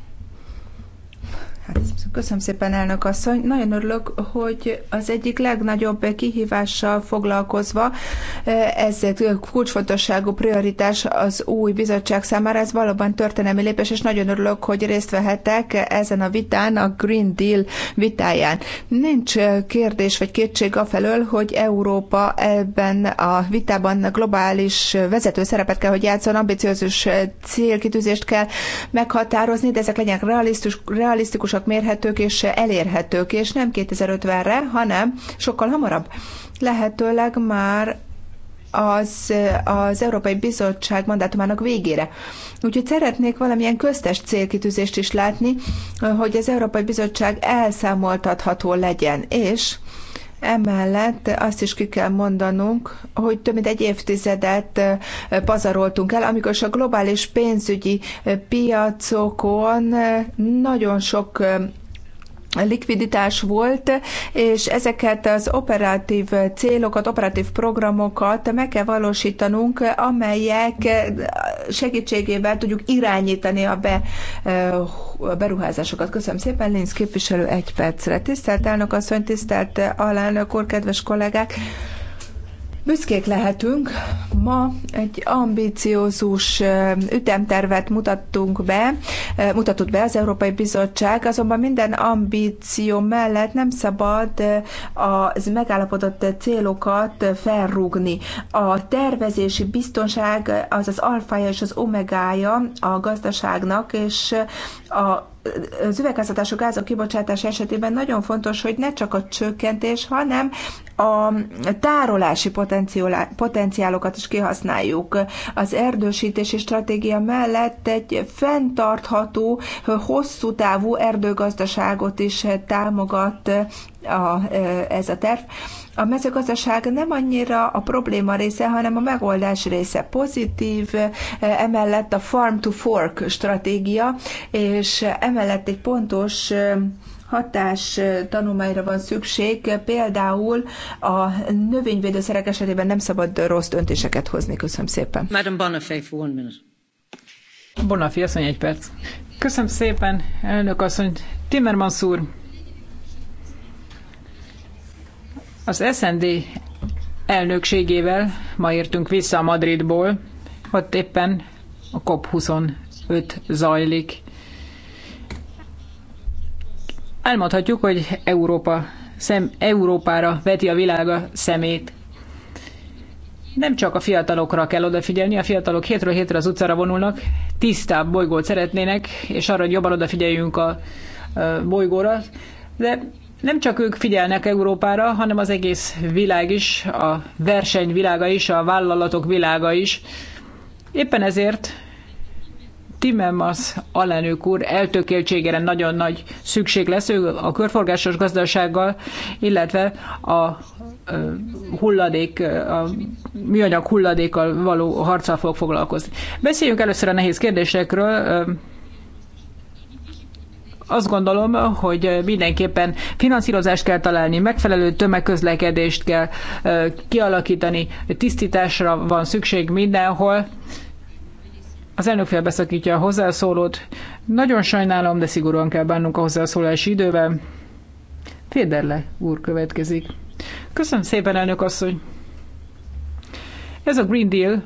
[SPEAKER 3] Köszönöm szépen, elnök asszony. Nagyon örülök, hogy az egyik legnagyobb kihívással foglalkozva, eh, ez egy kulcsfontosságú prioritás az új bizottság számára. Ez valóban történelmi lépés, és nagyon örülök, hogy részt vehetek ezen a vitán, a Green Deal vitáján. Nincs eh, kérdés vagy kétség afelől, hogy Európa ebben a vitában globális vezető szerepet kell, hogy játszon, ambiciózus eh, célkitűzést kell meghatározni, de ezek legyenek realisztikus, realisztikusak csak mérhetők és elérhetők, és nem 2050-re, hanem sokkal hamarabb. Lehetőleg már az, az Európai Bizottság mandátumának végére. Úgyhogy szeretnék valamilyen köztes célkitűzést is látni, hogy az Európai Bizottság elszámoltatható legyen, és Emellett azt is ki kell mondanunk, hogy több mint egy évtizedet pazaroltunk el, amikor a globális pénzügyi piacokon nagyon sok likviditás volt, és ezeket az operatív célokat, operatív programokat meg kell valósítanunk, amelyek segítségével tudjuk irányítani a, be, a beruházásokat. Köszönöm szépen, Linz képviselő egy percre. Tisztelt elnök asszony, tisztelt alelnök úr, kedves kollégák! Büszkék lehetünk. Ma egy ambiciózus eh, ütemtervet mutattunk be, eh, mutatott be az Európai Bizottság, azonban minden ambíció mellett nem szabad eh, az megállapodott célokat felrúgni. A tervezési biztonság az az alfája és az omegája a gazdaságnak, és a az üvegházhatású gázok kibocsátása esetében nagyon fontos, hogy ne csak a csökkentés, hanem a tárolási potenciálokat is kihasználjuk. Az erdősítési stratégia mellett egy fenntartható, hosszú távú erdőgazdaságot is támogat a, ez a terv. A mezőgazdaság nem annyira a probléma része, hanem a megoldás része. Pozitív, e, emellett a farm to fork stratégia, és emellett egy pontos e, hatás e, tanulmányra van szükség, például a növényvédőszerek esetében nem szabad rossz döntéseket hozni. Köszönöm szépen.
[SPEAKER 2] Madam Bonafé, for one minute. Bonafé, asszony, egy perc. Köszönöm szépen, elnök asszony. Timmermans úr, Az SND elnökségével ma értünk vissza a Madridból, ott éppen a COP25 zajlik. Elmondhatjuk, hogy Európa, szem, Európára veti a világ a szemét. Nem csak a fiatalokra kell odafigyelni, a fiatalok hétről hétre az utcára vonulnak, tisztább bolygót szeretnének, és arra, hogy jobban odafigyeljünk a, a bolygóra, de nem csak ők figyelnek Európára, hanem az egész világ is, a verseny világa is, a vállalatok világa is. Éppen ezért Timmermans alelnök úr eltökéltségére nagyon nagy szükség lesz ő a körforgásos gazdasággal, illetve a hulladék, a műanyag hulladékkal való harccal fog foglalkozni. Beszéljünk először a nehéz kérdésekről. Azt gondolom, hogy mindenképpen finanszírozást kell találni, megfelelő tömegközlekedést kell kialakítani, tisztításra van szükség mindenhol. Az elnök félbeszakítja a hozzászólót. Nagyon sajnálom, de szigorúan kell bánnunk a hozzászólási idővel. Féderle úr következik. Köszönöm szépen, elnök asszony! Ez a Green Deal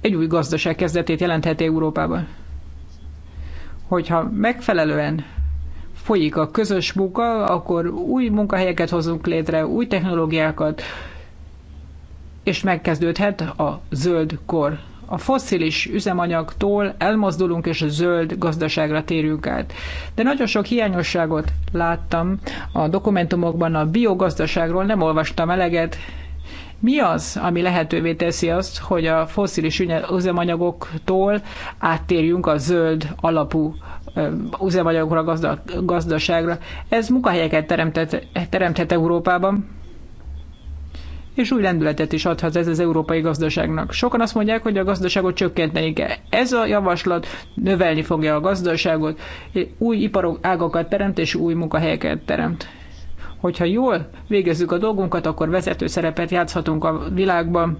[SPEAKER 2] egy új gazdaság kezdetét jelentheti Európában hogyha megfelelően folyik a közös munka, akkor új munkahelyeket hozunk létre, új technológiákat, és megkezdődhet a zöld kor. A fosszilis üzemanyagtól elmozdulunk, és a zöld gazdaságra térünk át. De nagyon sok hiányosságot láttam a dokumentumokban, a biogazdaságról nem olvastam eleget, mi az, ami lehetővé teszi azt, hogy a foszilis üzemanyagoktól áttérjünk a zöld alapú üzemanyagokra, gazda, gazdaságra? Ez munkahelyeket teremthet, teremthet Európában, és új lendületet is adhat ez az európai gazdaságnak. Sokan azt mondják, hogy a gazdaságot csökkenteni kell. Ez a javaslat növelni fogja a gazdaságot, új iparok ágakat teremt és új munkahelyeket teremt hogyha jól végezzük a dolgunkat, akkor vezető szerepet játszhatunk a világban,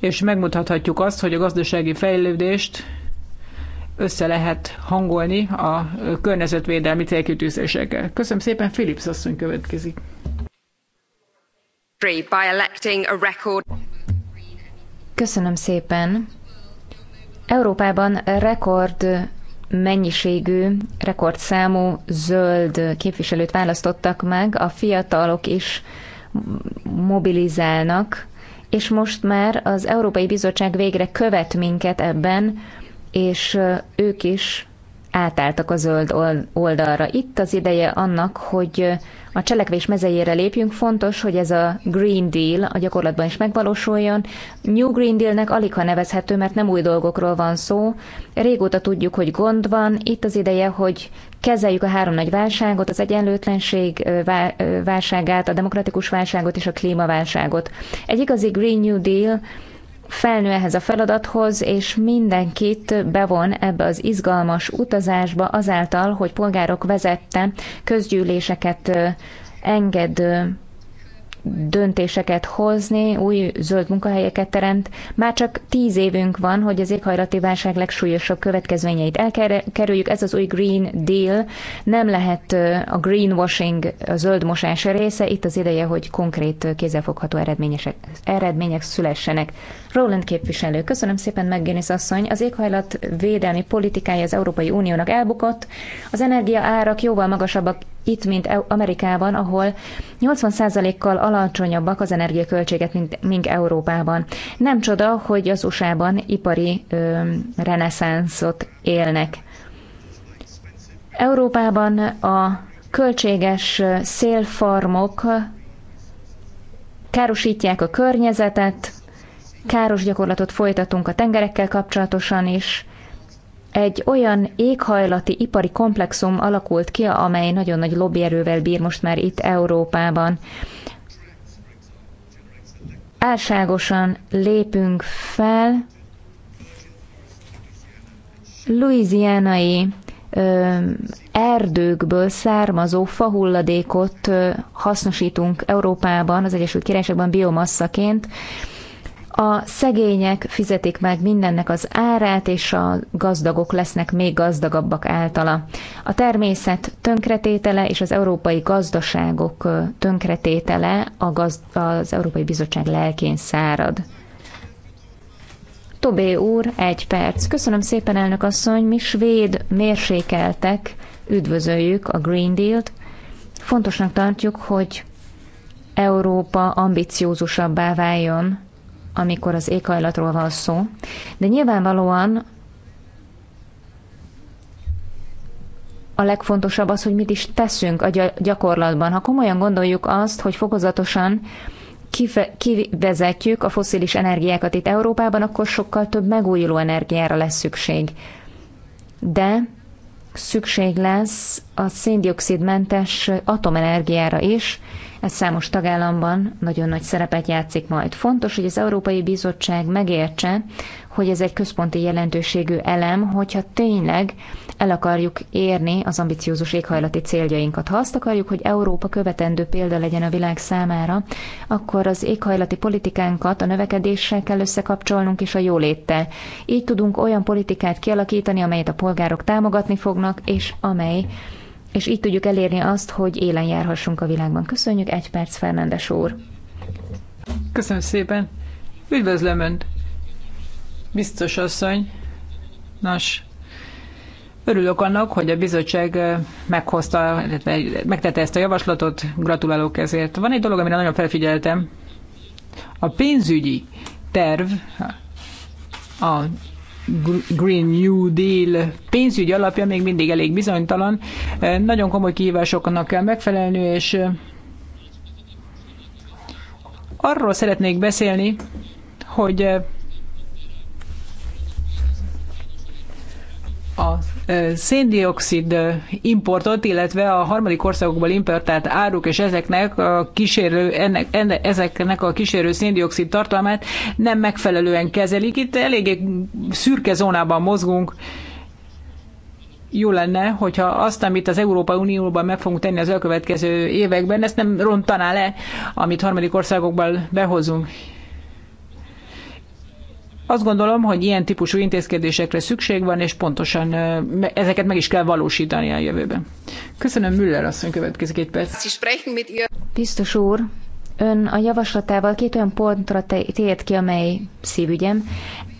[SPEAKER 2] és megmutathatjuk azt, hogy a gazdasági fejlődést össze lehet hangolni a környezetvédelmi célkitűzésekkel.
[SPEAKER 4] Köszönöm szépen, Philips asszony következik. Köszönöm szépen. Európában rekord mennyiségű, rekordszámú zöld képviselőt választottak meg, a fiatalok is mobilizálnak, és most már az Európai Bizottság végre követ minket ebben, és ők is átálltak a zöld oldalra. Itt az ideje annak, hogy a cselekvés mezejére lépjünk, fontos, hogy ez a Green Deal a gyakorlatban is megvalósuljon. New Green Dealnek alig ha nevezhető, mert nem új dolgokról van szó. Régóta tudjuk, hogy gond van, itt az ideje, hogy kezeljük a három nagy válságot, az egyenlőtlenség válságát, a demokratikus válságot és a klímaválságot. Egy igazi Green New Deal felnő ehhez a feladathoz, és mindenkit bevon ebbe az izgalmas utazásba azáltal, hogy polgárok vezette közgyűléseket enged döntéseket hozni, új zöld munkahelyeket teremt. Már csak tíz évünk van, hogy az éghajlati válság legsúlyosabb következményeit elkerüljük. Ez az új Green Deal. Nem lehet a greenwashing, a zöld mosás része. Itt az ideje, hogy konkrét kézzelfogható eredmények szülessenek. Roland képviselő, köszönöm szépen, Meggenis asszony. Az éghajlat védelmi politikája az Európai Uniónak elbukott. Az energia árak jóval magasabbak itt, mint e Amerikában, ahol 80%-kal alacsonyabbak az energiaköltséget, mint, mint Európában. Nem csoda, hogy az USA-ban ipari ö, reneszánszot élnek. Európában a költséges szélfarmok károsítják a környezetet, káros gyakorlatot folytatunk a tengerekkel kapcsolatosan is, egy olyan éghajlati ipari komplexum alakult ki, amely nagyon nagy lobbyerővel bír most már itt Európában. Álságosan lépünk fel, louisianai erdőkből származó fahulladékot hasznosítunk Európában, az Egyesült Királyságban biomasszaként, a szegények fizetik meg mindennek az árát, és a gazdagok lesznek még gazdagabbak általa. A természet tönkretétele és az európai gazdaságok tönkretétele a gaz- az Európai Bizottság lelkén szárad. Tobé úr, egy perc. Köszönöm szépen, elnök asszony, mi svéd mérsékeltek, üdvözöljük a Green Deal-t. Fontosnak tartjuk, hogy Európa ambiciózusabbá váljon amikor az éghajlatról van szó, de nyilvánvalóan a legfontosabb az, hogy mit is teszünk a gyakorlatban. Ha komolyan gondoljuk azt, hogy fokozatosan kivezetjük a foszilis energiákat itt Európában, akkor sokkal több megújuló energiára lesz szükség. De szükség lesz a széndiokszidmentes atomenergiára is, ez számos tagállamban nagyon nagy szerepet játszik majd. Fontos, hogy az Európai Bizottság megértse, hogy ez egy központi jelentőségű elem, hogyha tényleg el akarjuk érni az ambiciózus éghajlati céljainkat. Ha azt akarjuk, hogy Európa követendő példa legyen a világ számára, akkor az éghajlati politikánkat a növekedéssel kell összekapcsolnunk és a jóléttel. Így tudunk olyan politikát kialakítani, amelyet a polgárok támogatni fognak, és amely és így tudjuk elérni azt, hogy élen járhassunk a világban. Köszönjük, egy perc Fernándes úr. Köszönöm
[SPEAKER 2] szépen. Üdvözlöm Önt. Biztos asszony. Nos, örülök annak, hogy a bizottság eh, meghozta, megtette ezt a javaslatot. Gratulálok ezért. Van egy dolog, amire nagyon felfigyeltem. A pénzügyi terv, a Green New Deal pénzügyi alapja még mindig elég bizonytalan. Eh, nagyon komoly kihívásoknak kell megfelelni, és eh, arról szeretnék beszélni, hogy eh, a széndiokszid importot, illetve a harmadik országokból importált áruk és ezeknek a kísérő, ennek, enne, ezeknek a kísérő széndiokszid tartalmát nem megfelelően kezelik. Itt eléggé szürke zónában mozgunk. Jó lenne, hogyha azt, amit az Európai Unióban meg fogunk tenni az elkövetkező években, ezt nem rontaná le, amit harmadik országokból behozunk. Azt gondolom, hogy ilyen típusú intézkedésekre szükség van, és pontosan ezeket meg is kell valósítani a jövőben. Köszönöm, Müller asszony, következik egy perc.
[SPEAKER 4] Biztos úr, ön a javaslatával két olyan pontra tért ki, amely szívügyem.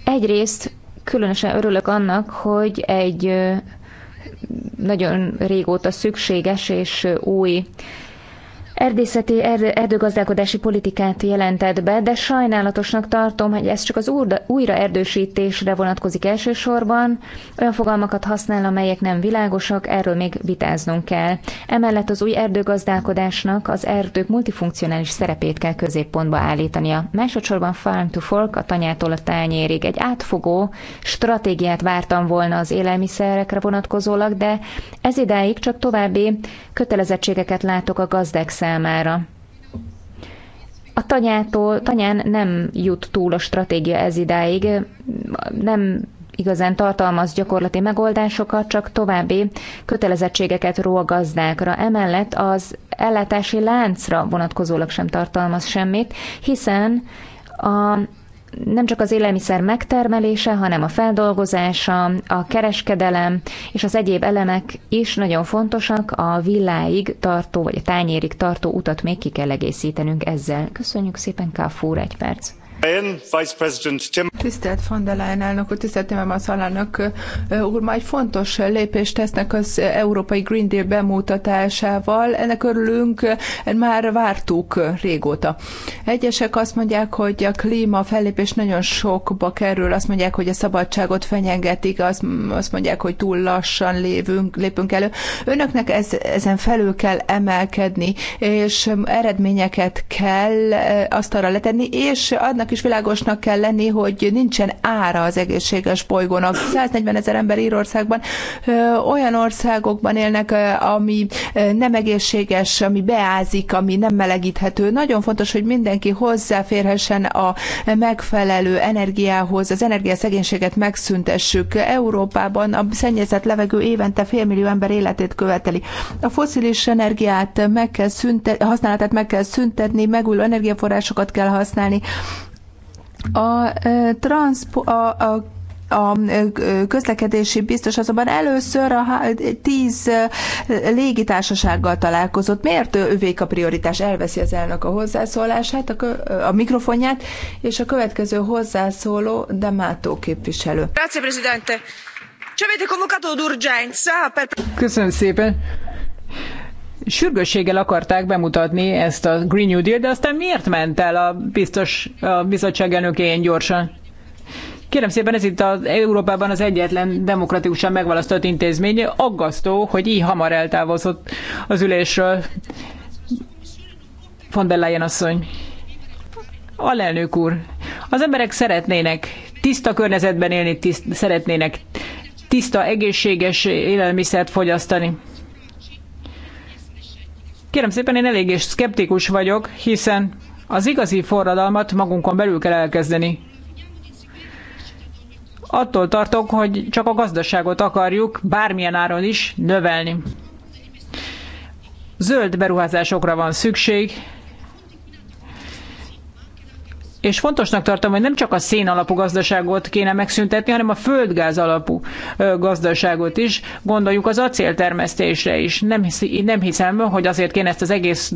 [SPEAKER 4] Egyrészt különösen örülök annak, hogy egy nagyon régóta szükséges és új erdészeti, erdőgazdálkodási politikát jelentett be, de sajnálatosnak tartom, hogy ez csak az újraerdősítésre vonatkozik elsősorban. Olyan fogalmakat használ, amelyek nem világosak, erről még vitáznunk kell. Emellett az új erdőgazdálkodásnak az erdők multifunkcionális szerepét kell középpontba állítania. Másodszorban Farm to Fork, a tanyától a tányérig. Egy átfogó stratégiát vártam volna az élelmiszerekre vonatkozólag, de ez idáig csak további kötelezettségeket látok a gazdák számára számára. A tanyától, tanyán nem jut túl a stratégia ez idáig, nem igazán tartalmaz gyakorlati megoldásokat, csak további kötelezettségeket ró a gazdákra. Emellett az ellátási láncra vonatkozólag sem tartalmaz semmit, hiszen a nem csak az élelmiszer megtermelése, hanem a feldolgozása, a kereskedelem és az egyéb elemek is nagyon fontosak, a villáig tartó, vagy a tányérig tartó utat még ki kell egészítenünk ezzel. Köszönjük szépen, Káfúr, egy perc.
[SPEAKER 3] Tisztelt von der Leyen
[SPEAKER 4] elnök úr, tisztelt Timmermans alelnök
[SPEAKER 3] úr, ma egy fontos lépést tesznek az Európai Green Deal bemutatásával. Ennek örülünk, már vártuk régóta. Egyesek azt mondják, hogy a klíma fellépés nagyon sokba kerül, azt mondják, hogy a szabadságot fenyegetik, azt, azt mondják, hogy túl lassan lévünk, lépünk elő. Önöknek ez, ezen felül kell emelkedni, és eredményeket kell azt arra letenni, és adnak annak is világosnak kell lenni, hogy nincsen ára az egészséges bolygónak. 140 ezer ember Írországban olyan országokban élnek, ami nem egészséges, ami beázik, ami nem melegíthető. Nagyon fontos, hogy mindenki hozzáférhessen a megfelelő energiához, az energiaszegénységet megszüntessük. Európában a szennyezett levegő évente félmillió ember életét követeli. A foszilis energiát meg kell szüntetni, használatát meg kell szüntetni, megújuló energiaforrásokat kell használni, a, transzpo- a, a a közlekedési biztos azonban először a tíz légitársasággal találkozott. Miért övék a prioritás? Elveszi az elnök a hozzászólását, a, a mikrofonját, és a következő hozzászóló Damato képviselő.
[SPEAKER 1] Grazie, Presidente. Ci avete convocato d'urgenza per...
[SPEAKER 2] Köszönöm szépen sürgősséggel akarták bemutatni ezt a Green New Deal, de aztán miért ment el a, biztos, a bizottság elnöke ilyen gyorsan? Kérem szépen, ez itt az Európában az egyetlen demokratikusan megválasztott intézmény. Aggasztó, hogy így hamar eltávozott az ülésről. Von der Leyen asszony. Alelnök úr, az emberek szeretnének tiszta környezetben élni, tiszt, szeretnének tiszta, egészséges élelmiszert fogyasztani. Kérem szépen, én eléggé szkeptikus vagyok, hiszen az igazi forradalmat magunkon belül kell elkezdeni. Attól tartok, hogy csak a gazdaságot akarjuk bármilyen áron is növelni. Zöld beruházásokra van szükség, és fontosnak tartom, hogy nem csak a szén alapú gazdaságot kéne megszüntetni, hanem a földgáz alapú gazdaságot is. Gondoljuk az acéltermesztésre is. Nem, hiszi, nem hiszem, hogy azért kéne ezt az egész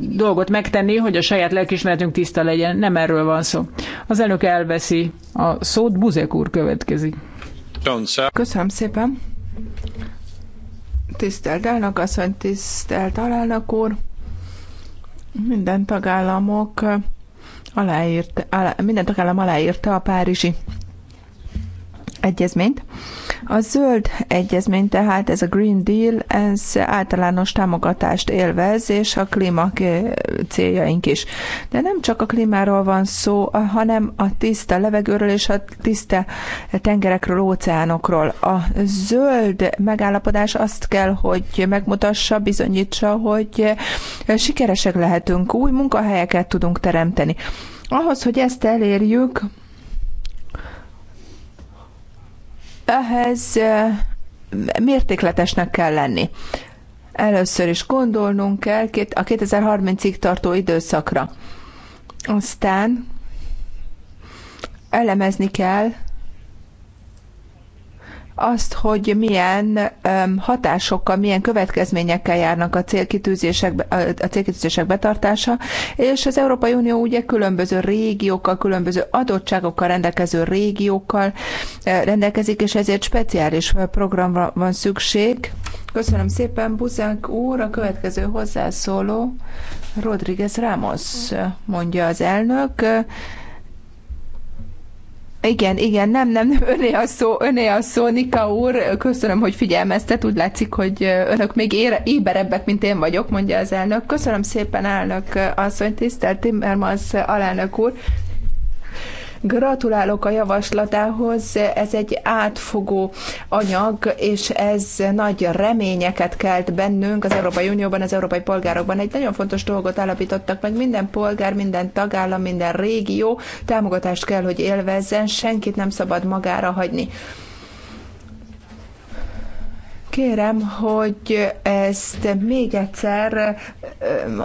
[SPEAKER 2] dolgot megtenni, hogy a saját lelkismeretünk tiszta legyen. Nem erről van szó. Az elnök elveszi a szót, Buzek úr következik. Köszönöm szépen. Tisztelt elnök asszony, tisztelt
[SPEAKER 3] alelnök úr. Minden tagállamok aláírta, alá, mindent tagállam aláírta a Párizsi egyezményt. A zöld egyezmény, tehát ez a Green Deal, ez általános támogatást élvez, és a klíma céljaink is. De nem csak a klímáról van szó, hanem a tiszta levegőről és a tiszta tengerekről, óceánokról. A zöld megállapodás azt kell, hogy megmutassa, bizonyítsa, hogy sikeresek lehetünk, új munkahelyeket tudunk teremteni. Ahhoz, hogy ezt elérjük, ehhez mértékletesnek kell lenni. Először is gondolnunk kell a 2030-ig tartó időszakra. Aztán elemezni kell azt, hogy milyen hatásokkal, milyen következményekkel járnak a célkitűzések, a célkitűzések betartása, és az Európai Unió ugye különböző régiókkal, különböző adottságokkal rendelkező régiókkal rendelkezik, és ezért speciális programra van szükség. Köszönöm szépen, Buzák úr, a következő hozzászóló Rodriguez Ramos, mondja az elnök. Igen, igen, nem, nem, nem, öné a szó, öné a szó, Nika úr, köszönöm, hogy figyelmeztet, úgy látszik, hogy önök még éberebbek, mint én vagyok, mondja az elnök. Köszönöm szépen, elnök asszony, tisztelt Timmermans alelnök úr, Gratulálok a javaslatához, ez egy átfogó anyag, és ez nagy reményeket kelt bennünk az Európai Unióban, az európai polgárokban. Egy nagyon fontos dolgot állapítottak meg, minden polgár, minden tagállam, minden régió támogatást kell, hogy élvezzen, senkit nem szabad magára hagyni kérem, hogy ezt még egyszer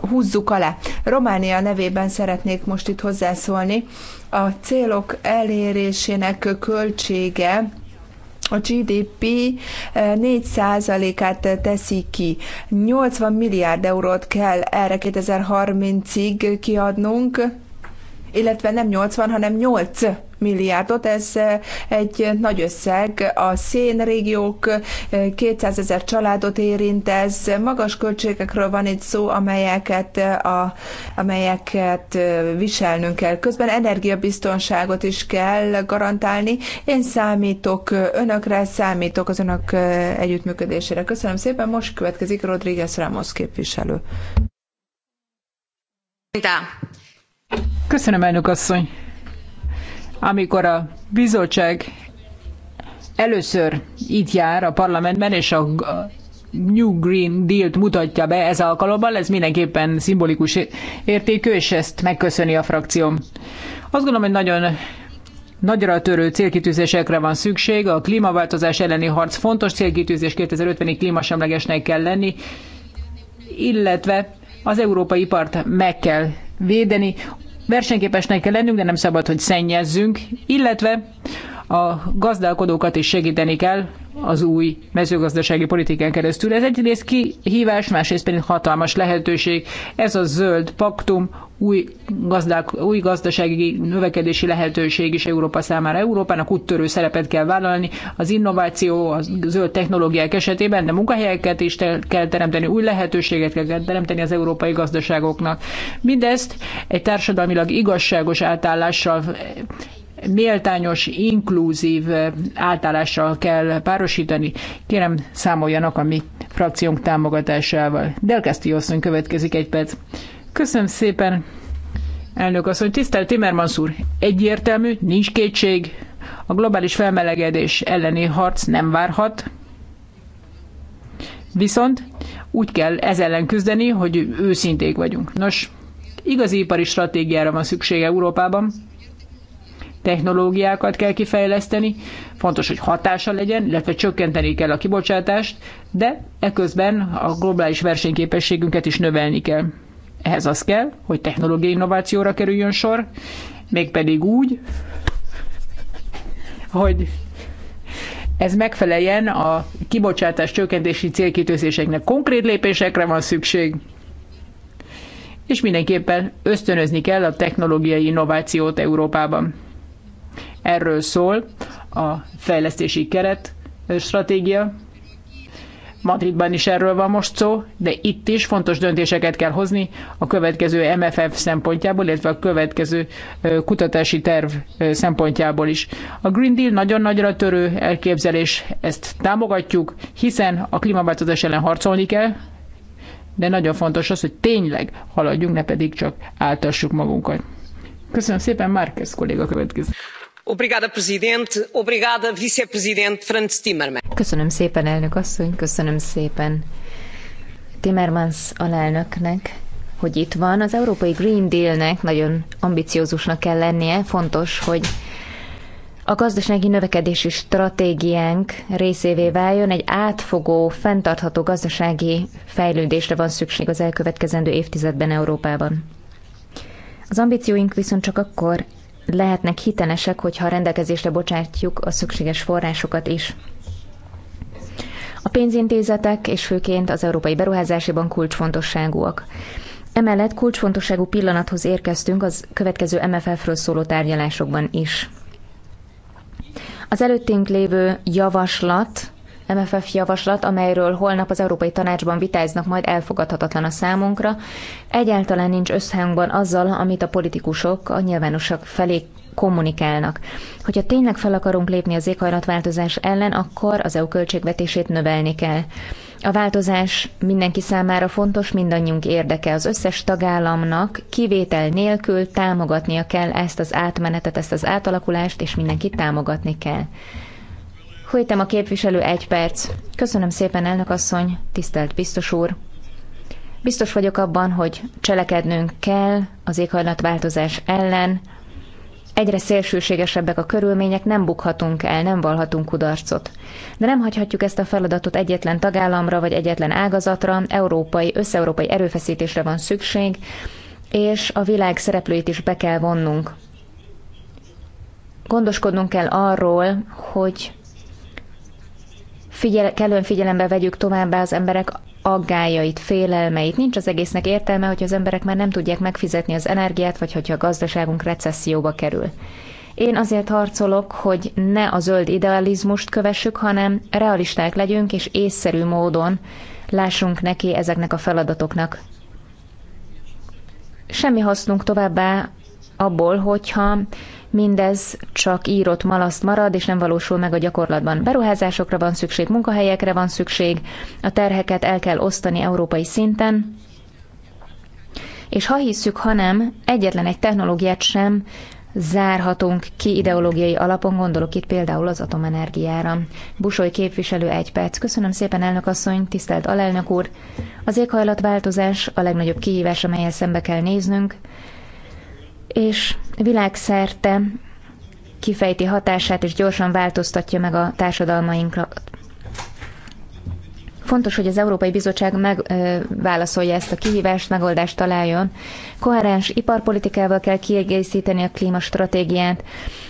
[SPEAKER 3] húzzuk alá. Románia nevében szeretnék most itt hozzászólni a célok elérésének költsége a GDP 4%-át eh, teszi ki. 80 milliárd eurót kell erre 2030-ig kiadnunk, illetve nem 80, hanem 8 milliárdot, ez eh, egy nagy összeg. A szénrégiók 200 eh, ezer családot érint, ez magas költségekről van itt szó, amelyeket, eh, a, amelyeket viselnünk kell. Közben energiabiztonságot is kell garantálni. Én számítok önökre, számítok az önök együttműködésére. Köszönöm szépen, most következik Rodríguez Ramos
[SPEAKER 2] képviselő. Köszönöm, elnök asszony! Amikor a bizottság először itt jár a parlamentben, és a New Green Deal-t mutatja be ez alkalommal, ez mindenképpen szimbolikus értékű, és ezt megköszöni a frakcióm. Azt gondolom, hogy nagyon Nagyra törő célkitűzésekre van szükség, a klímaváltozás elleni harc fontos célkitűzés, 2050-ig klímasemlegesnek kell lenni, illetve az európai ipart meg kell védeni, versenyképesnek kell lennünk, de nem szabad, hogy szennyezzünk, illetve a gazdálkodókat is segíteni kell az új mezőgazdasági politikán keresztül. Ez egyrészt kihívás, másrészt pedig hatalmas lehetőség. Ez a zöld paktum új, gazdák, új gazdasági növekedési lehetőség is Európa számára. Európának úttörő szerepet kell vállalni az innováció, a zöld technológiák esetében, de munkahelyeket is kell teremteni, új lehetőséget kell teremteni az európai gazdaságoknak. Mindezt egy társadalmilag igazságos átállással méltányos, inkluzív átállással kell párosítani. Kérem, számoljanak a mi frakciónk támogatásával. Delkeszti asszony következik egy perc. Köszönöm szépen, elnök asszony. Tisztelt Timmermans úr, egyértelmű, nincs kétség. A globális felmelegedés elleni harc nem várhat, Viszont úgy kell ez ellen küzdeni, hogy őszinték vagyunk. Nos, igazi ipari stratégiára van szüksége Európában, technológiákat kell kifejleszteni, fontos, hogy hatása legyen, illetve csökkenteni kell a kibocsátást, de eközben a globális versenyképességünket is növelni kell. Ehhez az kell, hogy technológiai innovációra kerüljön sor, mégpedig úgy, hogy ez megfeleljen a kibocsátás csökkentési célkitűzéseknek. Konkrét lépésekre van szükség, és mindenképpen ösztönözni kell a technológiai innovációt Európában. Erről szól a fejlesztési keret stratégia. Madridban is erről van most szó, de itt is fontos döntéseket kell hozni a következő MFF szempontjából, illetve a következő kutatási terv szempontjából is. A Green Deal nagyon nagyra törő elképzelés, ezt támogatjuk, hiszen a klímaváltozás ellen harcolni kell, de nagyon fontos az, hogy tényleg haladjunk, ne pedig csak áltassuk magunkat. Köszönöm
[SPEAKER 4] szépen, Márkez kolléga következő. Köszönöm szépen, elnök asszony, köszönöm szépen Timmermans alelnöknek, hogy itt van. Az Európai Green Dealnek nagyon ambiciózusnak kell lennie, fontos, hogy a gazdasági növekedési stratégiánk részévé váljon, egy átfogó, fenntartható gazdasági fejlődésre van szükség az elkövetkezendő évtizedben Európában. Az ambícióink viszont csak akkor lehetnek hitelesek, hogyha a rendelkezésre bocsátjuk a szükséges forrásokat is. A pénzintézetek és főként az Európai beruházásiban kulcsfontosságúak. Emellett kulcsfontosságú pillanathoz érkeztünk az következő MFF-ről szóló tárgyalásokban is. Az előttünk lévő javaslat MFF javaslat, amelyről holnap az Európai Tanácsban vitáznak, majd elfogadhatatlan a számunkra, egyáltalán nincs összhangban azzal, amit a politikusok a nyilvánosak felé kommunikálnak. Hogyha tényleg fel akarunk lépni az éghajlatváltozás ellen, akkor az EU költségvetését növelni kell. A változás mindenki számára fontos, mindannyiunk érdeke. Az összes tagállamnak kivétel nélkül támogatnia kell ezt az átmenetet, ezt az átalakulást, és mindenkit támogatni kell. Hújtem a képviselő egy perc. Köszönöm szépen, elnök asszony, tisztelt biztos úr. Biztos vagyok abban, hogy cselekednünk kell az éghajlatváltozás ellen. Egyre szélsőségesebbek a körülmények, nem bukhatunk el, nem valhatunk kudarcot. De nem hagyhatjuk ezt a feladatot egyetlen tagállamra vagy egyetlen ágazatra, európai, összeurópai erőfeszítésre van szükség, és a világ szereplőit is be kell vonnunk. Gondoskodnunk kell arról, hogy figyel, kellően figyelembe vegyük továbbá az emberek aggájait, félelmeit. Nincs az egésznek értelme, hogy az emberek már nem tudják megfizetni az energiát, vagy hogyha a gazdaságunk recesszióba kerül. Én azért harcolok, hogy ne a zöld idealizmust kövessük, hanem realisták legyünk, és észszerű módon lássunk neki ezeknek a feladatoknak. Semmi hasznunk továbbá abból, hogyha mindez csak írott malaszt marad, és nem valósul meg a gyakorlatban. Beruházásokra van szükség, munkahelyekre van szükség, a terheket el kell osztani európai szinten, és ha hiszük, ha nem, egyetlen egy technológiát sem zárhatunk ki ideológiai alapon, gondolok itt például az atomenergiára. Busoly képviselő egy perc. Köszönöm szépen, elnök asszony, tisztelt alelnök úr. Az éghajlatváltozás a legnagyobb kihívás, amelyel szembe kell néznünk és világszerte kifejti hatását és gyorsan változtatja meg a társadalmainkat. Fontos, hogy az Európai Bizottság megválaszolja ezt a kihívást, megoldást találjon. Koherens iparpolitikával kell kiegészíteni a klímastratégiát,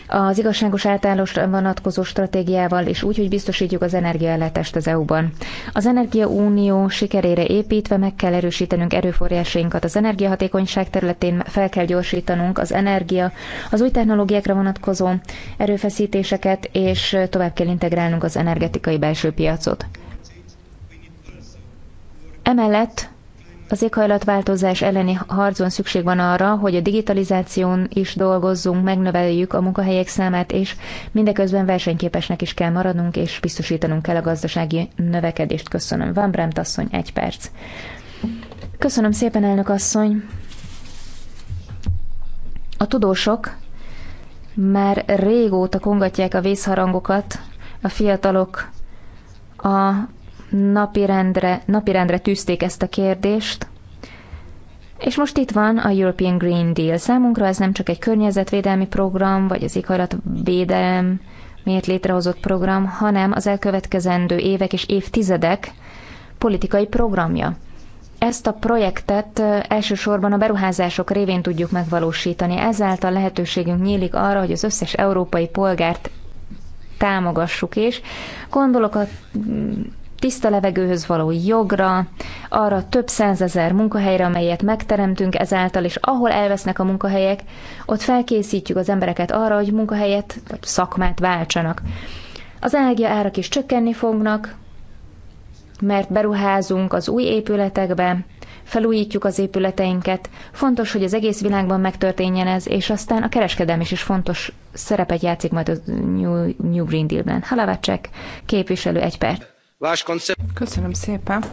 [SPEAKER 4] az igazságos átállásra vonatkozó stratégiával, és úgy, hogy biztosítjuk az energiaellátást az EU-ban. Az Energiaunió sikerére építve meg kell erősítenünk erőforrásainkat az energiahatékonyság területén, fel kell gyorsítanunk az energia, az új technológiákra vonatkozó erőfeszítéseket, és tovább kell integrálnunk az energetikai belső piacot. Emellett az éghajlatváltozás elleni harcon szükség van arra, hogy a digitalizáción is dolgozzunk, megnöveljük a munkahelyek számát, és mindeközben versenyképesnek is kell maradnunk, és biztosítanunk kell a gazdasági növekedést. Köszönöm. Van Bremt asszony, egy perc. Köszönöm szépen, elnök asszony. A tudósok már régóta kongatják a vészharangokat, a fiatalok a napirendre, napirendre tűzték ezt a kérdést, és most itt van a European Green Deal. Számunkra ez nem csak egy környezetvédelmi program, vagy az éghajlatvédelem miért létrehozott program, hanem az elkövetkezendő évek és évtizedek politikai programja. Ezt a projektet elsősorban a beruházások révén tudjuk megvalósítani. Ezáltal lehetőségünk nyílik arra, hogy az összes európai polgárt támogassuk és Gondolok a tiszta levegőhöz való jogra, arra több százezer munkahelyre, amelyet megteremtünk ezáltal, és ahol elvesznek a munkahelyek, ott felkészítjük az embereket arra, hogy munkahelyet vagy szakmát váltsanak. Az energia árak is csökkenni fognak, mert beruházunk az új épületekbe, felújítjuk az épületeinket. Fontos, hogy az egész világban megtörténjen ez, és aztán a kereskedelm is, is fontos szerepet játszik majd a New, New Green Deal-ben. Halavácsek, képviselő, egy perc. Köszönöm szépen.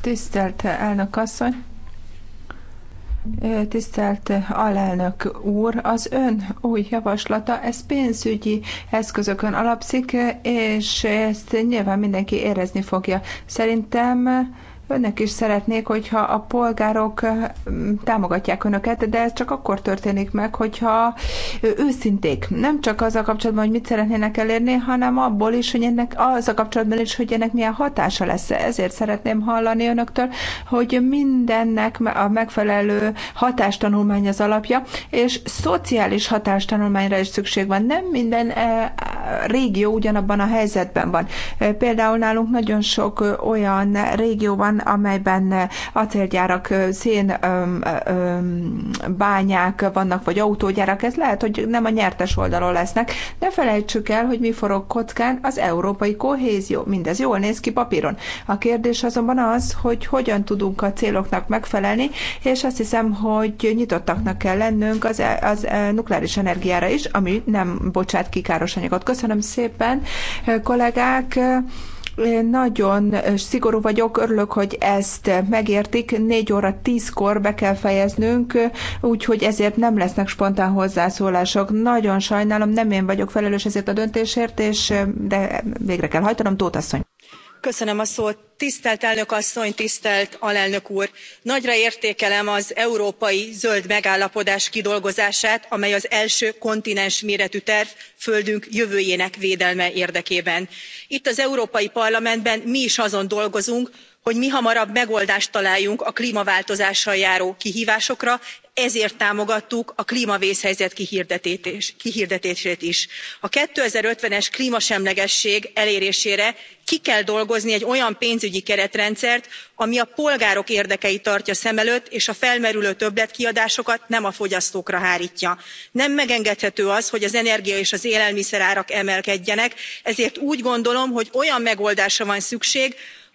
[SPEAKER 3] Tisztelt elnök asszony, tisztelt alelnök úr, az ön új javaslata, ez pénzügyi eszközökön alapszik, és ezt nyilván mindenki érezni fogja. Szerintem Önök is szeretnék, hogyha a polgárok támogatják önöket, de ez csak akkor történik meg, hogyha őszinték. Nem csak az a kapcsolatban, hogy mit szeretnének elérni, hanem abból is, hogy ennek a kapcsolatban is, hogy ennek milyen hatása lesz. Ezért szeretném hallani önöktől, hogy mindennek a megfelelő hatástanulmány az alapja, és szociális hatástanulmányra is szükség van. Nem minden régió ugyanabban a helyzetben van. Például nálunk nagyon sok olyan régió van, amelyben eh, acélgyárak, eh, szénbányák eh, vannak, vagy autógyárak, ez lehet, hogy nem a nyertes oldalon lesznek. Ne felejtsük el, hogy mi forog kockán az európai kohézió. Mindez jól néz ki papíron. A kérdés azonban az, hogy hogyan tudunk a céloknak megfelelni, és azt hiszem, hogy nyitottaknak kell lennünk az, e, az nukleáris energiára is, ami nem bocsát ki káros anyagot. Köszönöm szépen, kollégák! Én nagyon szigorú vagyok, örülök, hogy ezt megértik. 4 óra 10-kor be kell fejeznünk, úgyhogy ezért nem lesznek spontán hozzászólások. Nagyon sajnálom, nem én vagyok felelős ezért a döntésért, és de végre kell hajtanom, Tóth asszony
[SPEAKER 1] tisztelt elnök asszony tisztelt alelnök úr! nagyra értékelem az európai zöld megállapodás kidolgozását amely az első kontinensméretű terv földünk jövőjének védelme érdekében. itt az európai parlamentben mi is azon dolgozunk hogy hogy mihamarabb megoldást találjunk a klmaváltozással járó kihvásokra ezért támogattuk a klmavészhelyzet kihirdetését is. a two thousand and fifty es klmasemlegesség elérésére ki kell dolgozni egy olyan pénzügyi keretrendszert ami a polgárok érdekeit tartja szem előtt és a felmerülő többletkiadásokat nem a fogyasztókra hártja. nem megengedhető az hogy az energia és az élelmiszerárak emelkedjenek ezért úgy gondolom hogy olyan megoldásra van szükség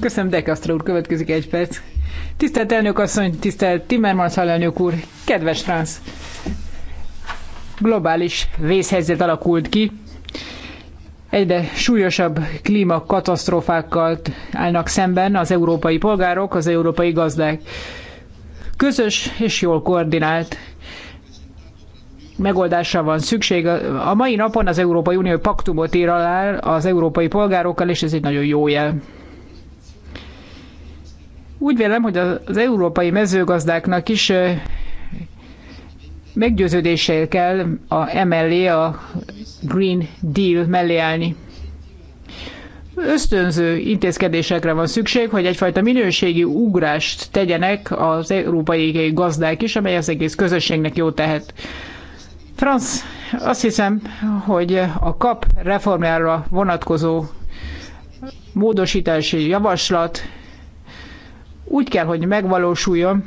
[SPEAKER 2] Köszönöm, De Castro úr, következik egy perc. Tisztelt elnök asszony, tisztelt Timmermans alelnök úr, kedves Franz! Globális vészhelyzet alakult ki, egyre súlyosabb klímakatasztrófákkal állnak szemben az európai polgárok, az európai gazdák. Közös és jól koordinált megoldásra van szükség. A mai napon az Európai Unió paktumot ír alá az európai polgárokkal, és ez egy nagyon jó jel. Úgy vélem, hogy az európai mezőgazdáknak is meggyőződéssel kell a emellé a Green Deal mellé állni. Ösztönző intézkedésekre van szükség, hogy egyfajta minőségi ugrást tegyenek az európai gazdák is, amely az egész közösségnek jó tehet. Franz, azt hiszem, hogy a kap reformjára vonatkozó módosítási javaslat úgy kell, hogy megvalósuljon,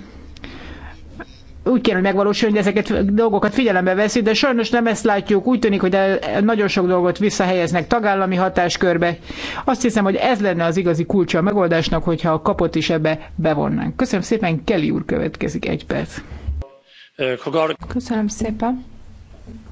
[SPEAKER 2] úgy kell, hogy megvalósuljon, hogy ezeket a dolgokat figyelembe veszik, de sajnos nem ezt látjuk. Úgy tűnik, hogy nagyon sok dolgot visszahelyeznek tagállami hatáskörbe. Azt hiszem, hogy ez lenne az igazi kulcsa a megoldásnak, hogyha a kapot is ebbe bevonnánk. Köszönöm szépen, Kelly úr következik egy perc. Köszönöm szépen.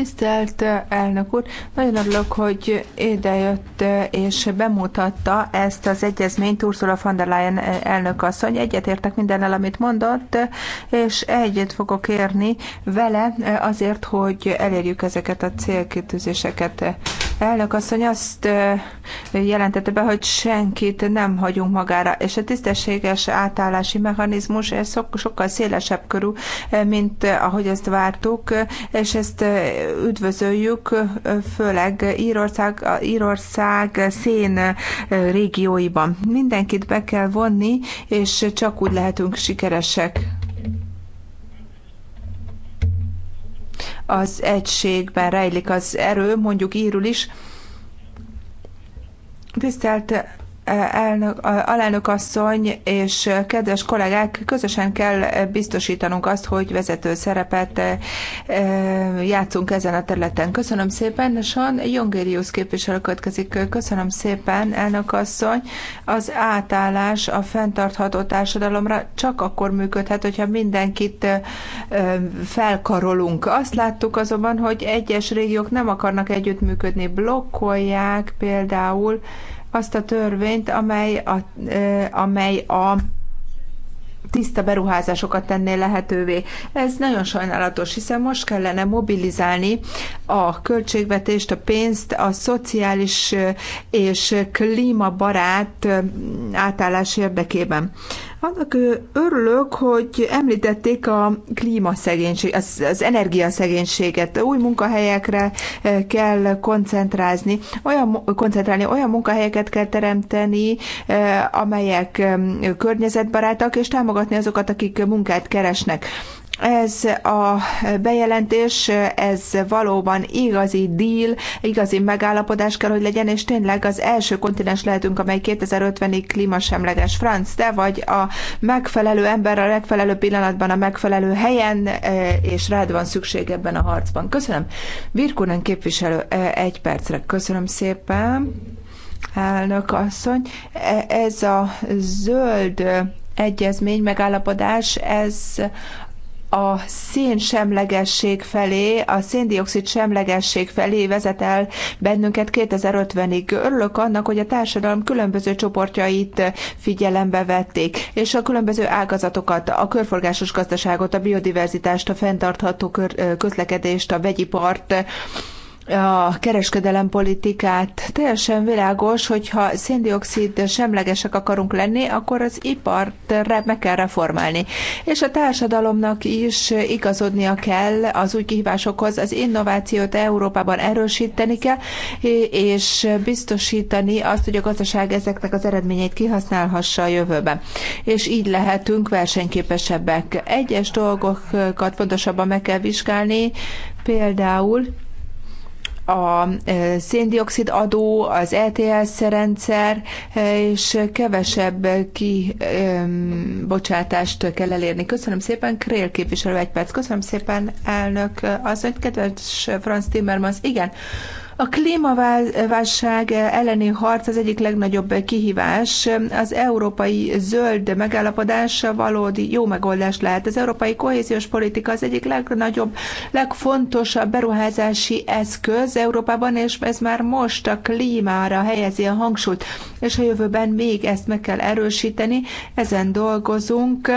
[SPEAKER 3] Tisztelt eh, elnök úr, nagyon örülök, hogy idejött eh, és bemutatta ezt az egyezményt Ursula von der Leyen eh, elnök asszony. Egyetértek mindennel, amit mondott, és egyet fogok érni vele azért, hogy elérjük ezeket a célkitűzéseket. Elnök asszony azt jelentette be, hogy senkit nem hagyunk magára, és a tisztességes átállási mechanizmus sokkal szélesebb körű, mint ahogy ezt vártuk, és ezt üdvözöljük, főleg Írország, Írország szén régióiban. Mindenkit be kell vonni, és csak úgy lehetünk sikeresek. Az egységben rejlik az erő, mondjuk írul is. Tisztelt elnök, alelnök asszony és kedves kollégák, közösen kell biztosítanunk azt, hogy vezető szerepet eh, játszunk ezen a területen. Köszönöm szépen, Sean Jongérius képviselő következik. Köszönöm szépen, elnök asszony. Az átállás a fenntartható társadalomra csak akkor működhet, hogyha mindenkit eh, felkarolunk. Azt láttuk azonban, hogy egyes régiók nem akarnak együttműködni, blokkolják például azt a törvényt, amely a, amely a tiszta beruházásokat tenné lehetővé. Ez nagyon sajnálatos, hiszen most kellene mobilizálni a költségvetést, a pénzt a szociális és klímabarát átállás érdekében. Annak örülök, hogy említették a klímaszegénység, az, az energiaszegénységet. Új munkahelyekre kell koncentrálni, olyan, koncentrálni, olyan munkahelyeket kell teremteni, amelyek környezetbarátak, és támogatni azokat, akik munkát keresnek. Ez a bejelentés, ez valóban igazi deal, igazi megállapodás kell, hogy legyen, és tényleg az első kontinens lehetünk, amely 2050-ig klímasemleges. Franz, te vagy a megfelelő ember a megfelelő pillanatban, a megfelelő helyen, eh, és rád van szükség ebben a harcban. Köszönöm. Virkunen képviselő, eh, egy percre. Köszönöm szépen. Elnök asszony, eh, ez a zöld egyezmény, megállapodás, ez a szén semlegesség felé, a széndiokszid semlegesség felé vezet el bennünket 2050-ig. Örülök annak, hogy a társadalom különböző csoportjait figyelembe vették, és a különböző ágazatokat, a körforgásos gazdaságot, a biodiverzitást, a fenntartható közlekedést, a vegyipart, a kereskedelem politikát. Teljesen világos, hogyha széndiokszid semlegesek akarunk lenni, akkor az ipart meg kell reformálni. És a társadalomnak is igazodnia kell az új kihívásokhoz, az innovációt Európában erősíteni kell, és biztosítani azt, hogy a gazdaság ezeknek az eredményeit kihasználhassa a jövőben. És így lehetünk versenyképesebbek. Egyes dolgokat fontosabban meg kell vizsgálni, például a e, széndiokszid adó, az ETS rendszer, e, és kevesebb kibocsátást e, kell elérni. Köszönöm szépen, Krél képviselő egy perc. Köszönöm szépen, elnök Az asszony, kedves Franz Timmermans. Igen, a klímaválság elleni harc az egyik legnagyobb kihívás. Az európai zöld megállapodása valódi jó megoldás lehet. Az európai kohéziós politika az egyik legnagyobb, legfontosabb beruházási eszköz Európában, és ez már most a klímára helyezi a hangsúlyt, és a jövőben még ezt meg kell erősíteni. Ezen dolgozunk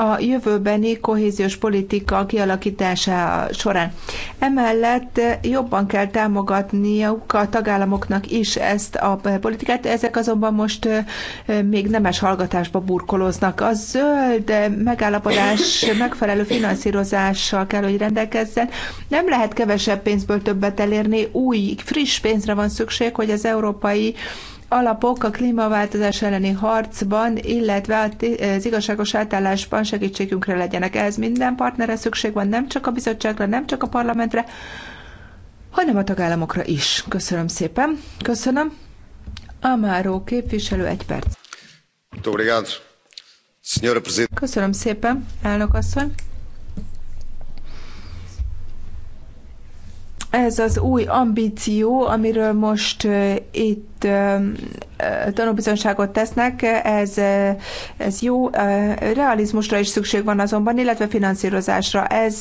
[SPEAKER 3] a jövőbeni kohéziós politika kialakítása során. Emellett jobban kell támogatniuk a tagállamoknak is ezt a politikát, ezek azonban most még nemes hallgatásba burkolóznak. A zöld megállapodás megfelelő finanszírozással kell, hogy rendelkezzen. Nem lehet kevesebb pénzből többet elérni, új, friss pénzre van szükség, hogy az európai alapok a klímaváltozás elleni harcban, illetve az igazságos átállásban segítségünkre legyenek. Ez minden partnerre szükség van, nem csak a bizottságra, nem csak a parlamentre, hanem a tagállamokra is. Köszönöm szépen. Köszönöm. Amáró képviselő, egy perc. Köszönöm szépen, elnök asszony. ez az új ambíció, amiről most itt tanúbizonságot tesznek, ez, ez jó. Realizmusra is szükség van azonban, illetve finanszírozásra. Ez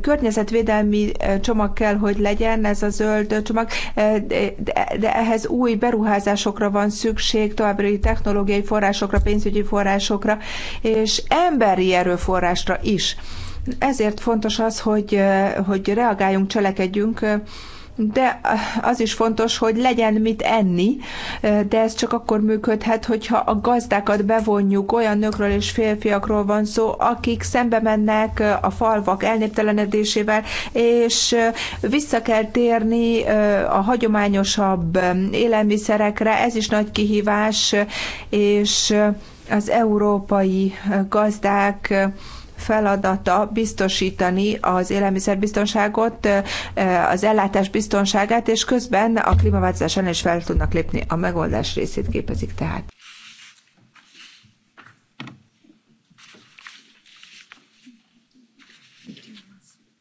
[SPEAKER 3] környezetvédelmi csomag kell, hogy legyen, ez a zöld csomag, de, de ehhez új beruházásokra van szükség, további technológiai forrásokra, pénzügyi forrásokra, és emberi erőforrásra is ezért fontos az, hogy, hogy reagáljunk, cselekedjünk, de az is fontos, hogy legyen mit enni, de ez csak akkor működhet, hogyha a gazdákat bevonjuk, olyan nőkről és férfiakról van szó, akik szembe mennek a falvak elnéptelenedésével, és vissza kell térni a hagyományosabb élelmiszerekre, ez is nagy kihívás, és az európai gazdák feladata biztosítani az élelmiszerbiztonságot, az ellátás biztonságát, és közben a klímaváltozás ellen is fel tudnak lépni. A megoldás részét képezik tehát.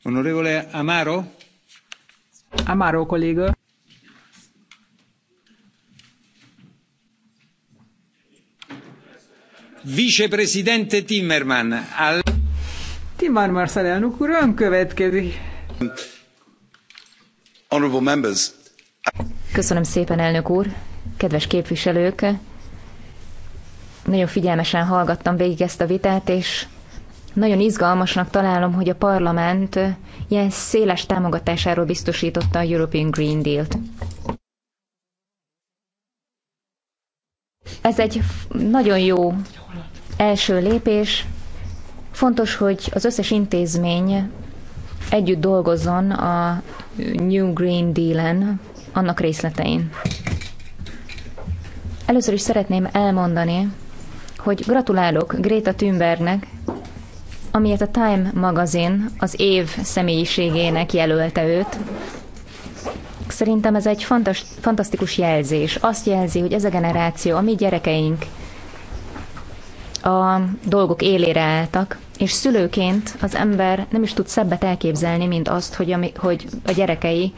[SPEAKER 2] Honorevole Amaro. Amaro kolléga. vicepresidente Timmerman al Timar Marszal elnök úr, ön következik.
[SPEAKER 4] Honorable members. Köszönöm szépen, elnök úr. Kedves képviselők, nagyon figyelmesen hallgattam végig ezt a vitát, és nagyon izgalmasnak találom, hogy a parlament ilyen széles támogatásáról biztosította a European Green Deal-t. Ez egy nagyon jó első lépés, Fontos, hogy az összes intézmény együtt dolgozzon a New Green Deal-en, annak részletein. Először is szeretném elmondani, hogy gratulálok Greta Thunbergnek, amiért a Time magazin az év személyiségének jelölte őt. Szerintem ez egy fantasztikus jelzés. Azt jelzi, hogy ez a generáció, a mi gyerekeink a dolgok élére álltak, és szülőként az ember nem is tud szebbet elképzelni, mint azt, hogy, a, hogy a gyerekei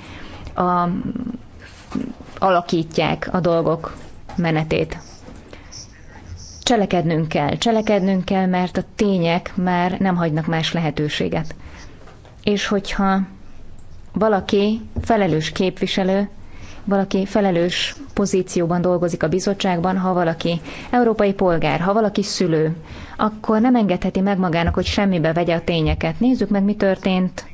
[SPEAKER 4] a, alakítják a dolgok menetét. Cselekednünk kell, cselekednünk kell, mert a tények már nem hagynak más lehetőséget. És hogyha valaki felelős képviselő, valaki felelős pozícióban dolgozik a bizottságban, ha valaki európai polgár, ha valaki szülő, akkor nem engedheti meg magának, hogy semmibe vegye a tényeket. Nézzük meg, mi történt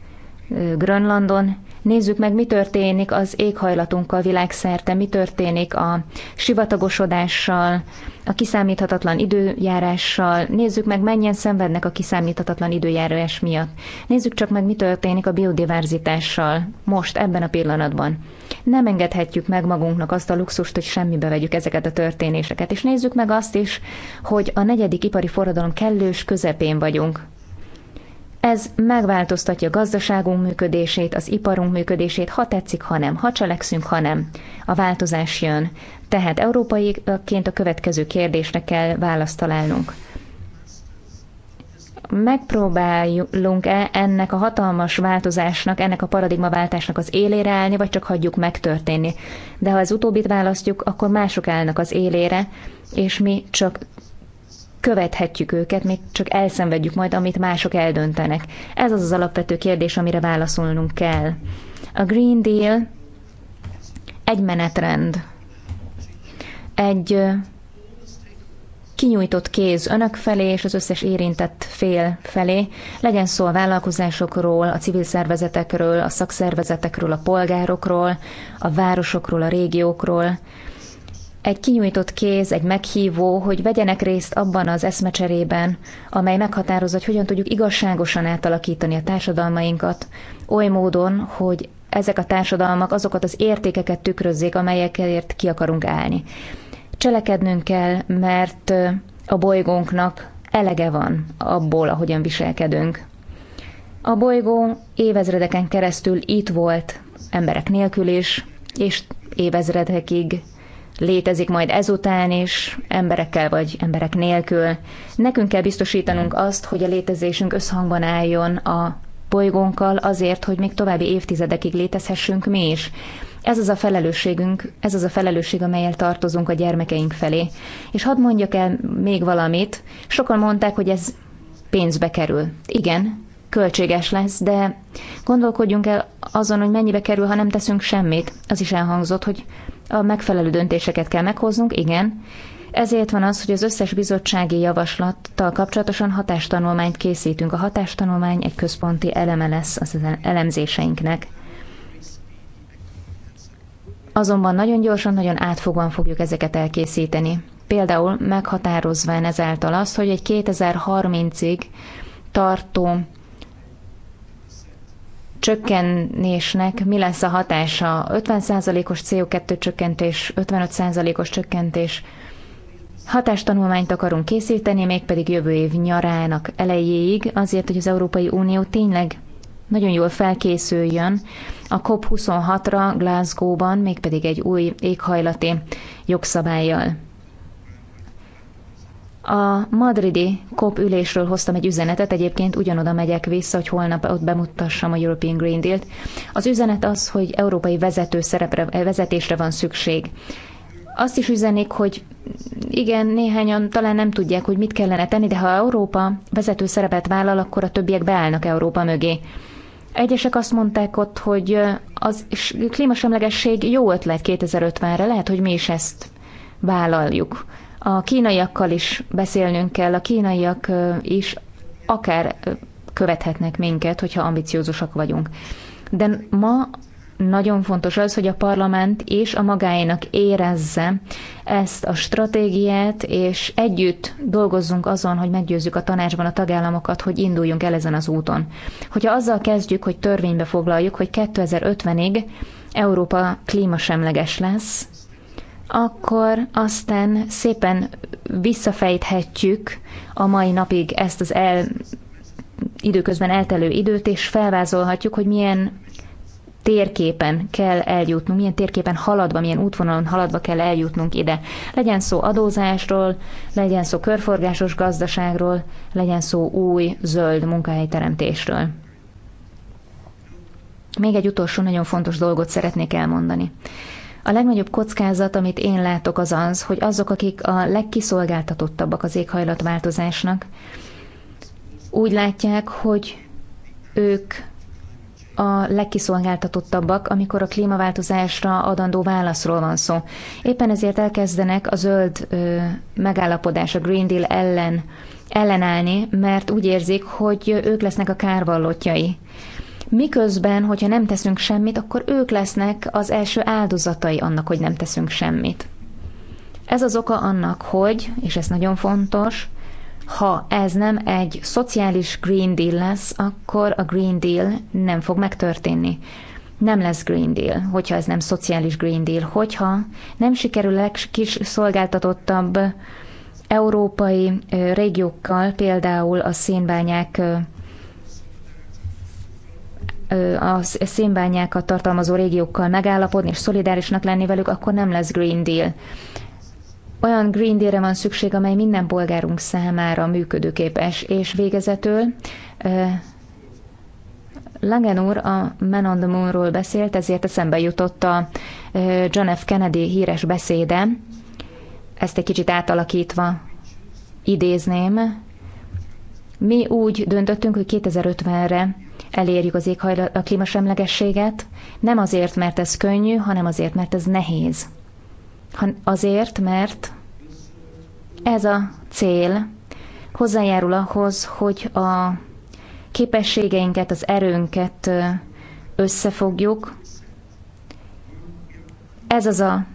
[SPEAKER 4] Grönlandon, Nézzük meg, mi történik az éghajlatunkkal világszerte, mi történik a sivatagosodással, a kiszámíthatatlan időjárással. Nézzük meg, mennyien szenvednek a kiszámíthatatlan időjárás miatt. Nézzük csak meg, mi történik a biodiverzitással most, ebben a pillanatban. Nem engedhetjük meg magunknak azt a luxust, hogy semmibe vegyük ezeket a történéseket. És nézzük meg azt is, hogy a negyedik ipari forradalom kellős közepén vagyunk. Ez megváltoztatja gazdaságunk működését, az iparunk működését, ha tetszik, ha nem, ha cselekszünk, ha nem. A változás jön. Tehát európaiként a következő kérdésre kell választ találnunk. Megpróbálunk-e ennek a hatalmas változásnak, ennek a paradigmaváltásnak az élére állni, vagy csak hagyjuk megtörténni? De ha az utóbbit választjuk, akkor mások állnak az élére, és mi csak követhetjük őket, még csak elszenvedjük majd, amit mások eldöntenek. Ez az az alapvető kérdés, amire válaszolnunk kell. A Green Deal egy menetrend, egy kinyújtott kéz önök felé és az összes érintett fél felé, legyen szó a vállalkozásokról, a civil szervezetekről, a szakszervezetekről, a polgárokról, a városokról, a régiókról, egy kinyújtott kéz, egy meghívó, hogy vegyenek részt abban az eszmecserében, amely meghatározza, hogy hogyan tudjuk igazságosan átalakítani a társadalmainkat, oly módon, hogy ezek a társadalmak azokat az értékeket tükrözzék, amelyekért ki akarunk állni. Cselekednünk kell, mert a bolygónknak elege van abból, ahogyan viselkedünk. A bolygó évezredeken keresztül itt volt, emberek nélkül is, és évezredekig létezik majd ezután is, emberekkel vagy emberek nélkül. Nekünk kell biztosítanunk azt, hogy a létezésünk összhangban álljon a bolygónkkal azért, hogy még további évtizedekig létezhessünk mi is. Ez az a felelősségünk, ez az a felelősség, amelyel tartozunk a gyermekeink felé. És hadd mondjak el még valamit. Sokan mondták, hogy ez pénzbe kerül. Igen, költséges lesz, de gondolkodjunk el azon, hogy mennyibe kerül, ha nem teszünk semmit. Az is elhangzott, hogy a megfelelő döntéseket kell meghoznunk, igen. Ezért van az, hogy az összes bizottsági javaslattal kapcsolatosan hatástanulmányt készítünk. A hatástanulmány egy központi eleme lesz az elemzéseinknek. Azonban nagyon gyorsan, nagyon átfogóan fogjuk ezeket elkészíteni. Például meghatározván ezáltal azt, hogy egy 2030-ig tartó csökkenésnek mi lesz a hatása? 50%-os CO2 csökkentés, 55%-os csökkentés. Hatástanulmányt akarunk készíteni, mégpedig jövő év nyarának elejéig, azért, hogy az Európai Unió tényleg nagyon jól felkészüljön a COP26-ra Glasgow-ban, mégpedig egy új éghajlati jogszabályjal. A madridi COP ülésről hoztam egy üzenetet, egyébként ugyanoda megyek vissza, hogy holnap ott bemutassam a European Green Deal-t. Az üzenet az, hogy európai vezető szerepre, eh, vezetésre van szükség. Azt is üzenik, hogy igen, néhányan talán nem tudják, hogy mit kellene tenni, de ha Európa vezető szerepet vállal, akkor a többiek beállnak Európa mögé. Egyesek azt mondták ott, hogy eh, az klímasemlegesség jó ötlet 2050-re, lehet, hogy mi is ezt vállaljuk. A kínaiakkal is beszélnünk kell, a kínaiak is akár követhetnek minket, hogyha ambiciózusak vagyunk. De ma nagyon fontos az, hogy a parlament és a magáénak érezze ezt a stratégiát, és együtt dolgozzunk azon, hogy meggyőzzük a tanácsban a tagállamokat, hogy induljunk el ezen az úton. Hogyha azzal kezdjük, hogy törvénybe foglaljuk, hogy 2050-ig Európa klímasemleges lesz, akkor aztán szépen visszafejthetjük a mai napig ezt az el, időközben eltelő időt, és felvázolhatjuk, hogy milyen térképen kell eljutnunk, milyen térképen haladva, milyen útvonalon haladva kell eljutnunk ide. Legyen szó adózásról, legyen szó körforgásos gazdaságról, legyen szó új, zöld munkahelyteremtésről. Még egy utolsó nagyon fontos dolgot szeretnék elmondani. A legnagyobb kockázat, amit én látok, az az, hogy azok, akik a legkiszolgáltatottabbak az éghajlatváltozásnak, úgy látják, hogy ők a legkiszolgáltatottabbak, amikor a klímaváltozásra adandó válaszról van szó. Éppen ezért elkezdenek a zöld ö, megállapodás, a Green Deal ellen ellenállni, mert úgy érzik, hogy ők lesznek a kárvallotjai. Miközben, hogyha nem teszünk semmit, akkor ők lesznek az első áldozatai annak, hogy nem teszünk semmit. Ez az oka annak, hogy, és ez nagyon fontos, ha ez nem egy szociális Green Deal lesz, akkor a Green Deal nem fog megtörténni. Nem lesz Green Deal, hogyha ez nem szociális Green Deal, hogyha nem sikerül a legkis szolgáltatottabb európai régiókkal, például a szénbányák a szénbányákat tartalmazó régiókkal megállapodni és szolidárisnak lenni velük, akkor nem lesz Green Deal. Olyan Green Deal-re van szükség, amely minden polgárunk számára működőképes, és végezetül Langen úr a Man on the Moon-ról beszélt, ezért eszembe jutott a John F. Kennedy híres beszéde. Ezt egy kicsit átalakítva idézném. Mi úgy döntöttünk, hogy 2050-re elérjük az éghajlat, a klímasemlegességet, nem azért, mert ez könnyű, hanem azért, mert ez nehéz. Han azért, mert ez a cél hozzájárul ahhoz, hogy a képességeinket, az erőnket összefogjuk. Ez az a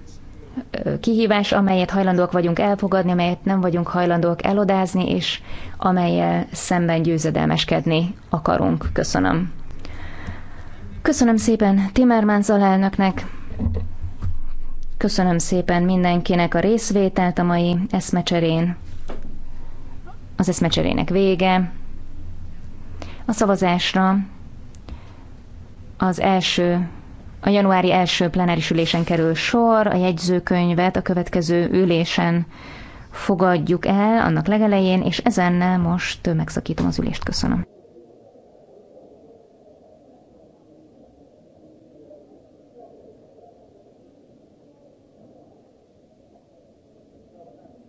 [SPEAKER 4] kihívás, amelyet hajlandók vagyunk elfogadni, amelyet nem vagyunk hajlandók elodázni, és amelyel szemben győzedelmeskedni akarunk. Köszönöm. Köszönöm szépen Timmermans alelnöknek, köszönöm szépen mindenkinek a részvételt a mai eszmecserén. Az eszmecserének vége. A szavazásra az első a januári első plenáris ülésen kerül sor, a jegyzőkönyvet a következő ülésen fogadjuk el, annak legelején, és ezennel most megszakítom az ülést. Köszönöm.